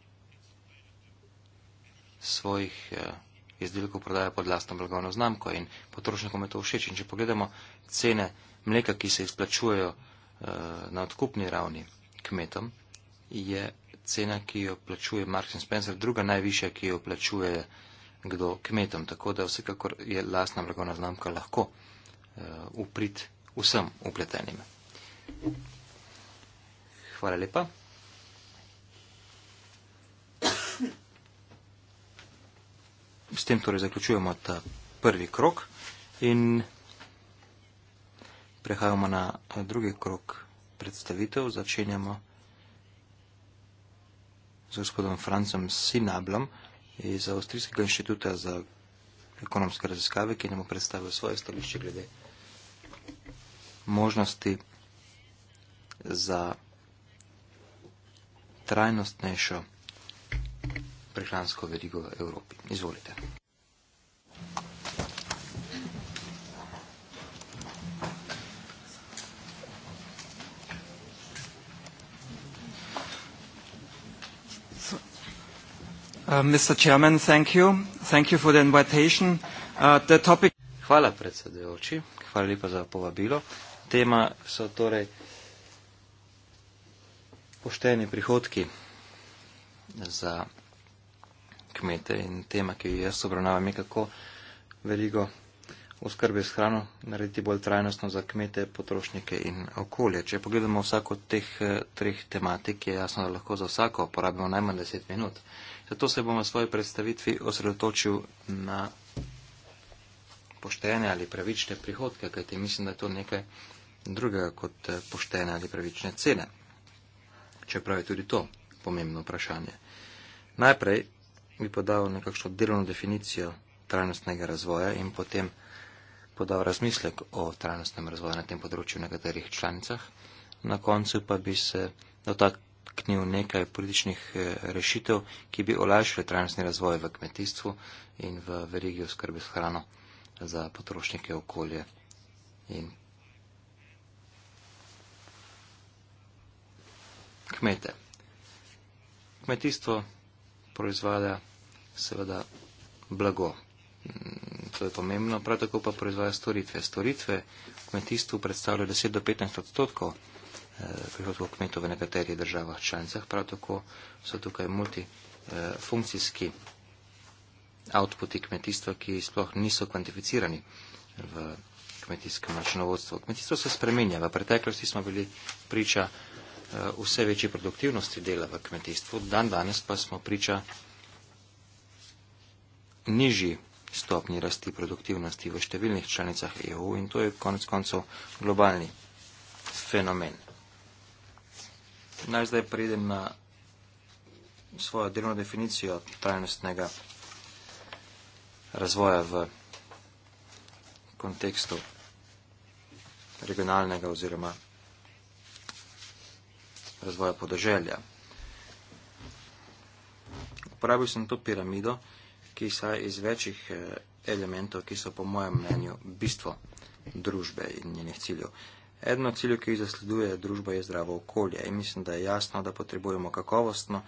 svojih eh, izdelkov prodaja pod lastno blagovno znamko in potrošnikom je to všeč. In če pogledamo cene mleka, ki se izplačujejo eh, na odkupni ravni kmetom, je cena, ki jo plačuje Marks in Spencer, druga najvišja, ki jo plačuje kdo kmetom. Tako da vsekakor je lastna blagovna znamka lahko uprit eh, vsem upletenim. Thank you. Hvala lepa. S tem torej zaključujemo ta prvi krok in prehajamo na eh, drugi krok predstavitev. Začenjamo z gospodom Francem Sinablom iz Avstrijskega inštituta za ekonomske raziskave, ki nam predstavlja svoje stališče glede možnosti za trajnostnejšo prehransko verigo v Evropi. Izvolite. Uh, uh, hvala predsedujoči, hvala lepa za povabilo. Tema so torej pošteni prihodki za kmete in tema, ki jo jaz obravnavam, je kako veliko oskrbe s hrano narediti bolj trajnostno za kmete, potrošnike in okolje. Če pogledamo vsako od teh eh, treh tematik, je jasno, da lahko za vsako porabimo najmanj 10 minut. Zato se bom v svoji predstavitvi osredotočil na poštene ali pravične prihodke, kajti mislim, da je to nekaj drugega kot eh, poštene ali pravične cene čeprav je tudi to pomembno vprašanje. Najprej bi podal nekakšno delovno definicijo trajnostnega razvoja in potem podal razmislek o trajnostnem razvoju na tem področju v nekaterih članicah. Na koncu pa bi se dotaknil nekaj političnih eh, rešitev, ki bi olajšali trajnostni razvoj v kmetijstvu in v verigi oskrbi s hrano za potrošnike okolje in kmete. Kmetijstvo proizvaja seveda blago. Mm, to je pomembno, prav tako pa proizvaja storitve. Storitve v kmetijstvu predstavljajo 10 do 15 odstotkov eh, prihodkov kmetov v nekaterih državah članicah, prav tako so tukaj multifunkcijski eh, outputi kmetijstva, ki sploh niso kvantificirani v kmetijskem računovodstvu. Kmetijstvo se spremenja. V preteklosti smo bili priča Eh, vse večji produktivnosti dela v kmetijstvu, dan danes pa smo priča nižji stopni rasti produktivnosti v številnih članicah EU in to je konec koncev globalni fenomen. Naj zdaj preidem na svojo delovno definicijo trajnostnega razvoja v kontekstu regionalnega oziroma razvoja podeželja. Uporabil sem to piramido, ki izhaja iz večjih eh, elementov, ki so po mojem mnenju bistvo družbe in njenih ciljev. Edno cilj, ki jih zasleduje družba, je zdravo okolje in mislim, da je jasno, da potrebujemo kakovostno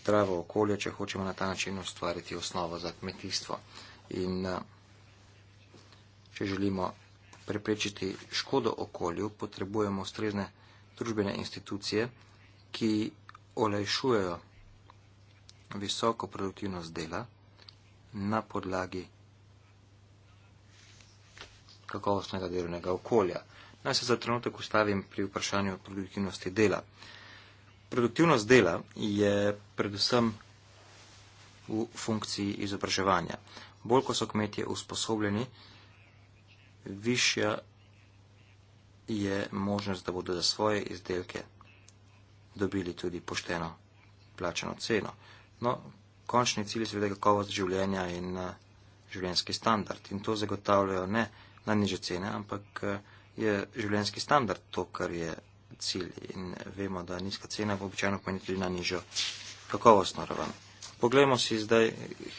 zdravo okolje, če hočemo na ta način ustvariti osnovo za kmetijstvo in eh, če želimo preprečiti škodo okolju, potrebujemo ustrezne družbene institucije ki olajšujejo visoko produktivnost dela na podlagi kakovostnega delovnega okolja. Naj se za trenutek ustavim pri vprašanju produktivnosti dela. Produktivnost dela je predvsem v funkciji izobraževanja. Bolj ko so kmetje usposobljeni, višja je možnost, da bodo za svoje izdelke dobili tudi pošteno plačeno ceno. No, končni cilj je seveda kakovost življenja in eh, življenski standard. In to zagotavljajo ne najniže cene, ampak eh, je življenski standard to, kar je cilj. In vemo, da nizka cena bo običajno pomeni tudi na nižjo kakovostno raven. Poglejmo si zdaj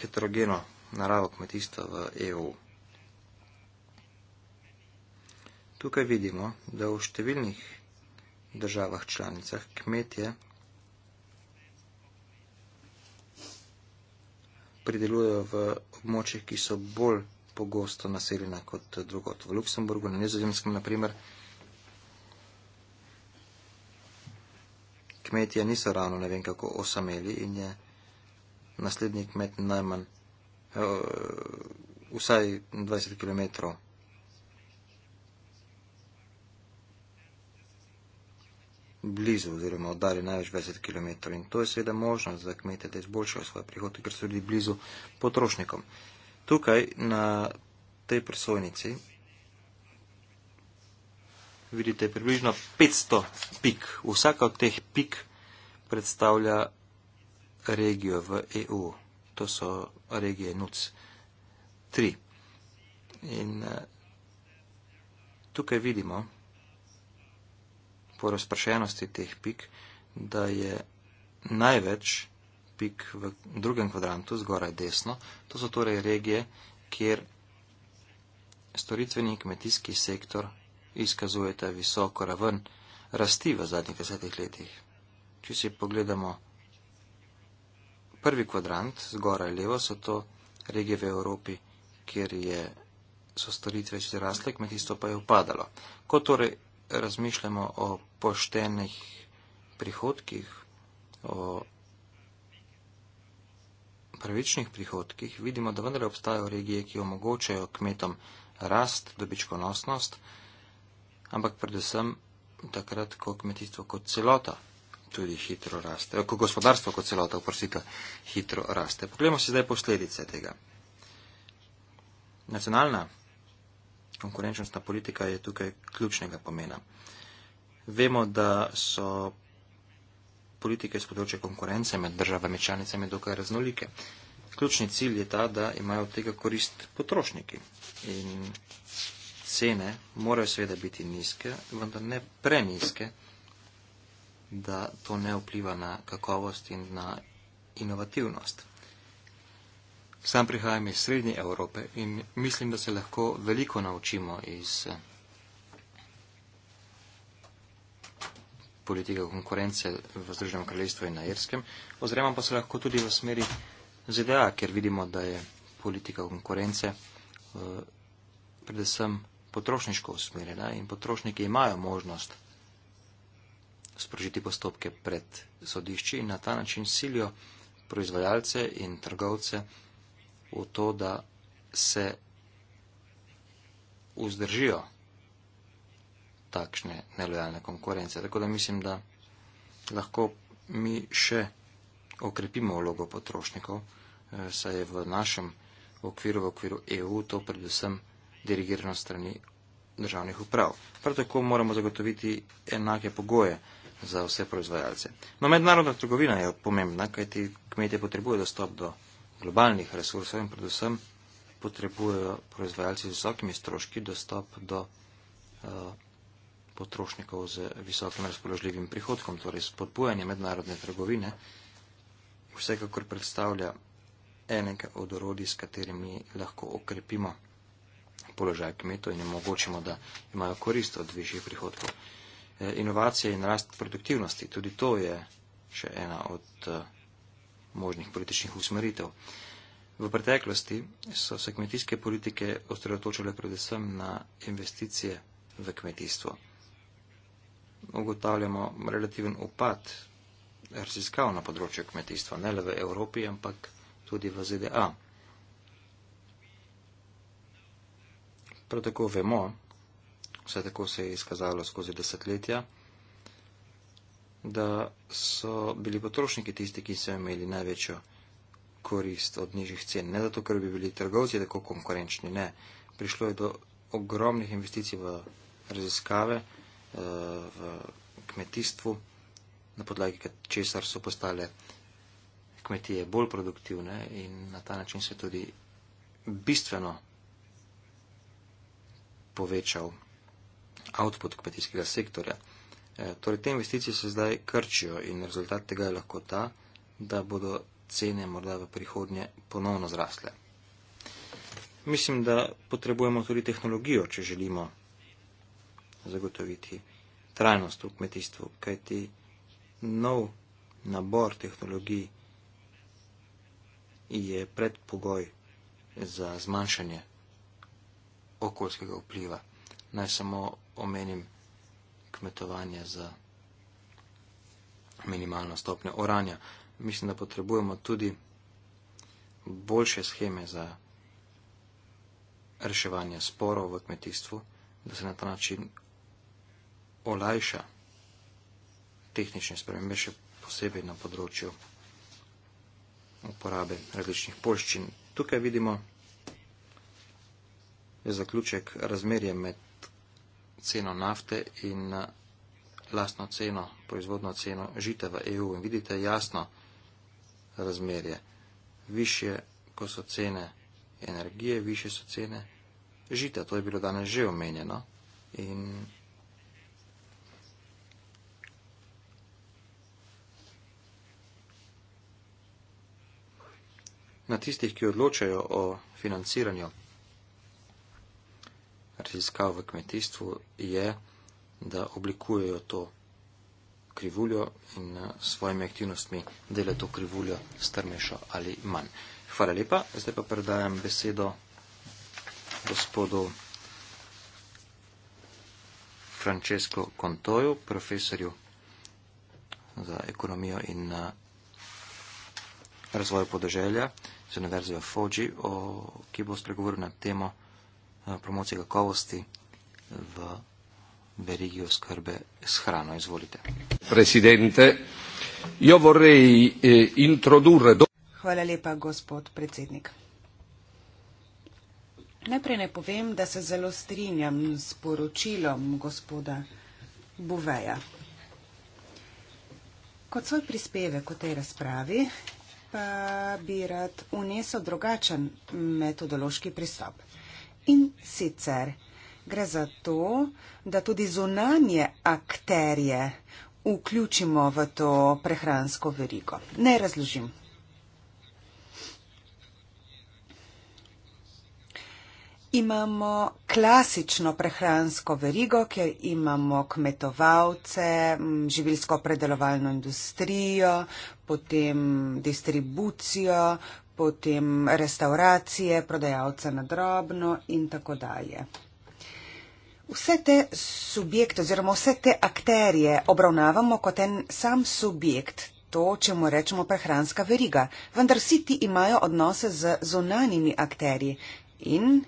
heterogeno naravo kmetijstva v EU. Tukaj vidimo, da v številnih državah članicah kmetje pridelujejo v območjih, ki so bolj pogosto naseljena kot drugot. V Luksemburgu, na Nizozemskem, na primer, kmetje niso ravno ne vem kako osameli in je naslednji kmet najmanj, eh, vsaj 20 km blizu oziroma oddali največ 20 km. In to je seveda možnost za kmete, da izboljšajo svoje prihodke, ker so tudi blizu potrošnikom. Tukaj na tej presojnici vidite približno 500 pik. Vsaka od teh pik predstavlja regijo v EU. To so regije NUC 3. In eh, tukaj vidimo, po razpršenosti teh pik, da je največ pik v drugem kvadrantu, zgoraj desno. To so torej regije, kjer storitveni kmetijski sektor izkazujete visoko raven rasti v zadnjih desetih letih. Če si pogledamo prvi kvadrant, zgoraj levo, so to regije v Evropi, kjer je, so storitve še rasle, kmetijstvo pa je upadalo. Ko torej razmišljamo o poštenih prihodkih, o pravičnih prihodkih, vidimo, da vendar obstajajo regije, ki omogočajo kmetom rast, dobičkonosnost, ampak predvsem takrat, ko kmetijstvo kot celota tudi hitro raste, ko gospodarstvo kot celota, oprostite, hitro raste. Poglejmo si zdaj posledice tega. Nacionalna konkurenčnostna politika je tukaj ključnega pomena. Vemo, da so politike z področja konkurence med državami članicami dokaj raznolike. Ključni cilj je ta, da imajo od tega korist potrošniki. In cene morajo seveda biti nizke, vendar ne preniske, da to ne vpliva na kakovost in na inovativnost. Sam prihajam iz Srednje Evrope in mislim, da se lahko veliko naučimo iz politike konkurence v Združenem kraljestvu in na Irskem. Oziroma pa se lahko tudi v smeri ZDA, ker vidimo, da je politika konkurence eh, predvsem potrošniško usmerjena in potrošniki imajo možnost sprožiti postopke pred sodišči in na ta način silijo proizvajalce in trgovce, v to, da se vzdržijo takšne nelojalne konkurence. Tako da mislim, da lahko mi še okrepimo vlogo potrošnikov, eh, saj je v našem okviru, v okviru EU, to predvsem dirigirano strani državnih uprav. Prav tako moramo zagotoviti enake pogoje za vse proizvajalce. No, mednarodna trgovina je pomembna, kajti kmetje potrebujejo dostop do globalnih resursov in predvsem potrebujejo proizvajalci z visokimi stroški dostop do eh, potrošnikov z visokim razpoložljivim prihodkom, torej spodbujanje mednarodne trgovine, vsekakor predstavlja enega od orodij, s katerimi lahko okrepimo položaj kmetov in omogočimo, da imajo korist od višjih prihodkov. Eh, inovacije in rast produktivnosti, tudi to je še ena od eh, možnih političnih usmeritev. V preteklosti so se kmetijske politike osredotočile predvsem na investicije v kmetijstvo. Ugotavljamo relativen upad raziskav na področju kmetijstva, ne le v Evropi, ampak tudi v ZDA. Prav tako vemo, vse tako se je izkazalo skozi desetletja, da so bili potrošniki tisti, ki so imeli največjo korist od nižjih cen. Ne zato, ker bi bili trgovci tako konkurenčni, ne. Prišlo je do ogromnih investicij v raziskave, eh, v kmetijstvu, na podlagi česar so postale kmetije bolj produktivne in na ta način se je tudi bistveno povečal output kmetijskega sektorja. Eh, torej, te investicije se zdaj krčijo in rezultat tega je lahko ta, da bodo cene morda v prihodnje ponovno zrasle. Mislim, da potrebujemo tudi tehnologijo, če želimo zagotoviti trajnost v kmetijstvu, kajti nov nabor tehnologij je predpogoj za zmanjšanje okoljskega vpliva. Naj samo omenim, kmetovanje z minimalno stopnjo oranja. Mislim, da potrebujemo tudi boljše scheme za reševanje sporov v kmetijstvu, da se na ta način olajša tehnične spremembe, še posebej na področju uporabe različnih poščin. Tukaj vidimo zaključek razmerja med ceno nafte in lastno ceno, proizvodno ceno žita v EU. In vidite jasno razmerje. Više, ko so cene energije, više so cene žita. To je bilo danes že omenjeno. In na tistih, ki odločajo o financiranju raziskav v kmetijstvu je, da oblikujejo to krivuljo in s eh, svojimi aktivnostmi dela to krivuljo strmejšo ali manj. Hvala lepa. Zdaj pa predajam besedo gospodu Francesco Contoju, profesorju za ekonomijo in eh, razvoj podeželja z Univerzijo Foggi, ki bo spregovoril na temo Eh, promocije kakovosti v verigi oskrbe s hrano. Izvolite. Presidente, jo vorrei eh, introdurre... Do... Hvala lepa, gospod predsednik. Najprej ne povem, da se zelo strinjam s poročilom gospoda Buveja. Kot svoj prispevek v tej razpravi pa bi rad unesel drugačen metodološki pristop. In sicer gre za to, da tudi zunanje akterje vključimo v to prehransko verigo. Ne razložim. Imamo klasično prehransko verigo, kjer imamo kmetovalce, živilsko predelovalno industrijo, potem distribucijo, potem restauracije, prodajalce na drobno in tako dalje. Vse te subjekte oziroma vse te akterje obravnavamo kot en sam subjekt, to, če mu rečemo prehranska veriga, vendar vsi ti imajo odnose z zunanjimi akterji in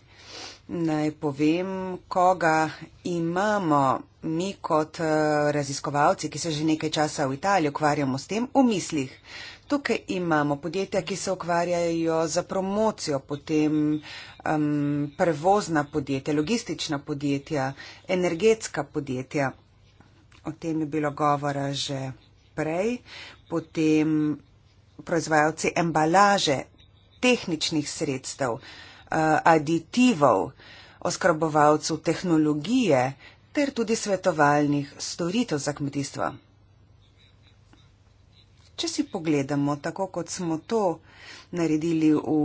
Naj povem, koga imamo mi kot eh, raziskovalci, ki se že nekaj časa v Italiji ukvarjamo s tem v mislih. Tukaj imamo podjetja, ki se ukvarjajo za promocijo, potem um, prevozna podjetja, logistična podjetja, energetska podjetja. O tem je bilo govora že prej. Potem proizvajalci embalaže, tehničnih sredstev, uh, Eh, aditivov, oskrbovalcu tehnologije ter tudi svetovalnih storitev za kmetijstvo. Če si pogledamo, tako kot smo to naredili v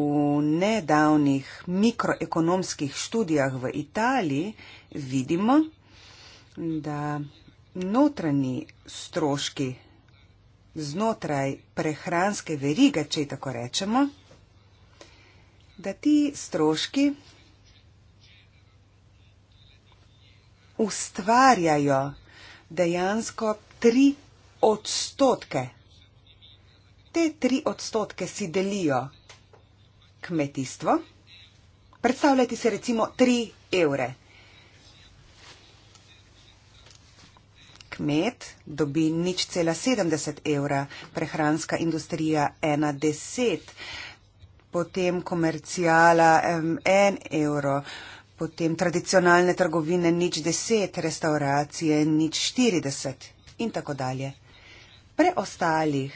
nedavnih mikroekonomskih študijah v Italiji, vidimo, da notranji stroški znotraj prehranske verige, če tako rečemo, da ti stroški ustvarjajo dejansko tri odstotke. Te tri odstotke si delijo kmetijstvo. Predstavljajte si recimo tri evre. Kmet dobi nič cela 70 evra, prehranska industrija 1,10 evra potem komercijala um, en evro, potem tradicionalne trgovine nič deset, restauracije nič štirideset in tako dalje. Preostalih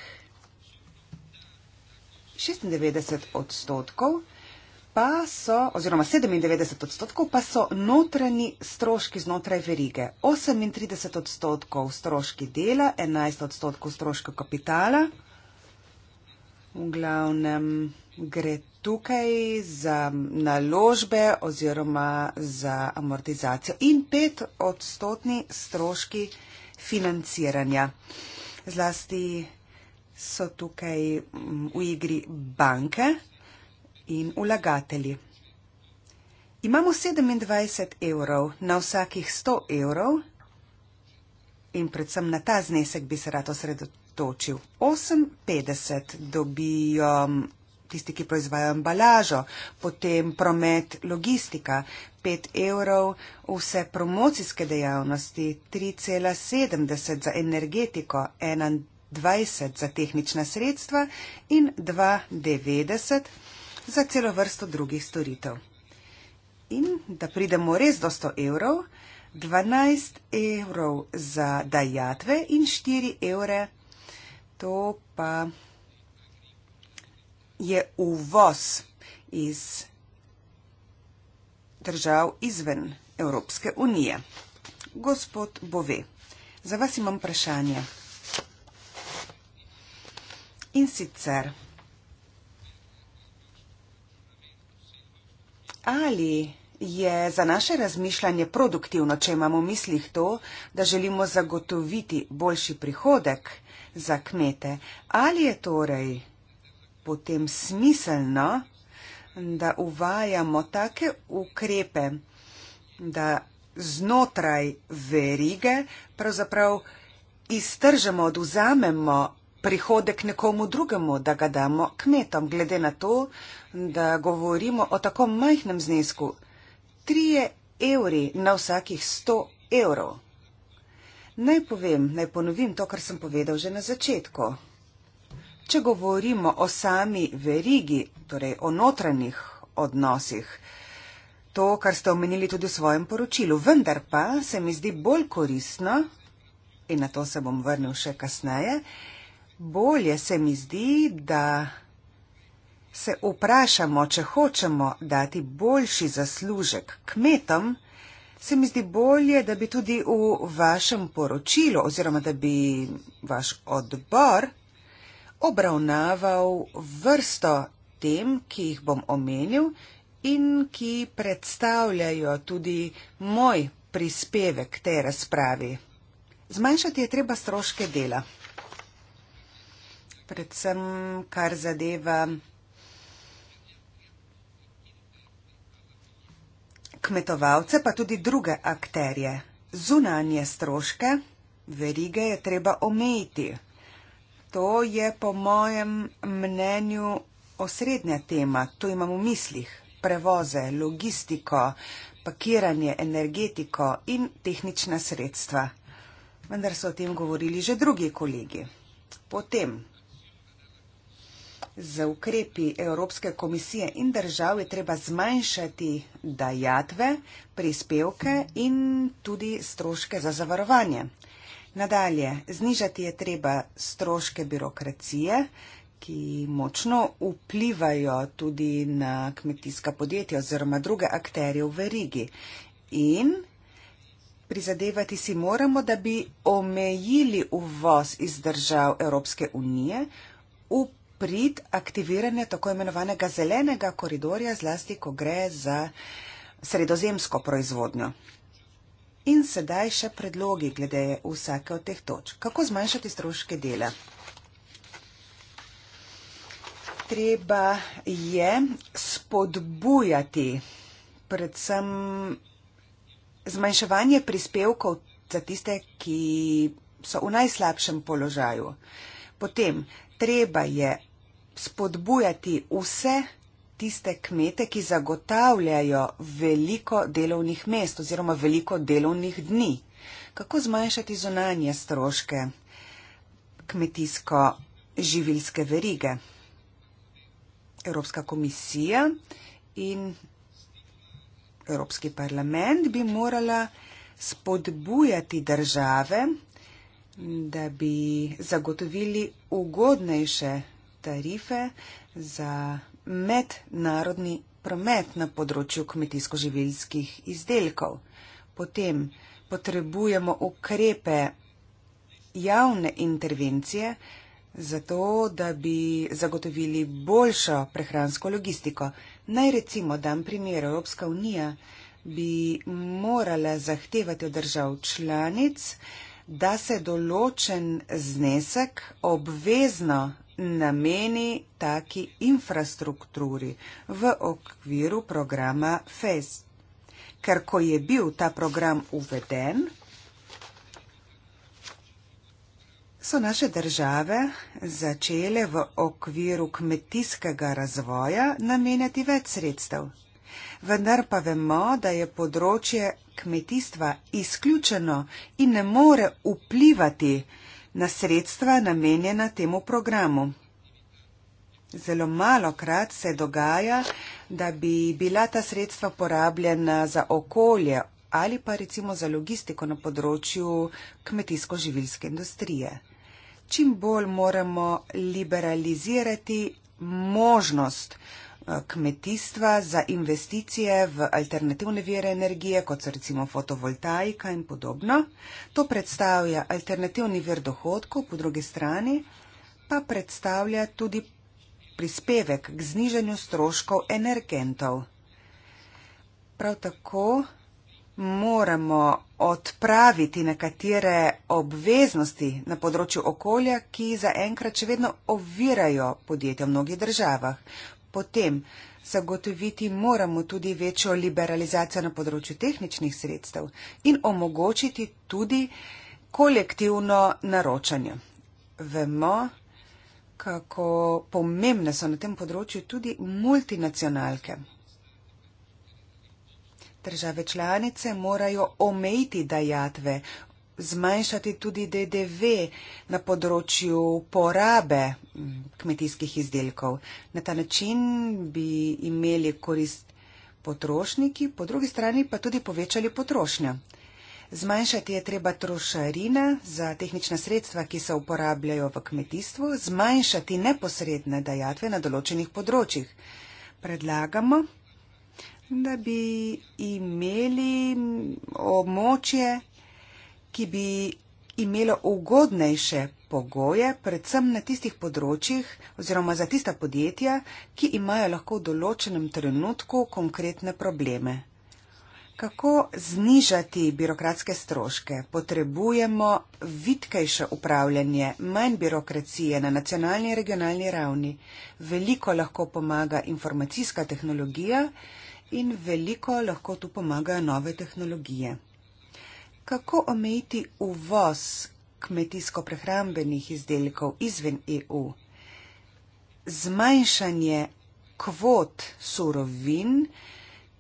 96 odstotkov pa so, oziroma 97 odstotkov pa so notranji stroški znotraj verige. 38 odstotkov stroški dela, 11 odstotkov stroškov kapitala, V glavnem gre tukaj za naložbe oziroma za amortizacijo in pet odstotni stroški financiranja. Zlasti so tukaj mm, v igri banke in ulagatelji. Imamo 27 evrov na vsakih 100 evrov in predvsem na ta znesek bi se rad osredotočil točil. 8,50 dobijo tisti, ki proizvajajo embalažo, potem promet, logistika, 5 evrov vse promocijske dejavnosti, 3,70 za energetiko, 21 za tehnična sredstva in 2,90 za celo vrsto drugih storitev. In da pridemo res do 100 evrov, 12 evrov za dajatve in 4 evre To pa je uvoz iz držav izven Evropske unije. Gospod Bove, za vas imam vprašanje. In sicer, ali je za naše razmišljanje produktivno, če imamo v mislih to, da želimo zagotoviti boljši prihodek za kmete. Ali je torej potem smiselno, da uvajamo take ukrepe, da znotraj verige pravzaprav iztržemo, oduzamemo prihodek nekomu drugemu, da ga damo kmetom, glede na to, da govorimo o tako majhnem znesku trije evri na vsakih sto evrov. Naj povem, naj ponovim to, kar sem povedal že na začetku. Če govorimo o sami verigi, torej o notranjih odnosih, to, kar ste omenili tudi v svojem poročilu, vendar pa se mi zdi bolj koristno, in na to se bom vrnil še kasneje, bolje se mi zdi, da se vprašamo, če hočemo dati boljši zaslužek kmetom, se mi zdi bolje, da bi tudi v vašem poročilu oziroma da bi vaš odbor obravnaval vrsto tem, ki jih bom omenil in ki predstavljajo tudi moj prispevek k tej razpravi. Zmanjšati je treba stroške dela. Predvsem, kar zadeva kmetovalce, pa tudi druge akterje. Zunanje stroške verige je treba omejiti. To je po mojem mnenju osrednja tema. Tu imamo v mislih prevoze, logistiko, pakiranje, energetiko in tehnična sredstva. Vendar so o tem govorili že drugi kolegi. Potem Z ukrepi Evropske komisije in držav je treba zmanjšati dajatve, prispevke in tudi stroške za zavarovanje. Nadalje, znižati je treba stroške birokracije, ki močno vplivajo tudi na kmetijska podjetja oziroma druge akterje v verigi. In prizadevati si moramo, da bi omejili uvoz iz držav Evropske unije prid aktiviranje tako imenovanega zelenega koridorja, zlasti ko gre za sredozemsko proizvodnjo. In sedaj še predlogi glede vsake od teh točk. Kako zmanjšati stroške dela? Treba je spodbujati predvsem zmanjševanje prispevkov za tiste, ki so v najslabšem položaju. Uh, Potem treba je spodbujati vse tiste kmete, ki zagotavljajo veliko delovnih mest oziroma veliko delovnih dni. Kako zmanjšati zunanje stroške kmetijsko-živilske verige? Evropska komisija in Evropski parlament bi morala spodbujati države, da bi zagotovili ugodnejše tarife za mednarodni promet na področju kmetijsko-živilskih izdelkov. Potem potrebujemo ukrepe javne intervencije, zato da bi zagotovili boljšo prehransko logistiko. Naj recimo dam primer Evropska unija bi morala zahtevati od držav članic, da se določen znesek obvezno nameni taki infrastrukturi v okviru programa FES. Ker ko je bil ta program uveden, so naše države začele v okviru kmetijskega razvoja namenjati več sredstev vendar pa vemo, da je področje kmetijstva izključeno in ne more vplivati na sredstva namenjena temu programu. Zelo malo krat se dogaja, da bi bila ta sredstva porabljena za okolje ali pa recimo za logistiko na področju kmetijsko-živilske industrije. Čim bolj moramo liberalizirati možnost, kmetijstva, za investicije v alternativne vire energije, kot so recimo fotovoltaika in podobno. To predstavlja alternativni vir dohodkov, po drugi strani pa predstavlja tudi prispevek k znižanju stroškov energentov. Prav tako moramo odpraviti nekatere obveznosti na področju okolja, ki zaenkrat še vedno ovirajo podjetja v mnogih državah potem zagotoviti moramo tudi večjo liberalizacijo na področju tehničnih sredstev in omogočiti tudi kolektivno naročanje. Vemo, kako pomembne so na tem področju tudi multinacionalke. Države članice morajo omejiti dajatve zmanjšati tudi DDV na področju porabe mm, kmetijskih izdelkov. Na ta način bi imeli korist potrošniki, po drugi strani pa tudi povečali potrošnjo. Zmanjšati je treba trošarina za tehnična sredstva, ki se uporabljajo v kmetijstvu, zmanjšati neposredne dajatve na določenih področjih. Predlagamo, da bi imeli območje ki bi imelo ugodnejše pogoje, predvsem na tistih področjih oziroma za tista podjetja, ki imajo lahko v določenem trenutku konkretne probleme. Kako znižati birokratske stroške? Potrebujemo vitkejše upravljanje, manj birokracije na nacionalni in regionalni ravni. Veliko lahko pomaga informacijska tehnologija in veliko lahko tu pomagajo nove tehnologije kako omejiti uvoz kmetijsko-prehrambenih izdelkov izven EU, zmanjšanje kvot surovin,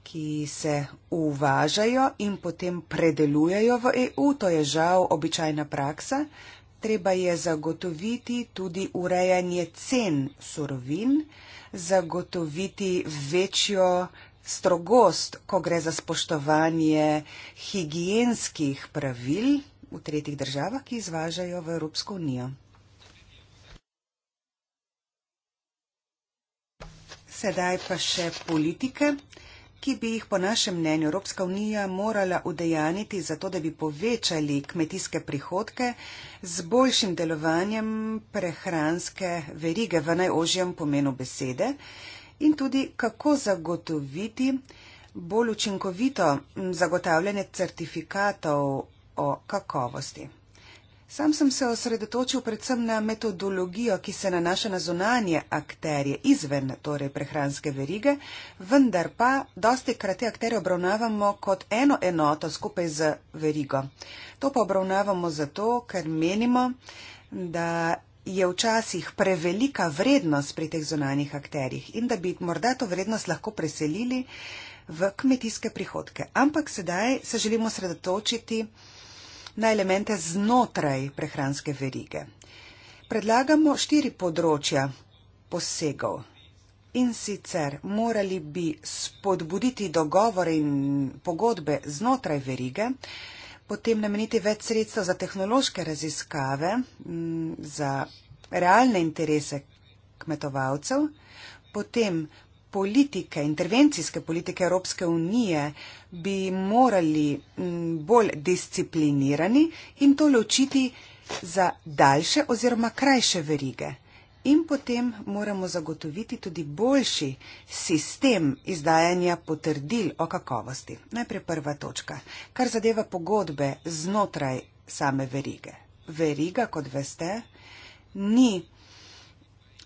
ki se uvažajo in potem predelujejo v EU, to je žal običajna praksa, treba je zagotoviti tudi urejanje cen surovin, zagotoviti večjo strogost, ko gre za spoštovanje higijenskih pravil v tretjih državah, ki izvažajo v Evropsko unijo. Sedaj pa še politike, ki bi jih po našem mnenju Evropska unija morala udejaniti zato, da bi povečali kmetijske prihodke z boljšim delovanjem prehranske verige v najožjem pomenu besede in tudi kako zagotoviti bolj učinkovito zagotavljanje certifikatov o kakovosti. Sam sem se osredotočil predvsem na metodologijo, ki se nanaša na zunanje akterje izven torej prehranske verige, vendar pa dosti krat te akterje obravnavamo kot eno enoto skupaj z verigo. To pa obravnavamo zato, ker menimo, da je včasih prevelika vrednost pri teh zunanjih akterjih in da bi morda to vrednost lahko preselili v kmetijske prihodke. Ampak sedaj se želimo sredotočiti na elemente znotraj prehranske verige. Predlagamo štiri področja posegov. In sicer morali bi spodbuditi dogovore in pogodbe znotraj verige, potem nameniti več sredstev za tehnološke raziskave, za realne interese kmetovalcev, potem politike, intervencijske politike Evropske unije bi morali bolj disciplinirani in to ločiti za daljše oziroma krajše verige in potem moramo zagotoviti tudi boljši sistem izdajanja potrdil o kakovosti. Najprej prva točka, kar zadeva pogodbe znotraj same verige. Veriga, kot veste, ni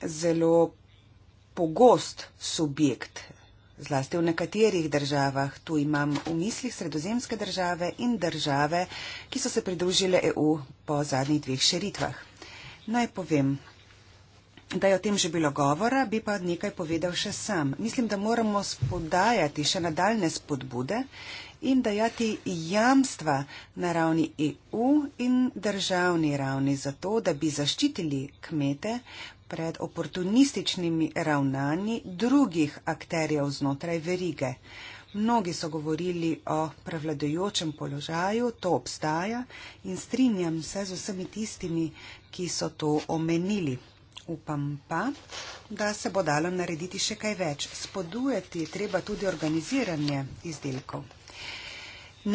zelo pogost subjekt, zlasti v nekaterih državah, tu imam v mislih sredozemske države in države, ki so se pridružile EU po zadnjih dveh širitvah. Naj povem, da je o tem že bilo govora, bi pa nekaj povedal še sam. Mislim, da moramo spodajati še nadaljne spodbude in dajati jamstva na ravni EU in državni ravni za to, da bi zaščitili kmete pred oportunističnimi ravnani drugih akterjev znotraj verige. Mnogi so govorili o prevladojočem položaju, to obstaja in strinjam se z vsemi tistimi, ki so to omenili upam pa, da se bo dalo narediti še kaj več. Spodujeti je treba tudi organiziranje izdelkov.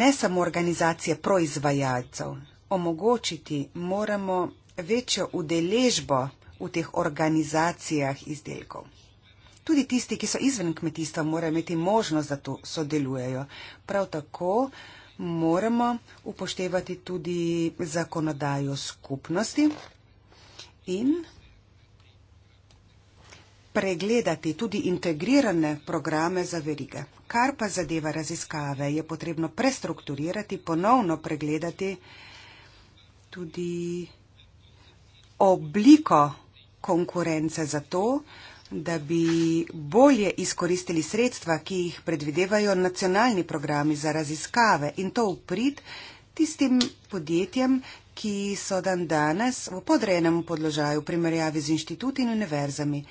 Ne samo organizacije proizvajalcev. Omogočiti moramo večjo udeležbo v teh organizacijah izdelkov. Tudi tisti, ki so izven kmetijstva, morajo imeti možnost, da tu sodelujejo. Prav tako moramo upoštevati tudi zakonodajo skupnosti in pregledati tudi integrirane programe za verige. Kar pa zadeva raziskave, je potrebno prestrukturirati, ponovno pregledati tudi obliko konkurence za to, da bi bolje izkoristili sredstva, ki jih predvidevajo nacionalni programi za raziskave in to uprit tistim podjetjem, ki so dan danes v podrejenem podložaju v primerjavi z inštituti in univerzami.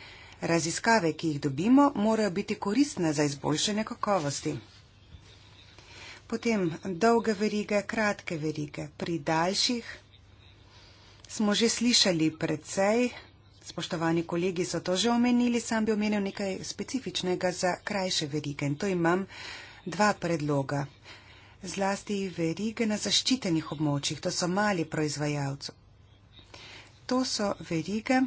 Raziskave, ki jih dobimo, morajo biti koristne za izboljšanje kakovosti. Potem dolge verige, kratke verige. Pri daljših smo že slišali precej, spoštovani kolegi so to že omenili, sam bi omenil nekaj specifičnega za krajše verige. In to imam dva predloga. Zlasti verige na zaščitenih območjih, to so mali proizvajalci. To so verige,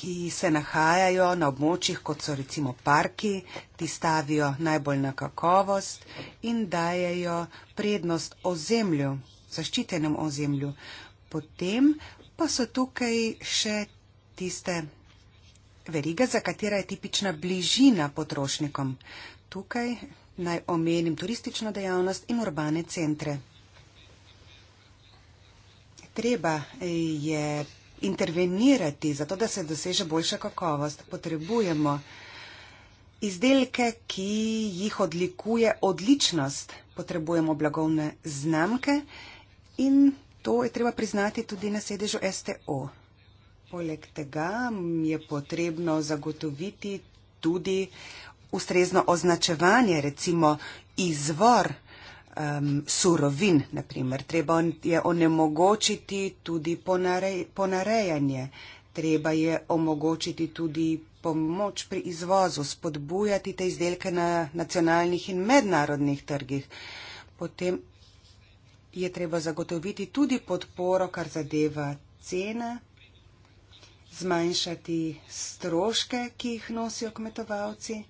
ki se nahajajo na območjih, kot so recimo parki, ti stavijo najbolj na kakovost in dajajo prednost ozemlju, zaščitenem ozemlju. Potem pa so tukaj še tiste verige, za katera je tipična bližina potrošnikom. Tukaj naj omenim turistično dejavnost in urbane centre. Treba je intervenirati, zato da se doseže boljša kakovost. Potrebujemo izdelke, ki jih odlikuje odličnost. Potrebujemo blagovne znamke in to je treba priznati tudi na sedežu STO. Poleg tega je potrebno zagotoviti tudi ustrezno označevanje, recimo izvor um, surovin, naprimer. Treba je onemogočiti tudi ponare, ponarejanje, treba je omogočiti tudi pomoč pri izvozu, spodbujati te izdelke na nacionalnih in mednarodnih trgih. Potem je treba zagotoviti tudi podporo, kar zadeva cene, zmanjšati stroške, ki jih nosijo kmetovalci.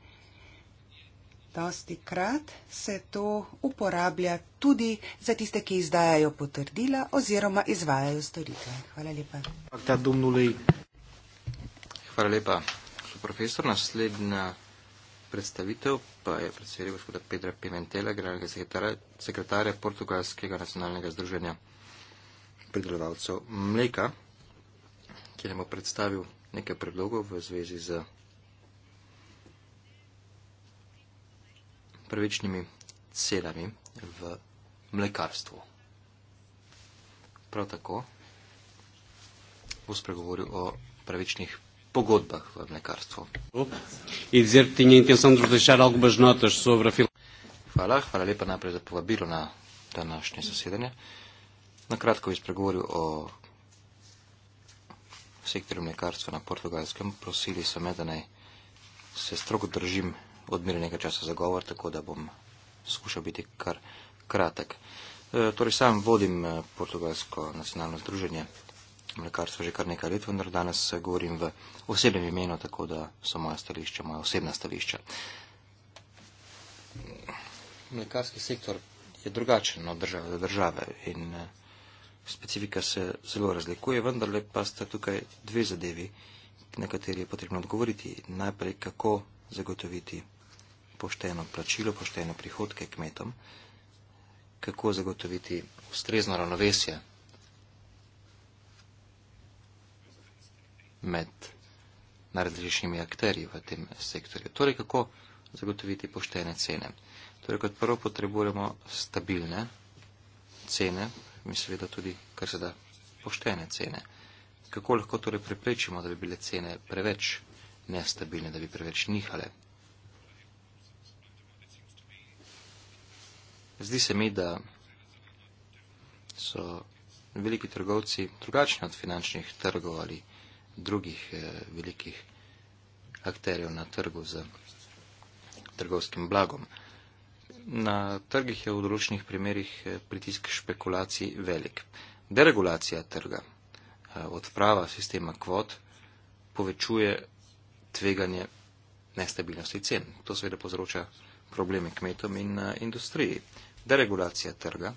Dosti krat se to uporablja tudi za tiste, ki izdajajo potrdila oziroma izvajajo storitve. Hvala lepa. Hvala lepa, profesor. Naslednja predstavitev pa je predsednik gospoda Pedra Pimentela, generalnega sekretarja Portugalskega nacionalnega združenja predelovalcev mleka, ki nam bo predstavil nekaj predlogov v zvezi z pravičnimi cenami v mlekarstvu. Prav tako bo spregovoril o pravičnih pogodbah v mlekarstvu. E hvala, hvala lepa najprej za povabilo na današnje zasedanje. Na kratko bi spregovoril o sektorju mlekarstva na portugalskem. Prosili so me, da naj se strogo držim odmeri nekaj časa za govor, tako da bom skušal biti kar kratek. E, torej, sam vodim e, Portugalsko nacionalno združenje mlekarstva že kar nekaj let, vendar danes e, govorim v osebnem imenu, tako da so moja stališča, moja osebna stališča. Mlekarski sektor je drugačen od države do države in e, specifika se zelo razlikuje, vendar le pa sta tukaj dve zadevi, na kateri je potrebno odgovoriti. Najprej, kako zagotoviti pošteno plačilo, pošteno prihodke kmetom, kako zagotoviti ustrezno ravnovesje med najrazličnejšimi akterji v tem sektorju. Torej, kako zagotoviti poštene cene. Torej, kot prvo potrebujemo stabilne cene in seveda tudi, kar se da, poštene cene. Kako lahko torej preprečimo, da bi bile cene preveč nestabilne, da bi preveč nihale? Zdi se mi, da so veliki trgovci drugačni od finančnih trgov ali drugih eh, velikih akterjev na trgu z trgovskim blagom. Na trgih je v določenih primerjih eh, pritisk špekulacij velik. Deregulacija trga, eh, odprava sistema kvot, povečuje tveganje nestabilnosti cen. To seveda povzroča probleme kmetom in eh, industriji deregulacija trga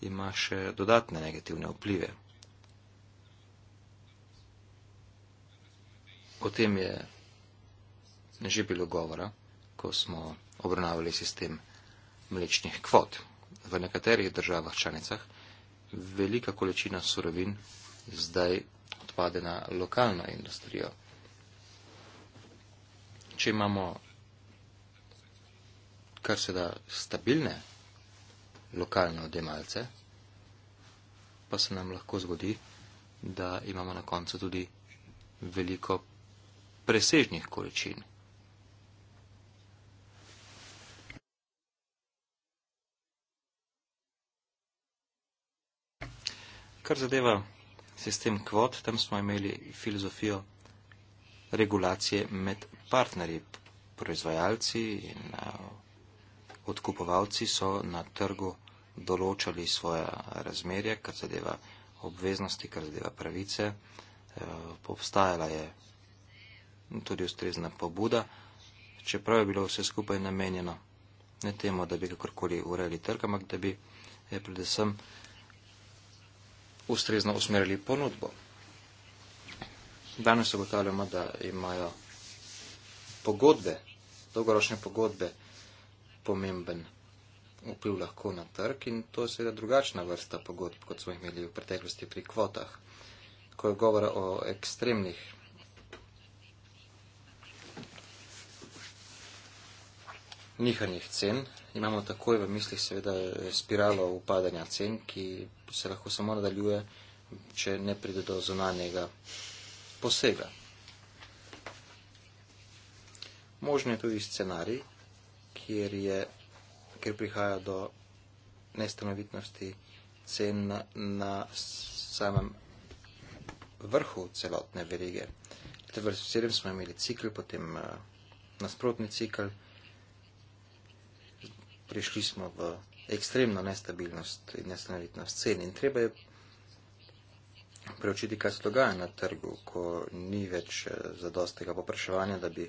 ima še dodatne negativne vplive. O tem je že bilo govora, ko smo obravnavali sistem mlečnih kvot. V nekaterih državah članicah velika količina surovin zdaj odpade na lokalno industrijo. Če imamo kar se da stabilne lokalne odjemalce, pa se nam lahko zgodi, da imamo na koncu tudi veliko presežnih količin. Kar zadeva sistem kvot, tam smo imeli filozofijo regulacije med partnerji, proizvajalci in uh, odkupovalci so na trgu določali svoje razmerje, kar zadeva obveznosti, kar zadeva pravice. Eh, obstajala je tudi ustrezna pobuda, čeprav je bilo vse skupaj namenjeno ne temu, da bi kakorkoli urejali trg, ampak da bi je eh, predvsem ustrezno usmerili ponudbo. Danes ugotavljamo, da imajo pogodbe, dolgoročne pogodbe, pomemben vpliv lahko na trg in to je seveda drugačna vrsta pogodb, kot smo imeli v preteklosti pri kvotah. Ko je govora o ekstremnih nihanjih cen, imamo takoj v mislih seveda spiralo upadanja cen, ki se lahko samo nadaljuje, če ne pride do zunanjega posega. Možno je tudi scenarij, kjer, je, kjer prihaja do nestanovitnosti cen na, na samem vrhu celotne verige. V 7 smo imeli cikl, potem uh, nasprotni cikl. Prišli smo v ekstremno nestabilnost in nestanovitnost cen in treba je preučiti, kaj se dogaja na trgu, ko ni več eh, zadostega popraševanja, da bi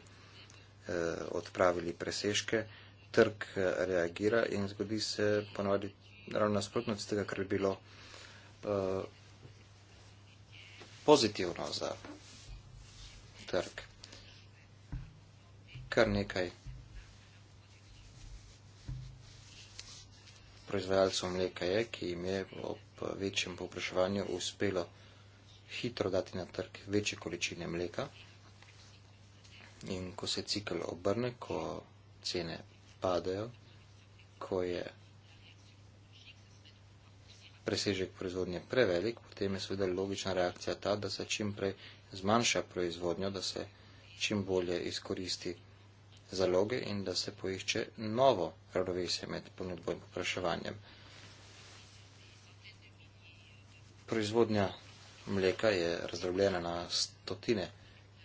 eh, odpravili presežke, trg eh, reagira in zgodi se ponovadi ravno nasprotno od tega, kar je bilo eh, pozitivno za trg. Kar nekaj proizvajalcev mleka je, ki jim je ob večjem popraševanju uspelo hitro dati na trg večje količine mleka. In ko se cikl obrne, ko cene padajo, ko je presežek proizvodnje prevelik, potem je seveda logična reakcija ta, da se čim prej zmanjša proizvodnjo, da se čim bolje izkoristi zaloge in da se poišče novo ravnovesje med ponudbo in popraševanjem. Proizvodnja mleka je razdrobljena na stotine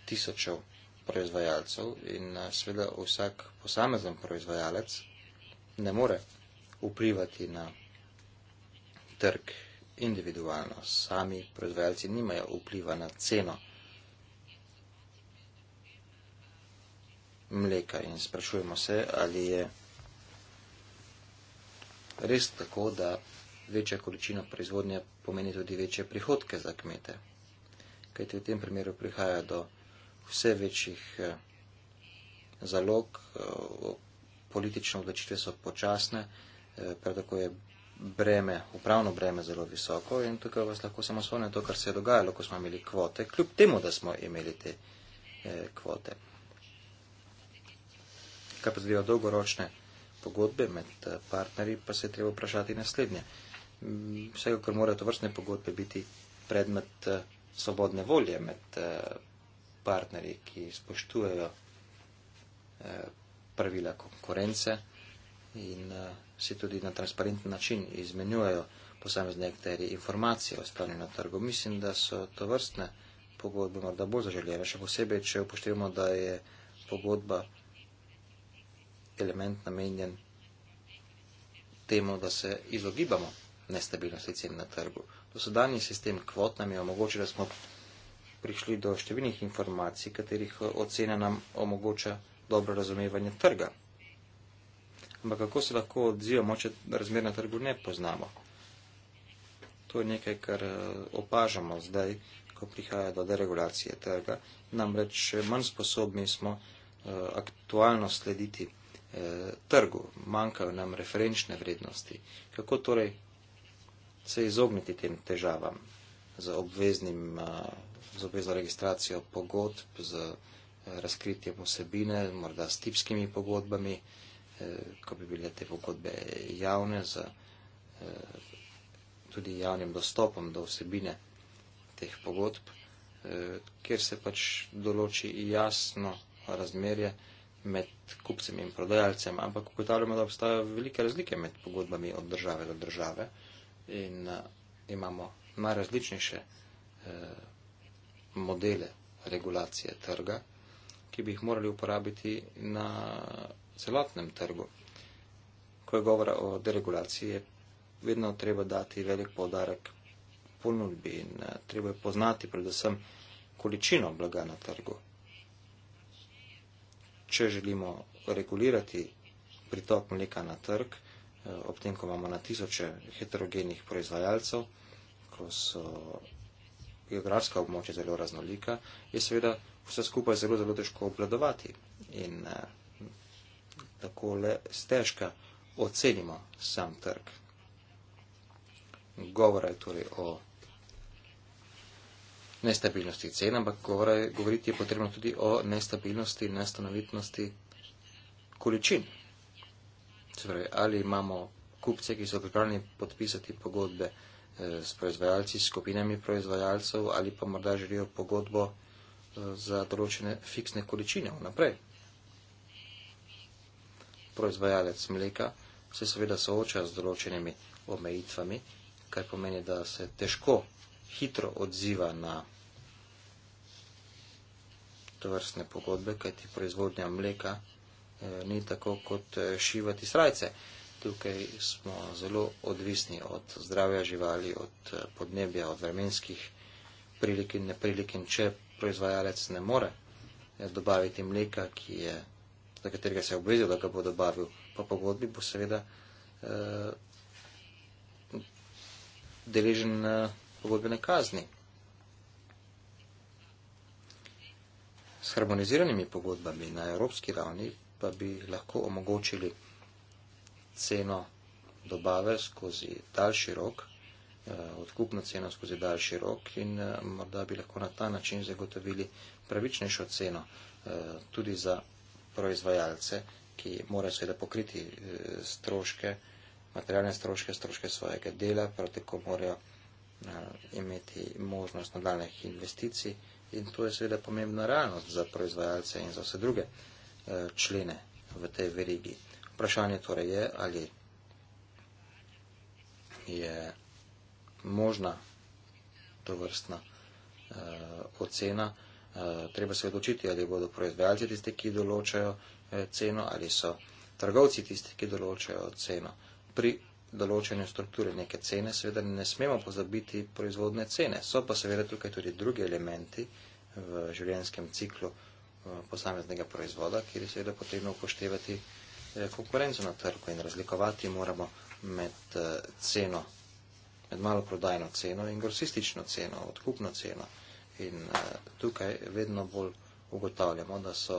tisočev proizvajalcev in eh, seveda vsak posamezen proizvajalec ne more vplivati na trg individualno. Sami proizvajalci nimajo vpliva na ceno mleka in sprašujemo se, ali je res tako, da večja količina proizvodnje pomeni tudi večje prihodke za kmete. Kajti v tem primeru prihaja do vse večjih eh, zalog, eh, politične odločitve so počasne, eh, predako je breme, upravno breme zelo visoko in tukaj vas lahko samo spomnim to, kar se je dogajalo, ko smo imeli kvote, kljub temu, da smo imeli te kvote. Kar pa zadeva dolgoročne pogodbe med partnerji, pa se je treba vprašati naslednje. Mm, vsekakor morajo to vrstne pogodbe biti predmet svobodne volje med partnerji, ki spoštujejo eh, pravila konkurence in eh, si tudi na transparenten način izmenjujejo posamezne nekateri informacije o stanju na trgu. Mislim, da so to vrstne pogodbe morda bolj zaželjene, še posebej, če upoštevamo, da je pogodba element namenjen temu, da se izogibamo nestabilnosti cen na trgu. Dosedanji sistem kvot nam je omogočil, da smo prišli do številnih informacij, katerih eh, ocena nam omogoča dobro razumevanje trga. Ampak kako se lahko odzivamo, če razmer na trgu ne poznamo? To je nekaj, kar eh, opažamo zdaj, ko prihaja do deregulacije trga. Namreč manj sposobni smo eh, aktualno slediti trgu, manjkajo nam referenčne vrednosti. Kako torej se izogniti tem težavam z obveznim z obvezno registracijo pogodb, z eh, razkritjem osebine, morda s tipskimi pogodbami, eh, ko bi bile te pogodbe javne, z eh, tudi javnim dostopom do osebine teh pogodb, kjer se pač določi jasno razmerje med kupcem in prodajalcem, ampak ugotavljamo, da obstajajo velike razlike med pogodbami od države do države in imamo najrazličnejše modele regulacije trga, ki bi jih morali uporabiti na celotnem trgu. Ko je govora o deregulaciji, je vedno treba dati velik povdarek ponudbi in eh, treba je poznati predvsem količino blaga na trgu. Če želimo regulirati pritok mleka na trg, eh, ob tem, ko imamo na tisoče heterogenih proizvajalcev, ko so geografska območja zelo raznolika, je seveda vse skupaj zelo, zelo težko obvladovati in eh, tako le stežka ocenimo sam trg. Govora je torej o nestabilnosti cen, ampak govora je, govoriti je potrebno tudi o nestabilnosti in nestanovitnosti količin. Torej, ali imamo kupce, ki so pripravljeni podpisati pogodbe, s proizvajalci, s skupinami proizvajalcev ali pa morda želijo pogodbo eh, za določene fiksne količine vnaprej. Proizvajalec mleka se seveda sooča z določenimi omejitvami, kar pomeni, da se težko hitro odziva na tovrstne pogodbe, kajti proizvodnja mleka eh, ni tako kot eh, šivati srajce. Eh, tukaj smo zelo odvisni od zdravja živali, od eh, podnebja, od vremenskih prilik in neprilik. In če proizvajalec ne more eh, dobaviti mleka, ki je, za katerega se je obvezil, da ga bo dobavil po pogodbi, bo seveda eh, deležen eh, pogodbene kazni. S harmoniziranimi pogodbami na evropski ravni pa bi lahko omogočili ceno dobave skozi daljši rok, eh, odkupno ceno skozi daljši rok in eh, morda bi lahko na ta način zagotovili pravičnejšo ceno eh, tudi za proizvajalce, ki morajo seveda pokriti stroške, materialne stroške, stroške svojega dela, prav tako morajo imeti možnost nadaljnih investicij in to je seveda pomembna realnost za proizvajalce in za vse druge člene v tej verigi. Vprašanje torej je, ali je možna to vrstna uh, eh, ocena. Uh, treba se odločiti, ali bodo proizvajalci tisti, ki določajo uh, ceno, ali so trgovci tisti, ki določajo ceno. Pri določanju strukture neke cene seveda ne smemo pozabiti proizvodne cene. So pa seveda tukaj tudi drugi elementi v življenjskem ciklu uh, posameznega proizvoda, kjer je seveda potrebno upoštevati uh, Eh, konkurenco na trgu in razlikovati moramo med eh, ceno, med maloprodajno ceno in grosistično ceno, odkupno ceno. In eh, tukaj vedno bolj ugotavljamo, da so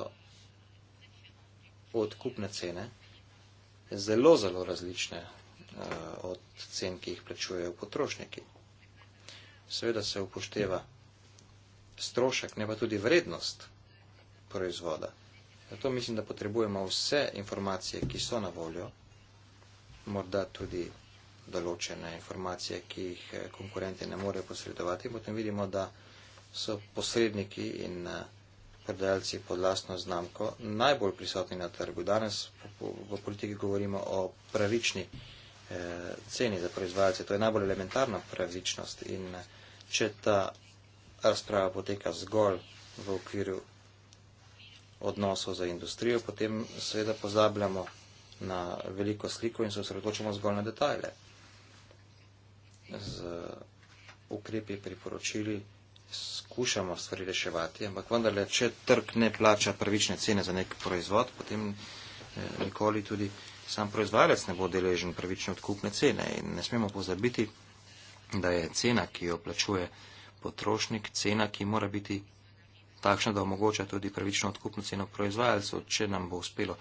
odkupne cene zelo, zelo različne od cen, ki jih plačujejo potrošniki. Seveda se upošteva strošek, ne pa tudi vrednost proizvoda. Zato mislim, da potrebujemo vse informacije, ki so na voljo, morda tudi določene informacije, ki jih eh, konkurenti ne morejo posredovati. Potem vidimo, da so posredniki in eh, prodajalci pod lastno znamko najbolj prisotni na trgu. Danes v politiki govorimo o pravični eh, ceni za proizvajalce. To je najbolj elementarna pravičnost in če ta razprava poteka zgolj v okviru odnosov za industrijo, potem seveda pozabljamo na veliko sliko in se osredotočamo zgolj na detajle. Z ukrepi priporočili skušamo stvari reševati, ampak vendarle, če trg ne plača pravične cene za nek proizvod, potem eh, nikoli tudi sam proizvajalec ne bo deležen pravične odkupne cene. In ne smemo pozabiti, da je cena, ki jo plačuje potrošnik, cena, ki mora biti takšna, da omogoča tudi pravično odkupno ceno proizvajalcev. Če nam bo uspelo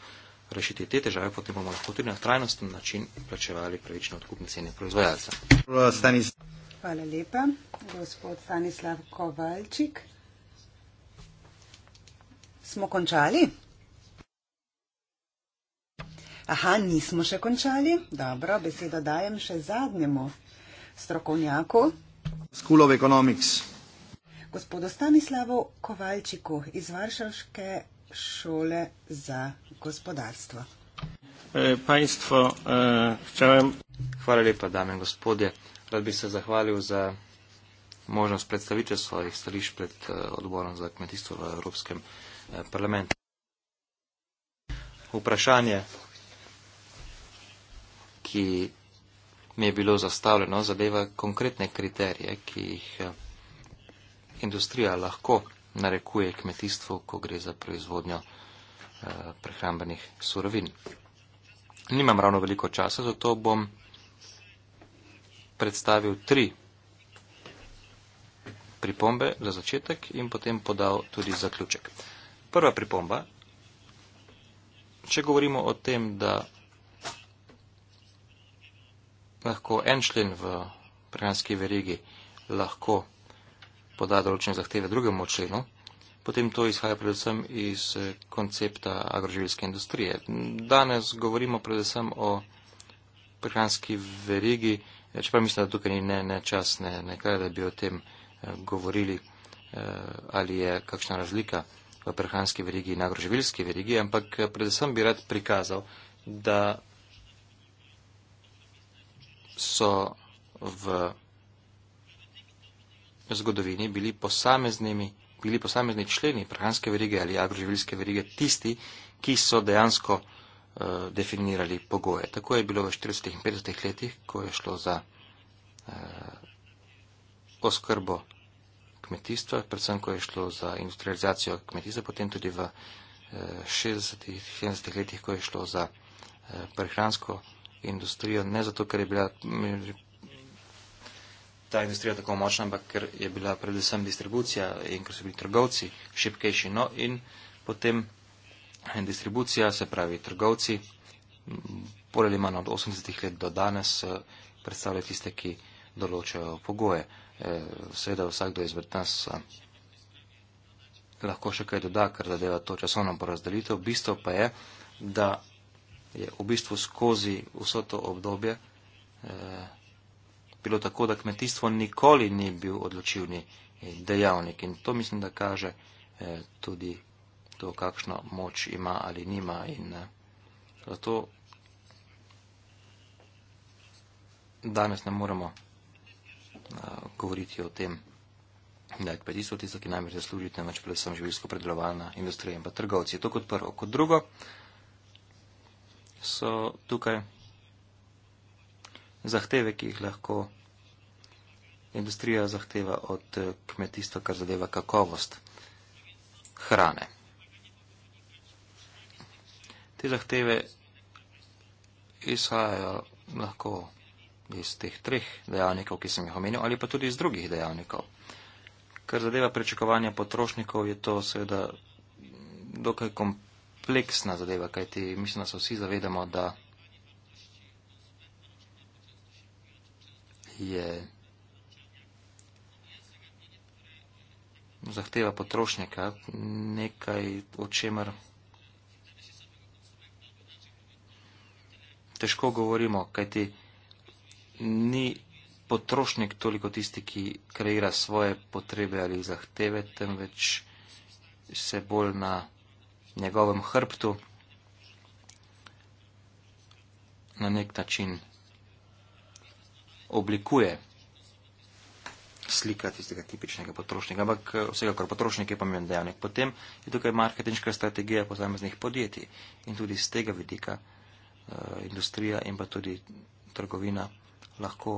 rešiti te težave, potem bomo lahko tudi na trajnosten način plačevali pravično odkupno ceno proizvajalcev. Hvala lepa, gospod Stanislav Kovalčik. Smo končali? Aha, nismo še končali. Dobro, besedo dajem še zadnjemu strokovnjaku. School of Economics gospodu Stanislavu Kovalčiku iz Varšavske šole za gospodarstvo. E, państwo, e, chciałem... Hvala lepa, dame in gospodje. Rad bi se zahvalil za možnost predstavitve svojih stališč pred e, odborom za kmetijstvo v Evropskem e, parlamentu. Vprašanje, ki mi je bilo zastavljeno, zadeva konkretne kriterije, ki jih industrija lahko narekuje kmetijstvu, ko gre za proizvodnjo eh, prehrambenih surovin. Nimam ravno veliko časa, zato bom predstavil tri pripombe za začetek in potem podal tudi zaključek. Prva pripomba, če govorimo o tem, da lahko en člen v prehranski verigi lahko poda določene zahteve drugemu členu, potem to izhaja predvsem iz eh, koncepta agroživljske industrije. Danes govorimo predvsem o prehranski verigi, eh, čeprav mislim, da tukaj ni ne, ne čas, ne, ne kaj, da bi o tem eh, govorili, ali je kakšna razlika v prehranski verigi in agroživljski verigi, ampak predvsem bi rad prikazal, da so v v zgodovini bili posameznimi, bili posamezni členi prehranske verige ali agroživilske verige tisti, ki so dejansko uh, definirali pogoje. Tako je bilo v 40. in 50. letih, ko je šlo za uh, oskrbo kmetijstva, predvsem ko je šlo za industrializacijo kmetijstva, potem tudi v uh, 60. in 70. letih, ko je šlo za uh, prehransko industrijo, ne zato, ker je bila ta industrija tako močna, ampak ker je bila predvsem distribucija in ker so bili trgovci šipkejši. No in potem distribucija, se pravi trgovci, bolj ali manj od 80-ih let do danes eh, predstavlja tiste, ki določajo pogoje. Eh, seveda vsakdo izmed nas eh, lahko še kaj doda, ker zadeva to časovno porazdelitev. Bistvo pa je, da je v bistvu skozi vso to obdobje bilo tako, da kmetijstvo nikoli ni bil odločivni eh, dejavnik in to mislim, da kaže eh, tudi to, kakšno moč ima ali nima in eh, zato danes ne moremo govoriti o tem, da je kmetijstvo tisto, ki najbolj zasluži, temveč predvsem živilsko predelovalna industrija in pa trgovci. To kot prvo. Kot drugo so tukaj zahteve, ki jih lahko industrija zahteva od eh, kmetijstva, kar zadeva kakovost hrane. Te zahteve izhajajo lahko iz teh treh dejavnikov, ki sem jih omenil, ali pa tudi iz drugih dejavnikov. Kar zadeva prečakovanja potrošnikov, je to seveda dokaj kompleksna zadeva, kajti mislim, da se vsi zavedamo, da je zahteva potrošnika nekaj, o čemer težko govorimo, kajti ni potrošnik toliko tisti, ki kreira svoje potrebe ali zahteve, temveč se bolj na njegovem hrbtu na nek način oblikuje slika tistega tipičnega potrošnika, ampak eh, vsekakor potrošnik je pomemben dejavnik. Potem je tukaj marketinška strategija posameznih podjetij in tudi z tega vidika uh, industrija in pa tudi trgovina lahko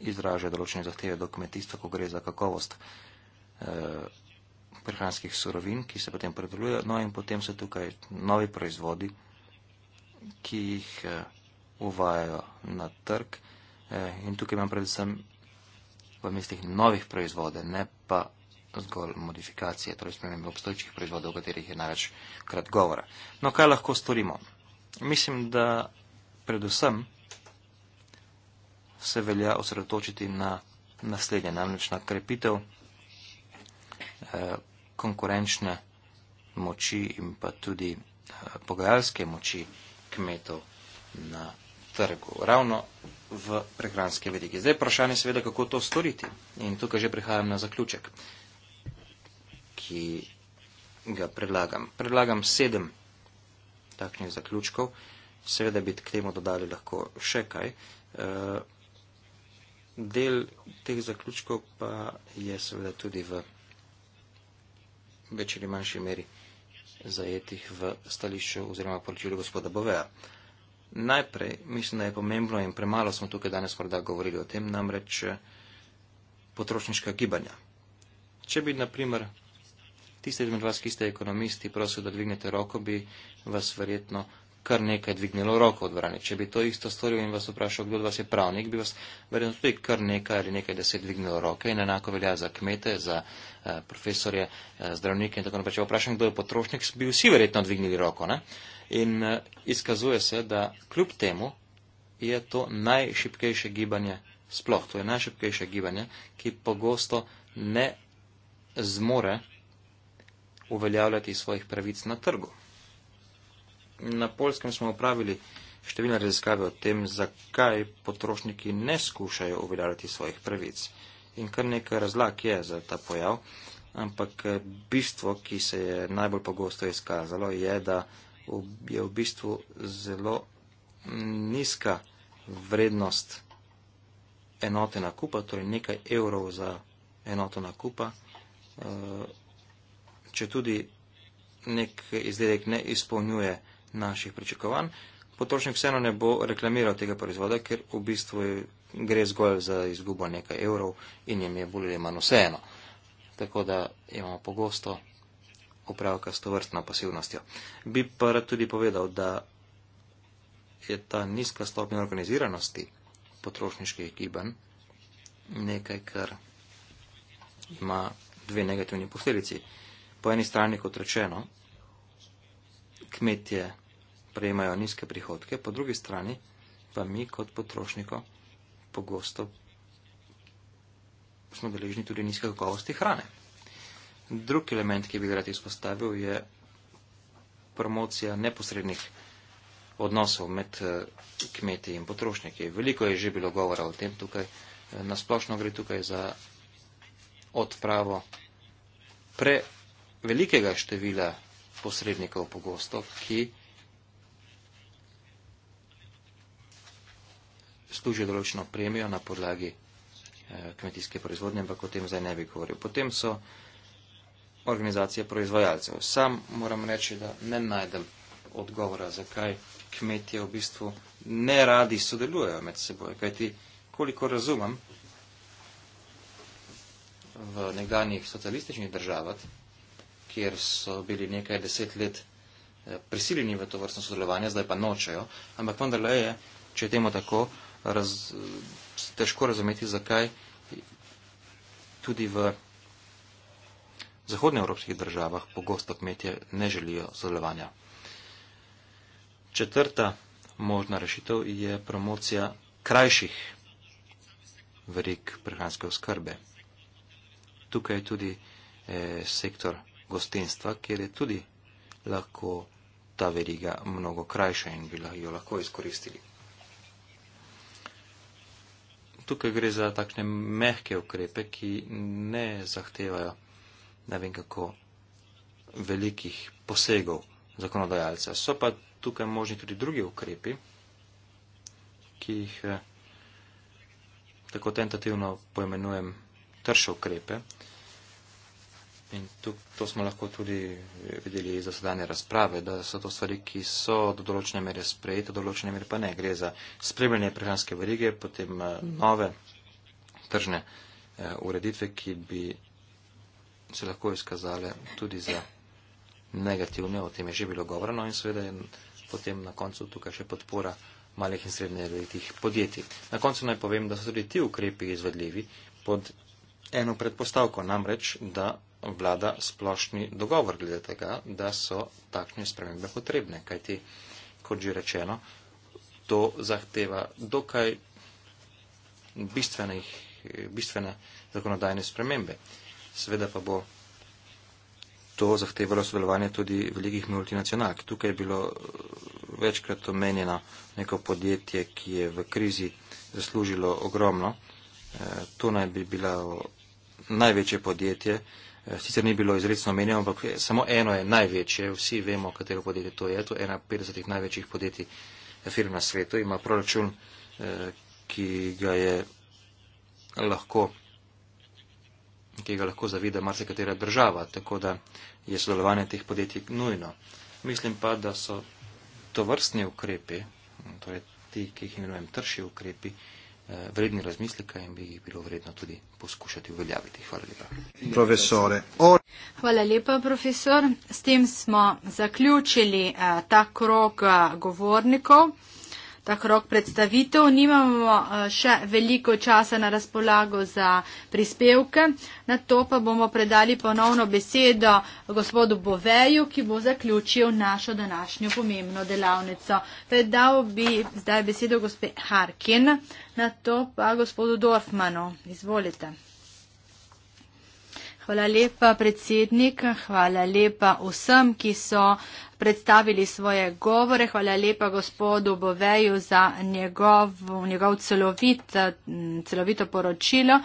izraža določene zahteve do kmetijstva, ko gre za kakovost uh, prehranskih surovin, ki se potem predelujejo. No in potem so tukaj novi proizvodi, ki jih uh, uvajajo na trg. Eh, in tukaj imam predvsem v mislih novih proizvode, ne pa zgolj modifikacije, torej spremembe obstoječih proizvodov, o katerih je največ krat govora. No, kaj lahko storimo? Mislim, da predvsem se velja osredotočiti na naslednje, namreč na krepitev eh, konkurenčne moči in pa tudi eh, pogajalske moči kmetov na trgu. Ravno v prehranske verigi. Zdaj vprašanje je seveda, kako to storiti. In tukaj že prihajam na zaključek, ki ga predlagam. Predlagam sedem takšnih zaključkov. Seveda bi k temu dodali lahko še kaj. Eh, del teh zaključkov pa je seveda tudi v večji ali manjši meri zajetih v stališču oziroma poročilu gospoda Bovea. Najprej mislim, da je pomembno in premalo smo tukaj danes morda govorili o tem, namreč eh, potrošniška gibanja. Če bi, naprimer, tiste izmed vas, ki ste ekonomisti, prosil, da dvignete roko, bi vas verjetno kar nekaj dvignilo roko od vrane. Če bi to isto storil in vas vprašal, kdo od vas je pravnik, bi vas verjetno tudi kar nekaj ali nekaj deset dvignilo roke in enako velja za kmete, za uh, profesorje, uh, zdravnike in tako naprej. Če vprašam, kdo je potrošnik, bi vsi verjetno dvignili roko. Ne? Uh, In eh, izkazuje se, da kljub temu je to najšipkejše gibanje sploh. To je najšipkejše gibanje, ki pogosto ne zmore uveljavljati svojih pravic na trgu. Na polskem smo opravili številne raziskave o tem, zakaj potrošniki ne skušajo uveljavljati svojih pravic. In kar nekaj razlag je za ta pojav, ampak eh, bistvo, ki se je najbolj pogosto izkazalo, je, da je v bistvu zelo nizka vrednost enote nakupa, torej nekaj evrov za enoto nakupa. Eh, Če tudi nek izdelek ne izpolnjuje naših pričakovanj, potrošnik vseeno ne bo reklamiral tega proizvoda, ker v bistvu gre zgolj za izgubo nekaj evrov in jim je bolj ali manj vseeno. Tako da imamo pogosto upravka s to vrstno pasivnostjo. Bi pa rad tudi povedal, da je ta nizka stopnja organiziranosti potrošniških giban nekaj, kar ima dve negativni posledici. Po eni strani, kot rečeno, kmetje prejemajo nizke prihodke, po drugi strani pa mi kot potrošniko pogosto smo deležni tudi nizke kakovosti hrane. Drug element, ki bi rad izpostavil, je promocija neposrednih odnosov med eh, kmeti in potrošniki. Veliko je že bilo govora o tem tukaj. Eh, Nasplošno gre tukaj za odpravo prevelikega števila posrednikov pogosto, ki služi določeno premijo na podlagi eh, kmetijske proizvodnje, ampak o tem zdaj ne bi govoril. Potem so eh, organizacije proizvajalcev. Sam moram reči, da ne najdem odgovora, zakaj kmetje v bistvu ne radi sodelujejo med seboj. Kajti, koliko razumem, v nekdanjih socialističnih državah, kjer so bili nekaj deset let eh, prisiljeni v to vrstno sodelovanje, zdaj pa nočejo, ampak vendarle je, če je temu tako, raz, eh, težko razumeti, zakaj tudi v zahodnoevropskih državah pogosto kmetje ne želijo sodelovanja. Četrta možna rešitev je promocija krajših verik prehranske oskrbe. Tukaj je tudi eh, sektor gostinstva, kjer je tudi lahko ta veriga mnogo krajša in bi jo lahko izkoristili. Tukaj gre za takšne mehke ukrepe, ki ne zahtevajo ne vem kako velikih posegov zakonodajalca. So pa tukaj možni tudi drugi ukrepi, ki jih eh, tako tentativno poimenujem trše ukrepe. In to, to smo lahko tudi eh, videli iz zasedanje razprave, da so to stvari, ki so do določene mere sprejete, do določene mere pa ne. Gre za spremljanje prehranske verige, potem eh, nove tržne ureditve, ki bi se lahko izkazale tudi za negativne, o tem je že bilo govoreno in seveda je potem na koncu tukaj še podpora malih in srednje velikih podjetij. Na koncu naj povem, da so tudi ti ukrepi izvedljivi pod eno predpostavko, namreč, da vlada splošni dogovor glede tega, da so takšne spremembe potrebne, kajti, kot že rečeno, to zahteva dokaj bistvene zakonodajne spremembe. Seveda pa bo to zahtevalo sodelovanje tudi velikih multinacionalk. Tukaj je bilo eh, večkrat omenjeno neko podjetje, ki je v krizi zaslužilo ogromno. Eh, to naj bi bila največje podjetje. Eh, sicer ni bilo izredno omenjeno, ampak samo eno je največje. Vsi vemo, katero podjetje to je. To je ena 50 največjih podjetij firm na svetu. Ima proračun, ki ga je lahko ki ga lahko zavida marsikatera država, tako da je sodelovanje teh podjetij nujno. Mislim pa, da so to vrstni ukrepi, torej ti, ki jih imenujem trši ukrepi, eh, vredni razmislika in bi jih bilo vredno tudi poskušati uveljaviti. Hvala lepa. Profesore. Hvala lepa, profesor. S tem smo zaključili eh, ta krog eh, govornikov ta krok predstavitev. Nimamo eh, še veliko časa na razpolago za prispevke. Na to pa bomo predali ponovno besedo gospodu Boveju, ki bo zaključil našo današnjo pomembno delavnico. Predal bi zdaj besedo gospe Harkin, na to pa gospodu Dorfmanu. Izvolite. Hvala lepa, predsednik. Hvala lepa vsem, ki so predstavili svoje govore. Hvala lepa gospodu Boveju za njegov, njegov celovit, celovito poročilo.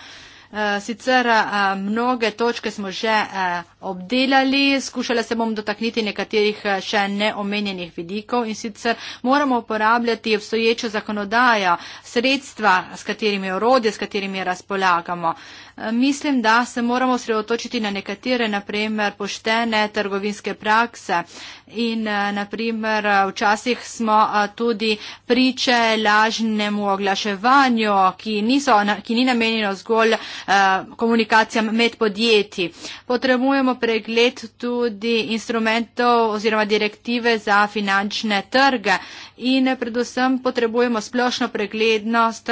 Eh, sicer eh, mnoge točke smo že eh, obdelali, skušala se bom dotakniti nekaterih še neomenjenih vidikov in sicer moramo uporabljati obstoječo zakonodajo, sredstva, s katerimi orodje, s katerimi razpolagamo. Eh, mislim, da se moramo sredotočiti na nekatere, naprimer, poštene trgovinske prakse in, eh, naprimer, eh, včasih smo tudi priče lažnemu oglaševanju, ki, niso, ki ni namenjeno zgolj komunikacijam med podjetji. Potrebujemo pregled tudi instrumentov oziroma direktive za finančne trge in predvsem potrebujemo splošno preglednost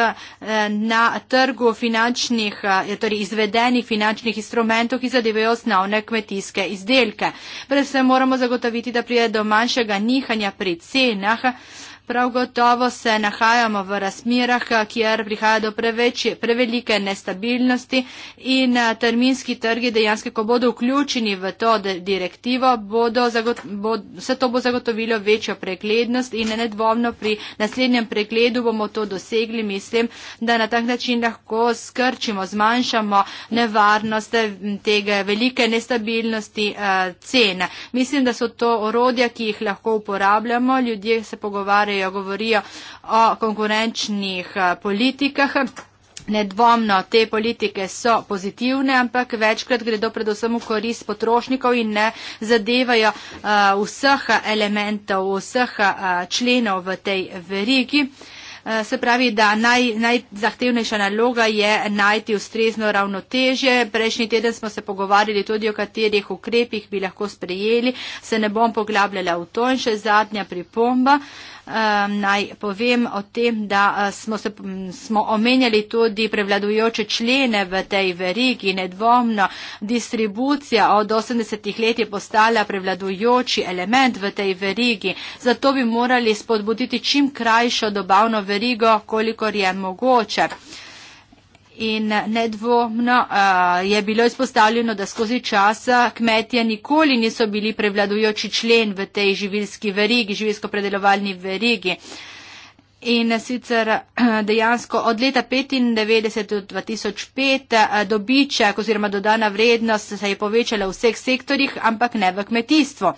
na trgu finančnih, torej dolarji izvedenih finančnih instrumentov, ki zadevajo osnovne kmetijske izdelke. Predvsem moramo zagotoviti, da prije do manjšega nihanja pri cenah Prav gotovo se nahajamo v razmerah, eh, kjer prihaja do preveč, prevelike nestabilnosti in eh, terminski trgi dejansko, ko bodo vključeni v to direktivo, bodo, bo, se to bo zagotovilo večjo preglednost in nedvomno pri naslednjem pregledu bomo to dosegli. Mislim, da na tak način lahko skrčimo, zmanjšamo nevarnost eh, tega velike nestabilnosti cen. Mislim, da so to orodja, ki jih lahko uporabljamo. Ljudje se pogovarjajo govorijo, govorijo o konkurenčnih eh, politikah. Nedvomno te politike so pozitivne, ampak večkrat gredo predvsem v korist potrošnikov in ne zadevajo uh, vseh elementov, vseh uh, členov v tej verigi. Se pravi, da naj, najzahtevnejša naloga je najti ustrezno ravnotežje. Prejšnji teden smo se pogovarjali tudi o katerih ukrepih bi lahko sprejeli. Se ne bom poglabljala v to in še zadnja pripomba. Uh, naj povem o tem, da eh, smo, se, smo omenjali tudi prevladujoče člene v tej verigi. Nedvomno distribucija od 80-ih let je postala prevladujoči element v tej verigi. Zato bi morali spodbuditi čim krajšo dobavno verigo, kolikor je mogoče in nedvomno eh, je bilo izpostavljeno, da skozi čas eh, kmetje nikoli niso bili prevladujoči člen v tej živilski verigi, živilsko-predelovalni verigi. In sicer eh, dejansko od leta 1995 do 2005 dobiček oziroma dodana vrednost se je povečala v vseh sektorjih, ampak ne v kmetijstvo.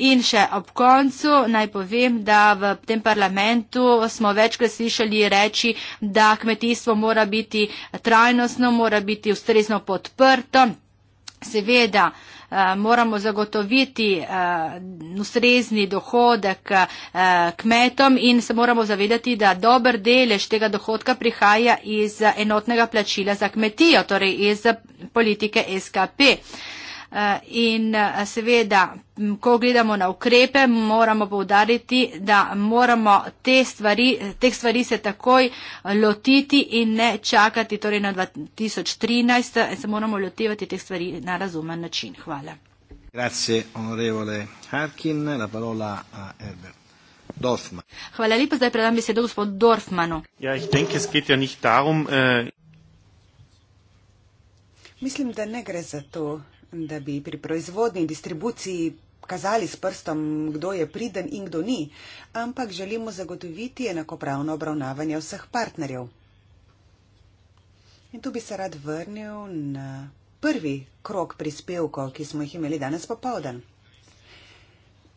In še ob koncu naj povem, da v tem parlamentu smo večkrat slišali reči, da kmetijstvo mora biti trajnostno, mora biti ustrezno podprto. Seveda eh, moramo zagotoviti eh, ustrezni dohodek eh, kmetom in se moramo zavedati, da dober delež tega dohodka prihaja iz enotnega plačila za kmetijo, torej iz politike SKP. Eh, in eh, seveda, ko gledamo na ukrepe, moramo povdariti, da moramo te stvari, te stvari se takoj lotiti in ne čakati torej na 2013, eh, se moramo lotevati teh stvari na razumen način. Hvala. Grazie, onorevole Harkin. La parola a Herbert. Dorfman. Hvala lepa, zdaj predam besedo gospodu Dorfmanu. Ja, ich denke, es geht ja nicht darum, uh... Mislim, da ne gre za to da bi pri proizvodni in distribuciji kazali s prstom, kdo je priden in kdo ni, ampak želimo zagotoviti enakopravno obravnavanje vseh partnerjev. In tu bi se rad vrnil na prvi krok prispevkov, ki smo jih imeli danes popovdan.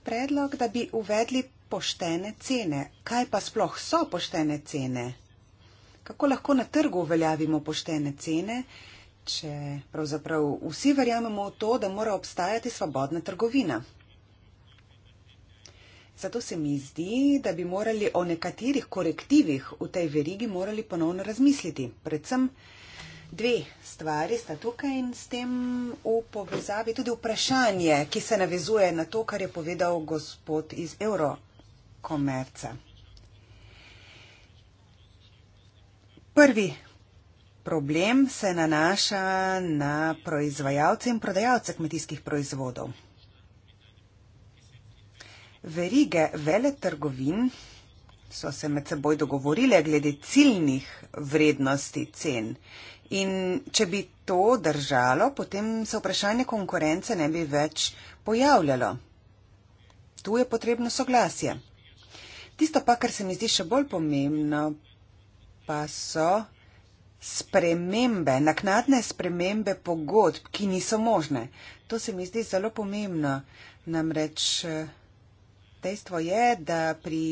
Predlog, da bi uvedli poštene cene. Kaj pa sploh so poštene cene? Kako lahko na trgu uveljavimo poštene cene? če pravzaprav vsi verjamemo v to, da mora obstajati svobodna trgovina. Zato se mi zdi, da bi morali o nekaterih korektivih v tej verigi morali ponovno razmisliti. Predvsem dve stvari sta tukaj in s tem v povezavi tudi vprašanje, ki se navezuje na to, kar je povedal gospod iz Eurokomerca. Prvi Problem se nanaša na proizvajalce in prodajalce kmetijskih proizvodov. Verige veletrgovin so se med seboj dogovorile glede ciljnih vrednosti cen. In če bi to držalo, potem se vprašanje konkurence ne bi več pojavljalo. Tu je potrebno soglasje. Tisto pa, kar se mi zdi še bolj pomembno, pa so spremembe, naknadne spremembe pogodb, ki niso možne. To se mi zdi zelo pomembno. Namreč eh, dejstvo je, da pri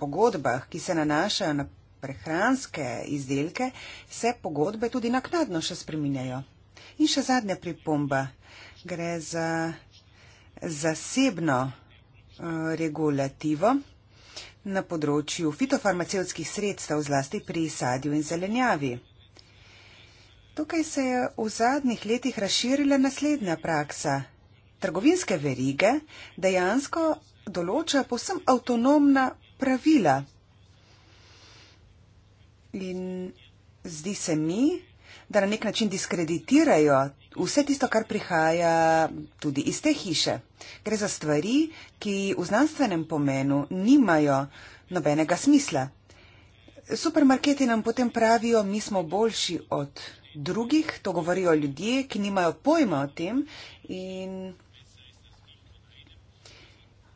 pogodbah, ki se nanašajo na prehranske izdelke, se pogodbe tudi naknadno še spreminjajo. In še zadnja pripomba. Gre za zasebno eh, regulativo na področju fitofarmacevskih sredstev, zlasti pri sadju in zelenjavi. Tukaj se je v zadnjih letih razširila naslednja praksa. Trgovinske verige dejansko določajo posem avtonomna pravila. In zdi se mi, da na nek način diskreditirajo vse tisto, kar prihaja tudi iz te hiše. Gre za stvari, ki v znanstvenem pomenu nimajo nobenega smisla. Supermarketi nam potem pravijo, mi smo boljši od drugih, to govorijo ljudje, ki nimajo pojma o tem in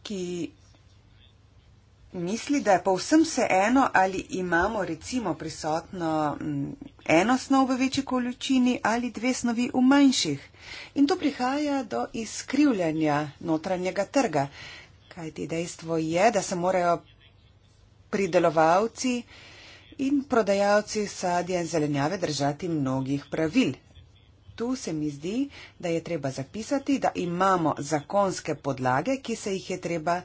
ki misli, da je povsem vse eno, ali imamo recimo prisotno mm, eno snov v večji količini ali dve snovi v manjših. In to prihaja do izkrivljanja notranjega trga. Kaj ti dejstvo je, da se morajo pridelovalci in prodajalci sadja in zelenjave držati mnogih pravil. Tu se mi zdi, da je treba zapisati, da imamo zakonske podlage, ki se jih je treba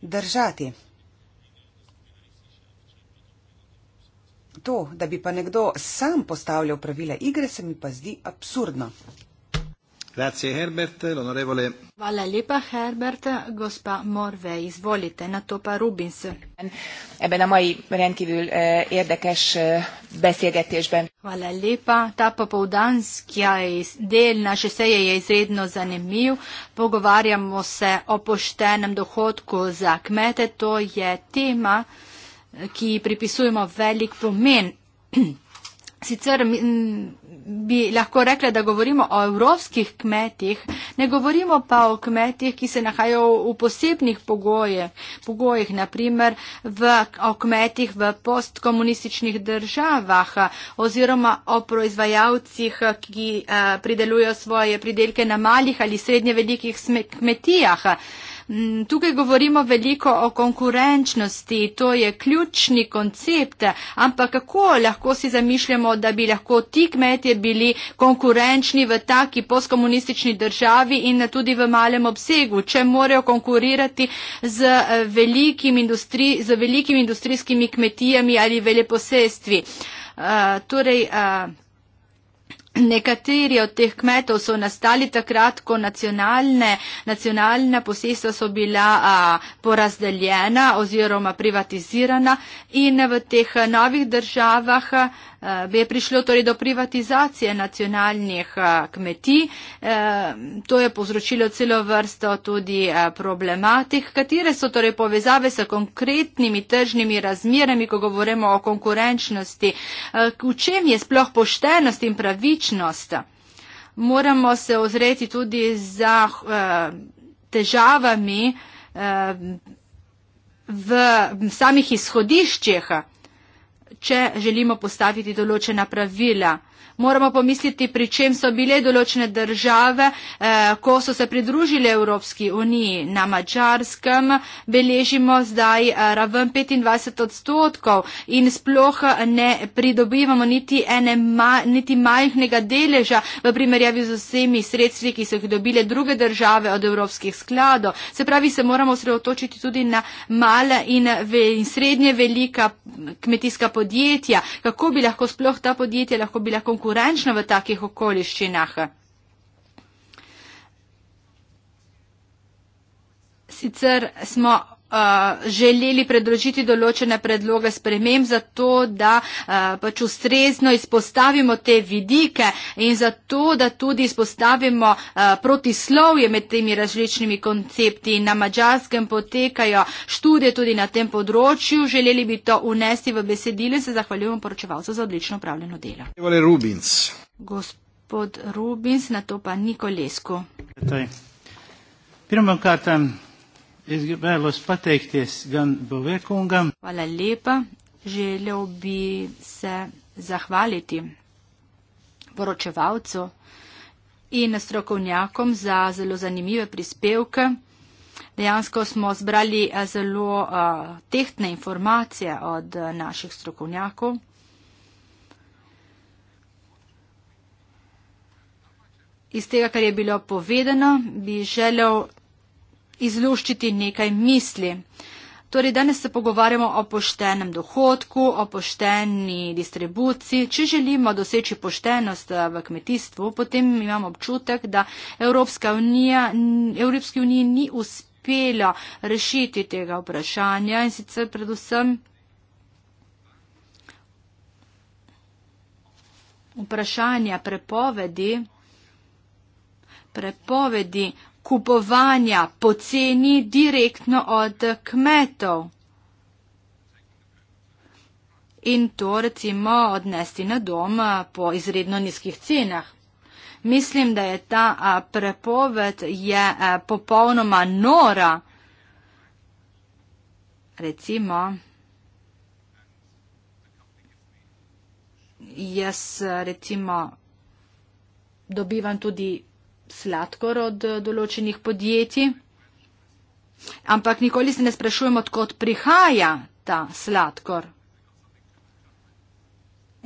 držati. To, da bi pa nekdo sam postavljal pravila igre, se mi pa zdi absurdno. Grazie, Herbert, Hvala lepa, Herbert. Gospa Morve, izvolite. Na to pa Rubins. Ebben a mai rendkívül eh, érdekes eh, beszélgetésben. Hvala lepa. Ta popoldanskja del naše seje je izredno zanimiv. Pogovarjamo se o poštenem dohodku za kmete. To je tema ki ji pripisujemo velik pomen. Sicer bi lahko rekla, da govorimo o evropskih kmetih, ne govorimo pa o kmetih, ki se nahajajo v posebnih pogojih, pogojih naprimer v, o kmetih v postkomunističnih državah oziroma o proizvajalcih, ki a, eh, pridelujo svoje pridelke na malih ali srednje velikih kmetijah. A, Mm, tukaj govorimo veliko o konkurenčnosti, to je ključni koncept, ampak kako lahko si zamišljamo, da bi lahko ti kmetje bili konkurenčni v taki postkomunistični državi in tudi v malem obsegu, če morajo konkurirati z eh, velikimi, industri, z velikimi industrijskimi kmetijami ali veleposestvi. Uh, torej, uh, Nekateri od teh kmetov so nastali takrat, ko nacionalne, nacionalna posesta so bila a, porazdeljena oziroma privatizirana in v teh novih državah. A, Eh, bi prišlo torej do privatizacije nacionalnih eh, kmetij. Eh, to je povzročilo celo vrsto tudi problematik, katere so torej povezave s konkretnimi tržnimi razmerami, ko govorimo o konkurenčnosti. V čem je sploh poštenost in pravičnost? Moramo se ozreti tudi za težavami v samih izhodiščeha če želimo postaviti določena pravila moramo pomisliti, pri čem so bile določene države, eh, ko so se pridružile Evropski uniji. Na Mačarskem beležimo zdaj eh, raven 25 odstotkov in sploh ne pridobivamo niti, ene, ma, niti majhnega deleža v primerjavi z vsemi sredstvi, ki so jih dobile druge države od evropskih skladov. Se pravi, se moramo sreotočiti tudi na mala in, ve, in srednje velika kmetijska podjetja. Kako bi lahko sploh ta podjetja lahko bila konkurenčna? konkurenčna v takih okoliščinah. Sicer smo želeli predložiti določene predloge sprememb, zato da pač ustrezno izpostavimo te vidike in zato da tudi izpostavimo protislovje med temi različnimi koncepti. Na mačarskem potekajo študije tudi na tem področju, želeli bi to unesti v besedilo in se zahvaljujemo poročevalcu za odlično upravljeno delo. Gospod Rubins, na to pa Nikolesko. Torej, prvo, kar tam Es gribēju pateikties gan Bovekungam. Hvala lepa. Želel bi se zahvaliti poročevalcu in strokovnjakom za zelo zanimive prispevke. Dejansko smo zbrali eh, zelo uh, tehtne informacije od uh, naših strokovnjakov. Iz tega, kar je bilo povedano, bi želel izluščiti nekaj misli. Torej, danes se pogovarjamo o poštenem dohodku, o pošteni distribuciji. Če želimo doseči poštenost eh, v kmetijstvu, potem imam občutek, da Evropska unija, Evropski uniji ni uspelo rešiti tega vprašanja in sicer predvsem vprašanja prepovedi prepovedi kupovanja poceni direktno od kmetov. In to recimo odnesti na dom eh, po izredno nizkih cenah. Mislim, da je ta eh, prepoved je eh, popolnoma nora. Recimo, jaz recimo dobivam tudi sladkor od eh, določenih podjetij, ampak nikoli se ne sprašujemo, odkot prihaja ta sladkor.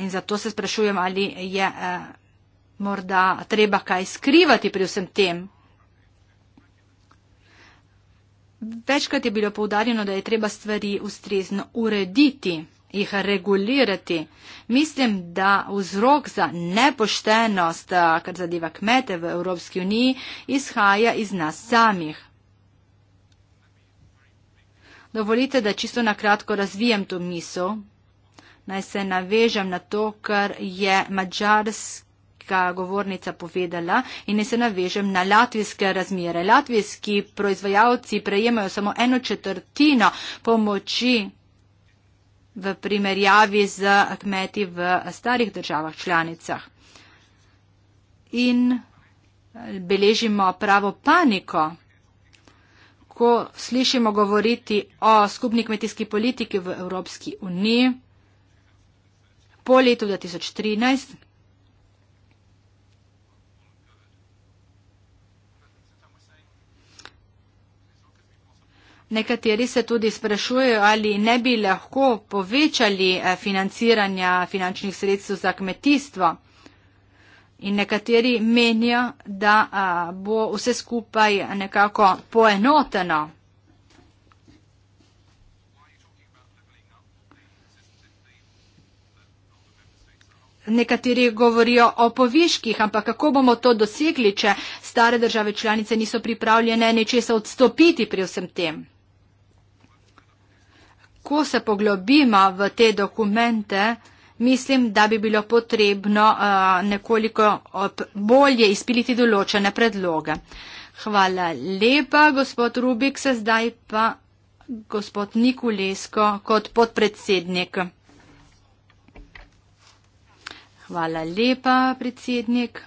In zato se sprašujem, ali je eh, morda treba kaj skrivati pri vsem tem. Večkrat je bilo poudarjeno, da je treba stvari ustrezno urediti jih regulirati. Mislim, da vzrok za nepoštenost, kar zadeva kmete v Evropski uniji, izhaja iz nas samih. Dovolite, da čisto na kratko razvijem to misel. Naj se navežem na to, kar je mađarska govornica povedala in naj se navežem na latvijske razmere. Latvijski proizvajalci prejemajo samo eno četrtino pomoči v primerjavi z kmeti v starih državah članicah. In eh, beležimo pravo paniko, ko slišimo govoriti o skupni kmetijski politiki v Evropski uniji po letu 2013. Nekateri se tudi sprašujejo, ali ne bi lahko povečali eh, financiranja finančnih sredstev za kmetijstvo. In nekateri menijo, da eh, bo vse skupaj nekako poenoteno. Nekateri govorijo o poviških, ampak kako bomo to dosegli, če stare države članice niso pripravljene nečesa odstopiti pri vsem tem? lahko se poglobimo v te dokumente, mislim, da bi bilo potrebno uh, nekoliko bolje izpiliti določene predloge. Hvala lepa, gospod Rubik, se zdaj pa gospod Nikulesko kot podpredsednik. Hvala lepa, predsednik.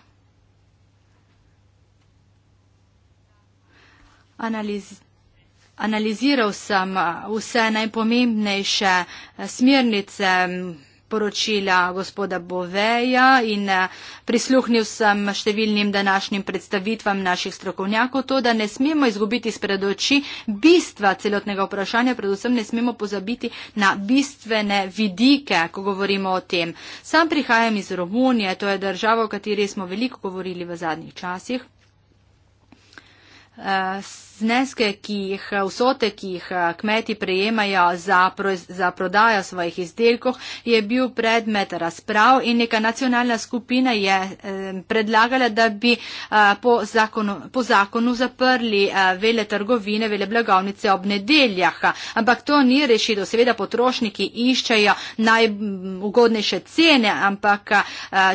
Analiz, analiziral sem eh, vse najpomembnejše eh, smernice mm, poročila gospoda Boveja in eh, prisluhnil sem številnim današnjim predstavitvam naših strokovnjakov, to, da ne smemo izgubiti spred oči bistva celotnega vprašanja, predvsem ne smemo pozabiti na bistvene vidike, ko govorimo o tem. Sam prihajam iz Romunije, to je država, o kateri smo veliko govorili v zadnjih časih. Uh, zneske, ki jih, vsote, ki jih eh, kmeti prejemajo za, pro, za prodajo svojih izdelkov, je bil predmet razprav in neka nacionalna skupina je eh, predlagala, da bi eh, po zakonu, po zakonu zaprli vele trgovine, vele blagovnice ob nedeljah. Ampak to ni rešito. Seveda potrošniki iščejo najugodnejše cene, ampak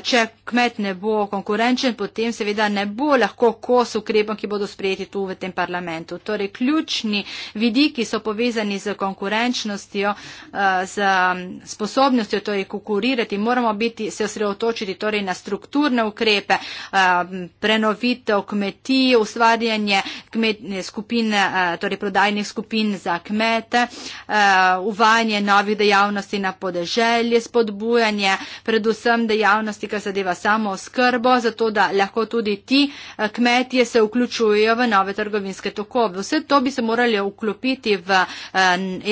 če kmet ne bo konkurenčen, potem seveda ne bo lahko kos ukrepom, ki bodo sprejeti tu v tem parlamentu parlamentu. Torej, ključni vidiki so povezani z konkurenčnostjo, eh, z sposobnostjo torej, konkurirati. Moramo biti, se osredotočiti torej, na strukturne ukrepe, eh, prenovitev kmetij, ustvarjanje skupin, eh, torej prodajnih skupin za kmete, uvajanje novih dejavnosti na podeželje, spodbujanje predvsem dejavnosti, kar zadeva samo skrbo, zato da lahko tudi ti kmetje se vključujejo v nove trgovinske trgovine tokov. Vse to bi se morali vklopiti v eh,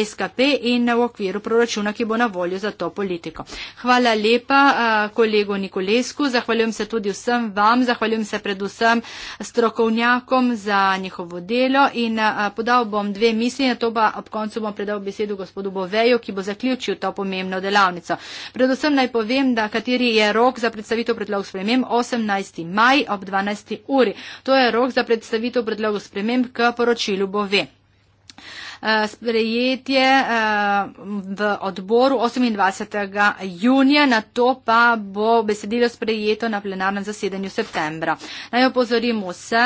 SKP in v okviru proračuna, ki bo na voljo za to politiko. Hvala lepa eh, kolego Nikolesku, zahvaljujem se tudi vsem vam, zahvaljujem se predvsem strokovnjakom za njihovo delo in eh, podal bom dve misli, na to pa ob koncu bom predal besedo gospodu Boveju, ki bo zaključil to pomembno delavnico. Predvsem naj povem, da kateri je rok za predstavitev predlog sprememb 18. maj ob 12. uri. To je rok za predstavitev predlogov sprememb, k poročilu Bove. Eh, sprejetje eh, v odboru 28. junija, na to pa bo besedilo sprejeto na plenarnem zasedanju septembra. Naj opozorim vse,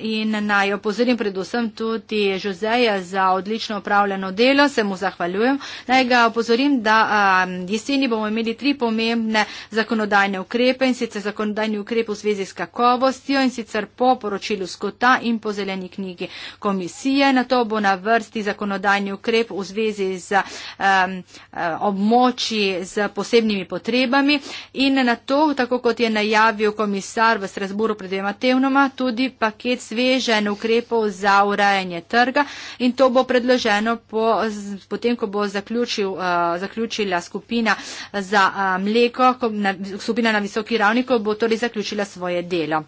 in naj opozorim predvsem tudi Žozeja za odlično upravljeno delo, se mu zahvaljujem. Naj ga opozorim, da um, jeseni bomo imeli tri pomembne zakonodajne ukrepe in sicer zakonodajni ukrep v zvezi s kakovostjo in sicer po poročilu Skota in po zeleni knjigi komisije. Na to bo na vrsti zakonodajni ukrep v zvezi z um, območji z posebnimi potrebami in na to, tako kot je najavil komisar v Strasburu pred dvema tevnoma, tudi paket sveženj ukrepov za urajanje trga in to bo predloženo po, potem, ko bo zaključil, eh, zaključila skupina za eh, mleko, skupina na visoki ravni, ko bo torej zaključila svoje delo.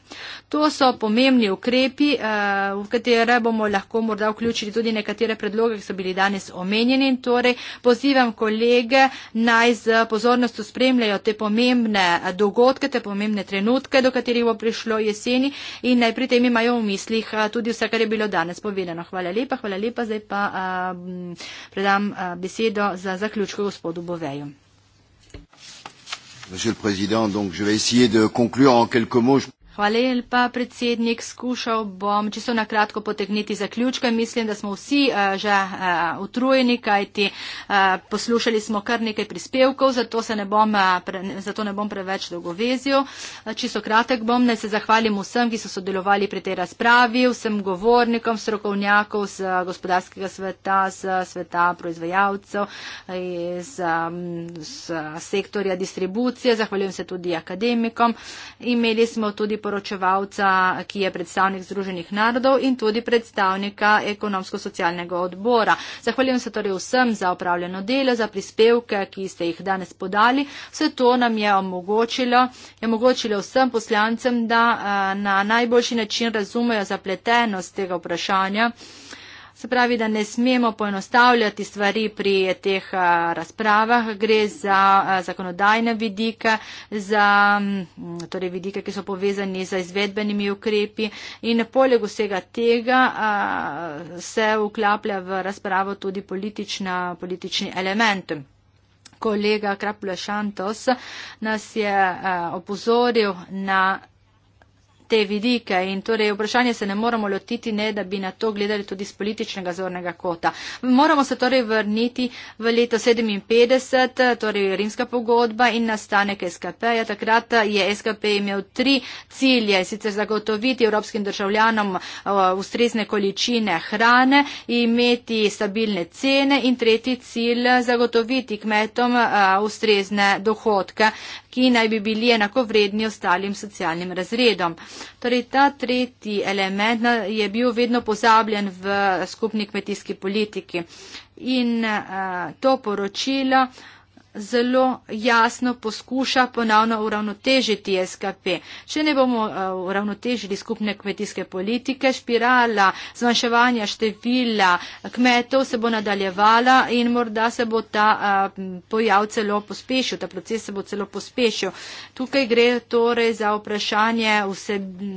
To so pomembni ukrepi, eh, v katere bomo lahko morda vključili tudi nekatere predloge, ki so bili danes omenjeni in torej pozivam kolege naj z pozornostjo spremljajo te pomembne dogodke, te pomembne trenutke, do katerih bo prišlo jeseni in naj pri tem imajo v v mislih tudi vse, kar je bilo danes povedano. Hvala lepa, hvala lepa, zdaj pa a, predam a, besedo za zaključko gospodu Boveju. Monsieur le Président, donc je vais essayer de conclure en quelques mots. Hvala lepa, predsednik. Skušal bom čisto na kratko potegniti zaključke. Mislim, da smo vsi uh, že uh, utrujeni, kajti uh, poslušali smo kar nekaj prispevkov, zato, ne bom, uh, pre, zato ne bom preveč dolgovezil. Uh, čisto kratek bom, naj se zahvalim vsem, ki so sodelovali pri tej razpravi, vsem govornikom, strokovnjakom z uh, gospodarskega sveta, z sveta proizvajalcev, iz um, z, uh, sektorja distribucije. Zahvaljujem se tudi akademikom. Imeli smo tudi priporočevalca, ki je predstavnik Združenih narodov in tudi predstavnika ekonomsko-socialnega odbora. Zahvaljujem se torej vsem za opravljeno delo, za prispevke, ki ste jih danes podali. Vse to nam je omogočilo, je omogočilo vsem poslancem, da eh, na najboljši način razumejo zapletenost tega vprašanja. Se pravi, da ne smemo poenostavljati stvari pri teh razpravah. Gre za zakonodajne vidike, za torej vidike, ki so povezani z izvedbenimi ukrepi. In poleg vsega tega se vklaplja v razpravo tudi politična, politični element. Kolega Krapula Šantos nas je opozoril na te vidike in torej vprašanje se ne moramo lotiti, ne da bi na to gledali tudi z političnega zornega kota. Moramo se torej vrniti v leto 57, torej rimska pogodba in nastanek SKP. -ja. Takrat je SKP imel tri cilje, sicer zagotoviti evropskim državljanom ustrezne količine hrane, imeti stabilne cene in tretji cilj zagotoviti kmetom ustrezne dohodke ki naj bi bili enakovredni ostalim socialnim razredom. Torej, ta tretji element je bil vedno pozabljen v skupni kmetijski politiki. In uh, to poročilo uh, zelo jasno poskuša ponovno uravnotežiti SKP. Če ne bomo eh, uravnotežili skupne kmetijske politike, špirala zmanjševanja števila kmetov se bo nadaljevala in morda se bo ta eh, pojav celo pospešil, ta proces se bo celo pospešil. Tukaj gre torej za vprašanje,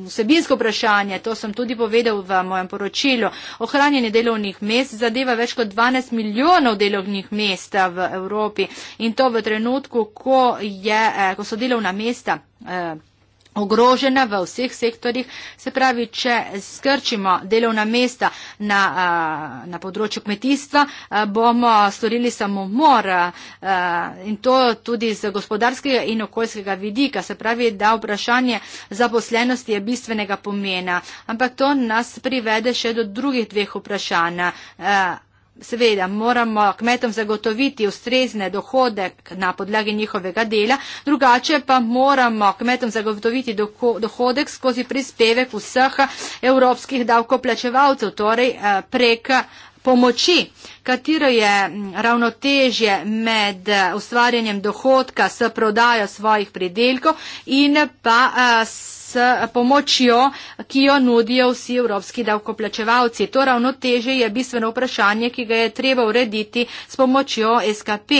vsebinsko vprašanje, to sem tudi povedal v mojem poročilu. Ohranjanje delovnih mest zadeva več kot 12 milijonov delovnih mest v Evropi. In in to v trenutku, ko, je, eh, ko so delovna mesta eh, ogrožena v vseh sektorjih. Se pravi, če skrčimo delovna mesta na, eh, na področju kmetijstva, bomo storili samomor in to tudi z gospodarskega in okoljskega vidika. Se pravi, da vprašanje zaposlenosti je bistvenega pomena. Ampak to nas privede še do drugih dveh vprašanj. Seveda moramo kmetom zagotoviti ustrezne dohodek na podlagi njihovega dela, drugače pa moramo kmetom zagotoviti dohodek skozi prispevek vseh evropskih davkoplačevalcev, torej eh, prek pomoči, katero je ravnotežje med eh, ustvarjanjem dohodka s prodajo svojih pridelkov in pa eh, s pomočjo, ki jo nudijo vsi evropski davkoplačevalci. To ravnoteže je bistveno vprašanje, ki ga je treba urediti s pomočjo SKP.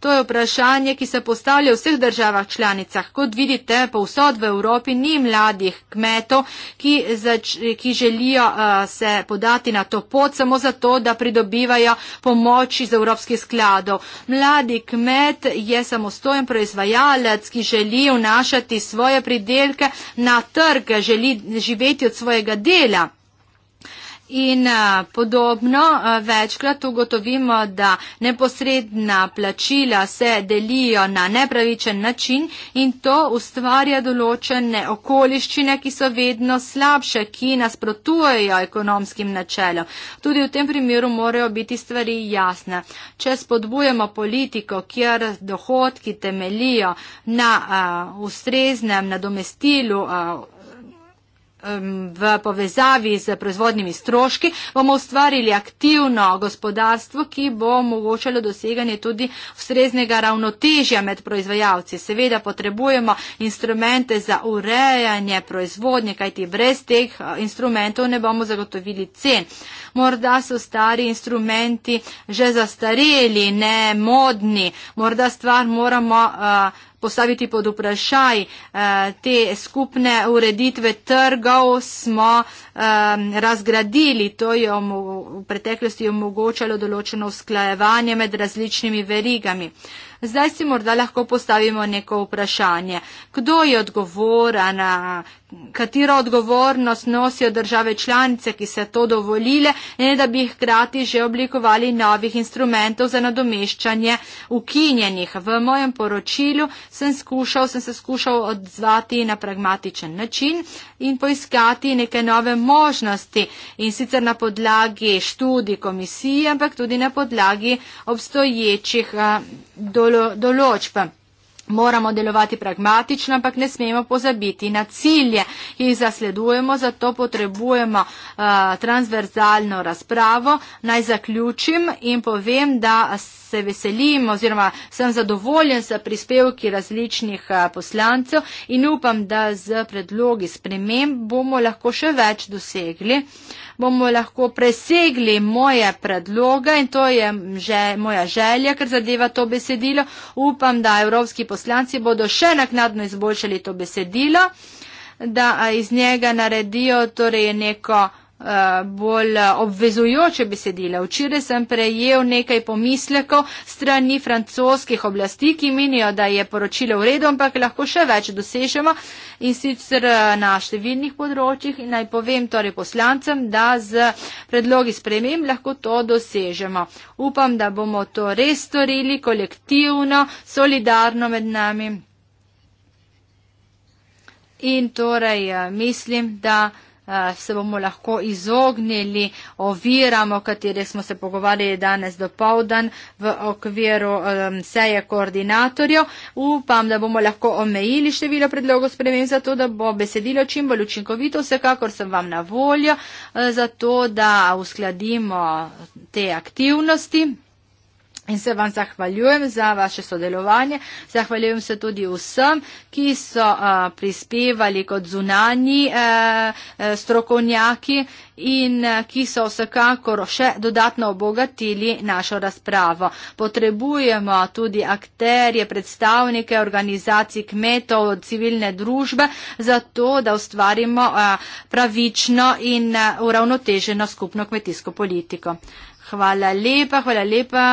To je vprašanje, ki se postavlja v vseh državah članicah. Kot vidite, povsod v Evropi ni mladih kmetov, ki, zač, ki želijo uh, se podati na to pot samo zato, da pridobivajo pomoč iz evropskih skladov. Mladi kmet je samostojen proizvajalec, ki želi vnašati svoje pridelke na na trg, želi živeti od svojega dela. In eh, podobno eh, večkrat ugotovimo, da neposredna plačila se delijo na nepravičen način in to ustvarja določene okoliščine, ki so vedno slabše, ki nasprotujejo ekonomskim načelom. Tudi v tem primeru morajo biti stvari jasne. Če spodbujemo politiko, kjer dohodki temelijo na a, eh, ustreznem nadomestilu, a, v povezavi z proizvodnimi stroški, bomo ustvarili aktivno gospodarstvo, ki bo omogočalo doseganje tudi vsreznega ravnotežja med proizvajalci. Seveda potrebujemo instrumente za urejanje proizvodnje, kajti brez teh eh, instrumentov ne bomo zagotovili cen morda so stari instrumenti že zastareli, ne modni, morda stvar moramo uh, postaviti pod vprašaj eh, te skupne ureditve trgov smo eh, razgradili. To je v preteklosti omogočalo določeno usklajevanje med različnimi verigami. Zdaj si morda lahko postavimo neko vprašanje. Kdo je odgovoran, katero odgovornost nosijo države članice, ki se to dovolile, ne da bi hkrati že oblikovali novih instrumentov za nadomeščanje ukinjenih. V mojem poročilu sem, skušal, sem se skušal odzvati na pragmatičen način in poiskati neke nove možnosti in sicer na podlagi študij komisije, ampak tudi na podlagi obstoječih določb določb. Moramo delovati pragmatično, ampak ne smemo pozabiti na cilje, ki jih zasledujemo, zato potrebujemo uh, transverzalno razpravo. Naj zaključim in povem, da se veselim oziroma sem zadovoljen s prispevki različnih poslancev in upam, da z predlogi sprememb bomo lahko še več dosegli, bomo lahko presegli moje predloge in to je že, moja želja, ker zadeva to besedilo. Upam, da evropski poslanci bodo še naknadno izboljšali to besedilo, da iz njega naredijo torej neko uh, bolj obvezujoče besedile. Včeraj sem prejel nekaj pomislekov strani francoskih oblasti, ki menijo, da je poročilo v redu, ampak lahko še več dosežemo in sicer eh, na številnih področjih. In naj povem torej poslancem, da z predlogi spremem lahko to dosežemo. Upam, da bomo to res storili kolektivno, solidarno med nami. In torej eh, mislim, da. Eh, se bomo lahko izognili oviram, o katerih smo se pogovarjali danes do povdan v okviru um, seje koordinatorjev. Upam, da bomo lahko omejili število predlogov sprememb za to, da bo besedilo čim bolj učinkovito. Vsekakor sem vam na voljo uh, eh, za to, da uskladimo te aktivnosti. In se vam zahvaljujem za vaše sodelovanje. Zahvaljujem se tudi vsem, ki so uh, prispevali kot zunani uh, strokovnjaki in uh, ki so vsekakor še dodatno obogatili našo razpravo. Potrebujemo tudi akterje, predstavnike organizacij kmetov, civilne družbe, zato da ustvarimo uh, pravično in uh, uravnoteženo skupno kmetijsko politiko. Hvala lepa, hvala lepa,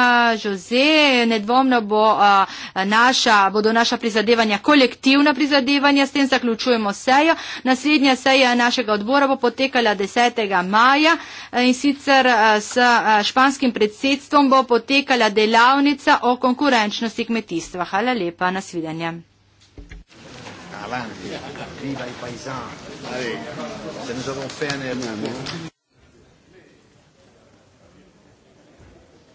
Jose. Nedvomno bo, a, naša, bodo naša prizadevanja kolektivna prizadevanja. S tem zaključujemo sejo. Naslednja seja našega odbora bo potekala 10. maja in sicer s španskim predsedstvom bo potekala delavnica o konkurenčnosti kmetijstva. Hvala lepa, nasvidenje. Avanti, viva i paesani, se ne sono fermi a me.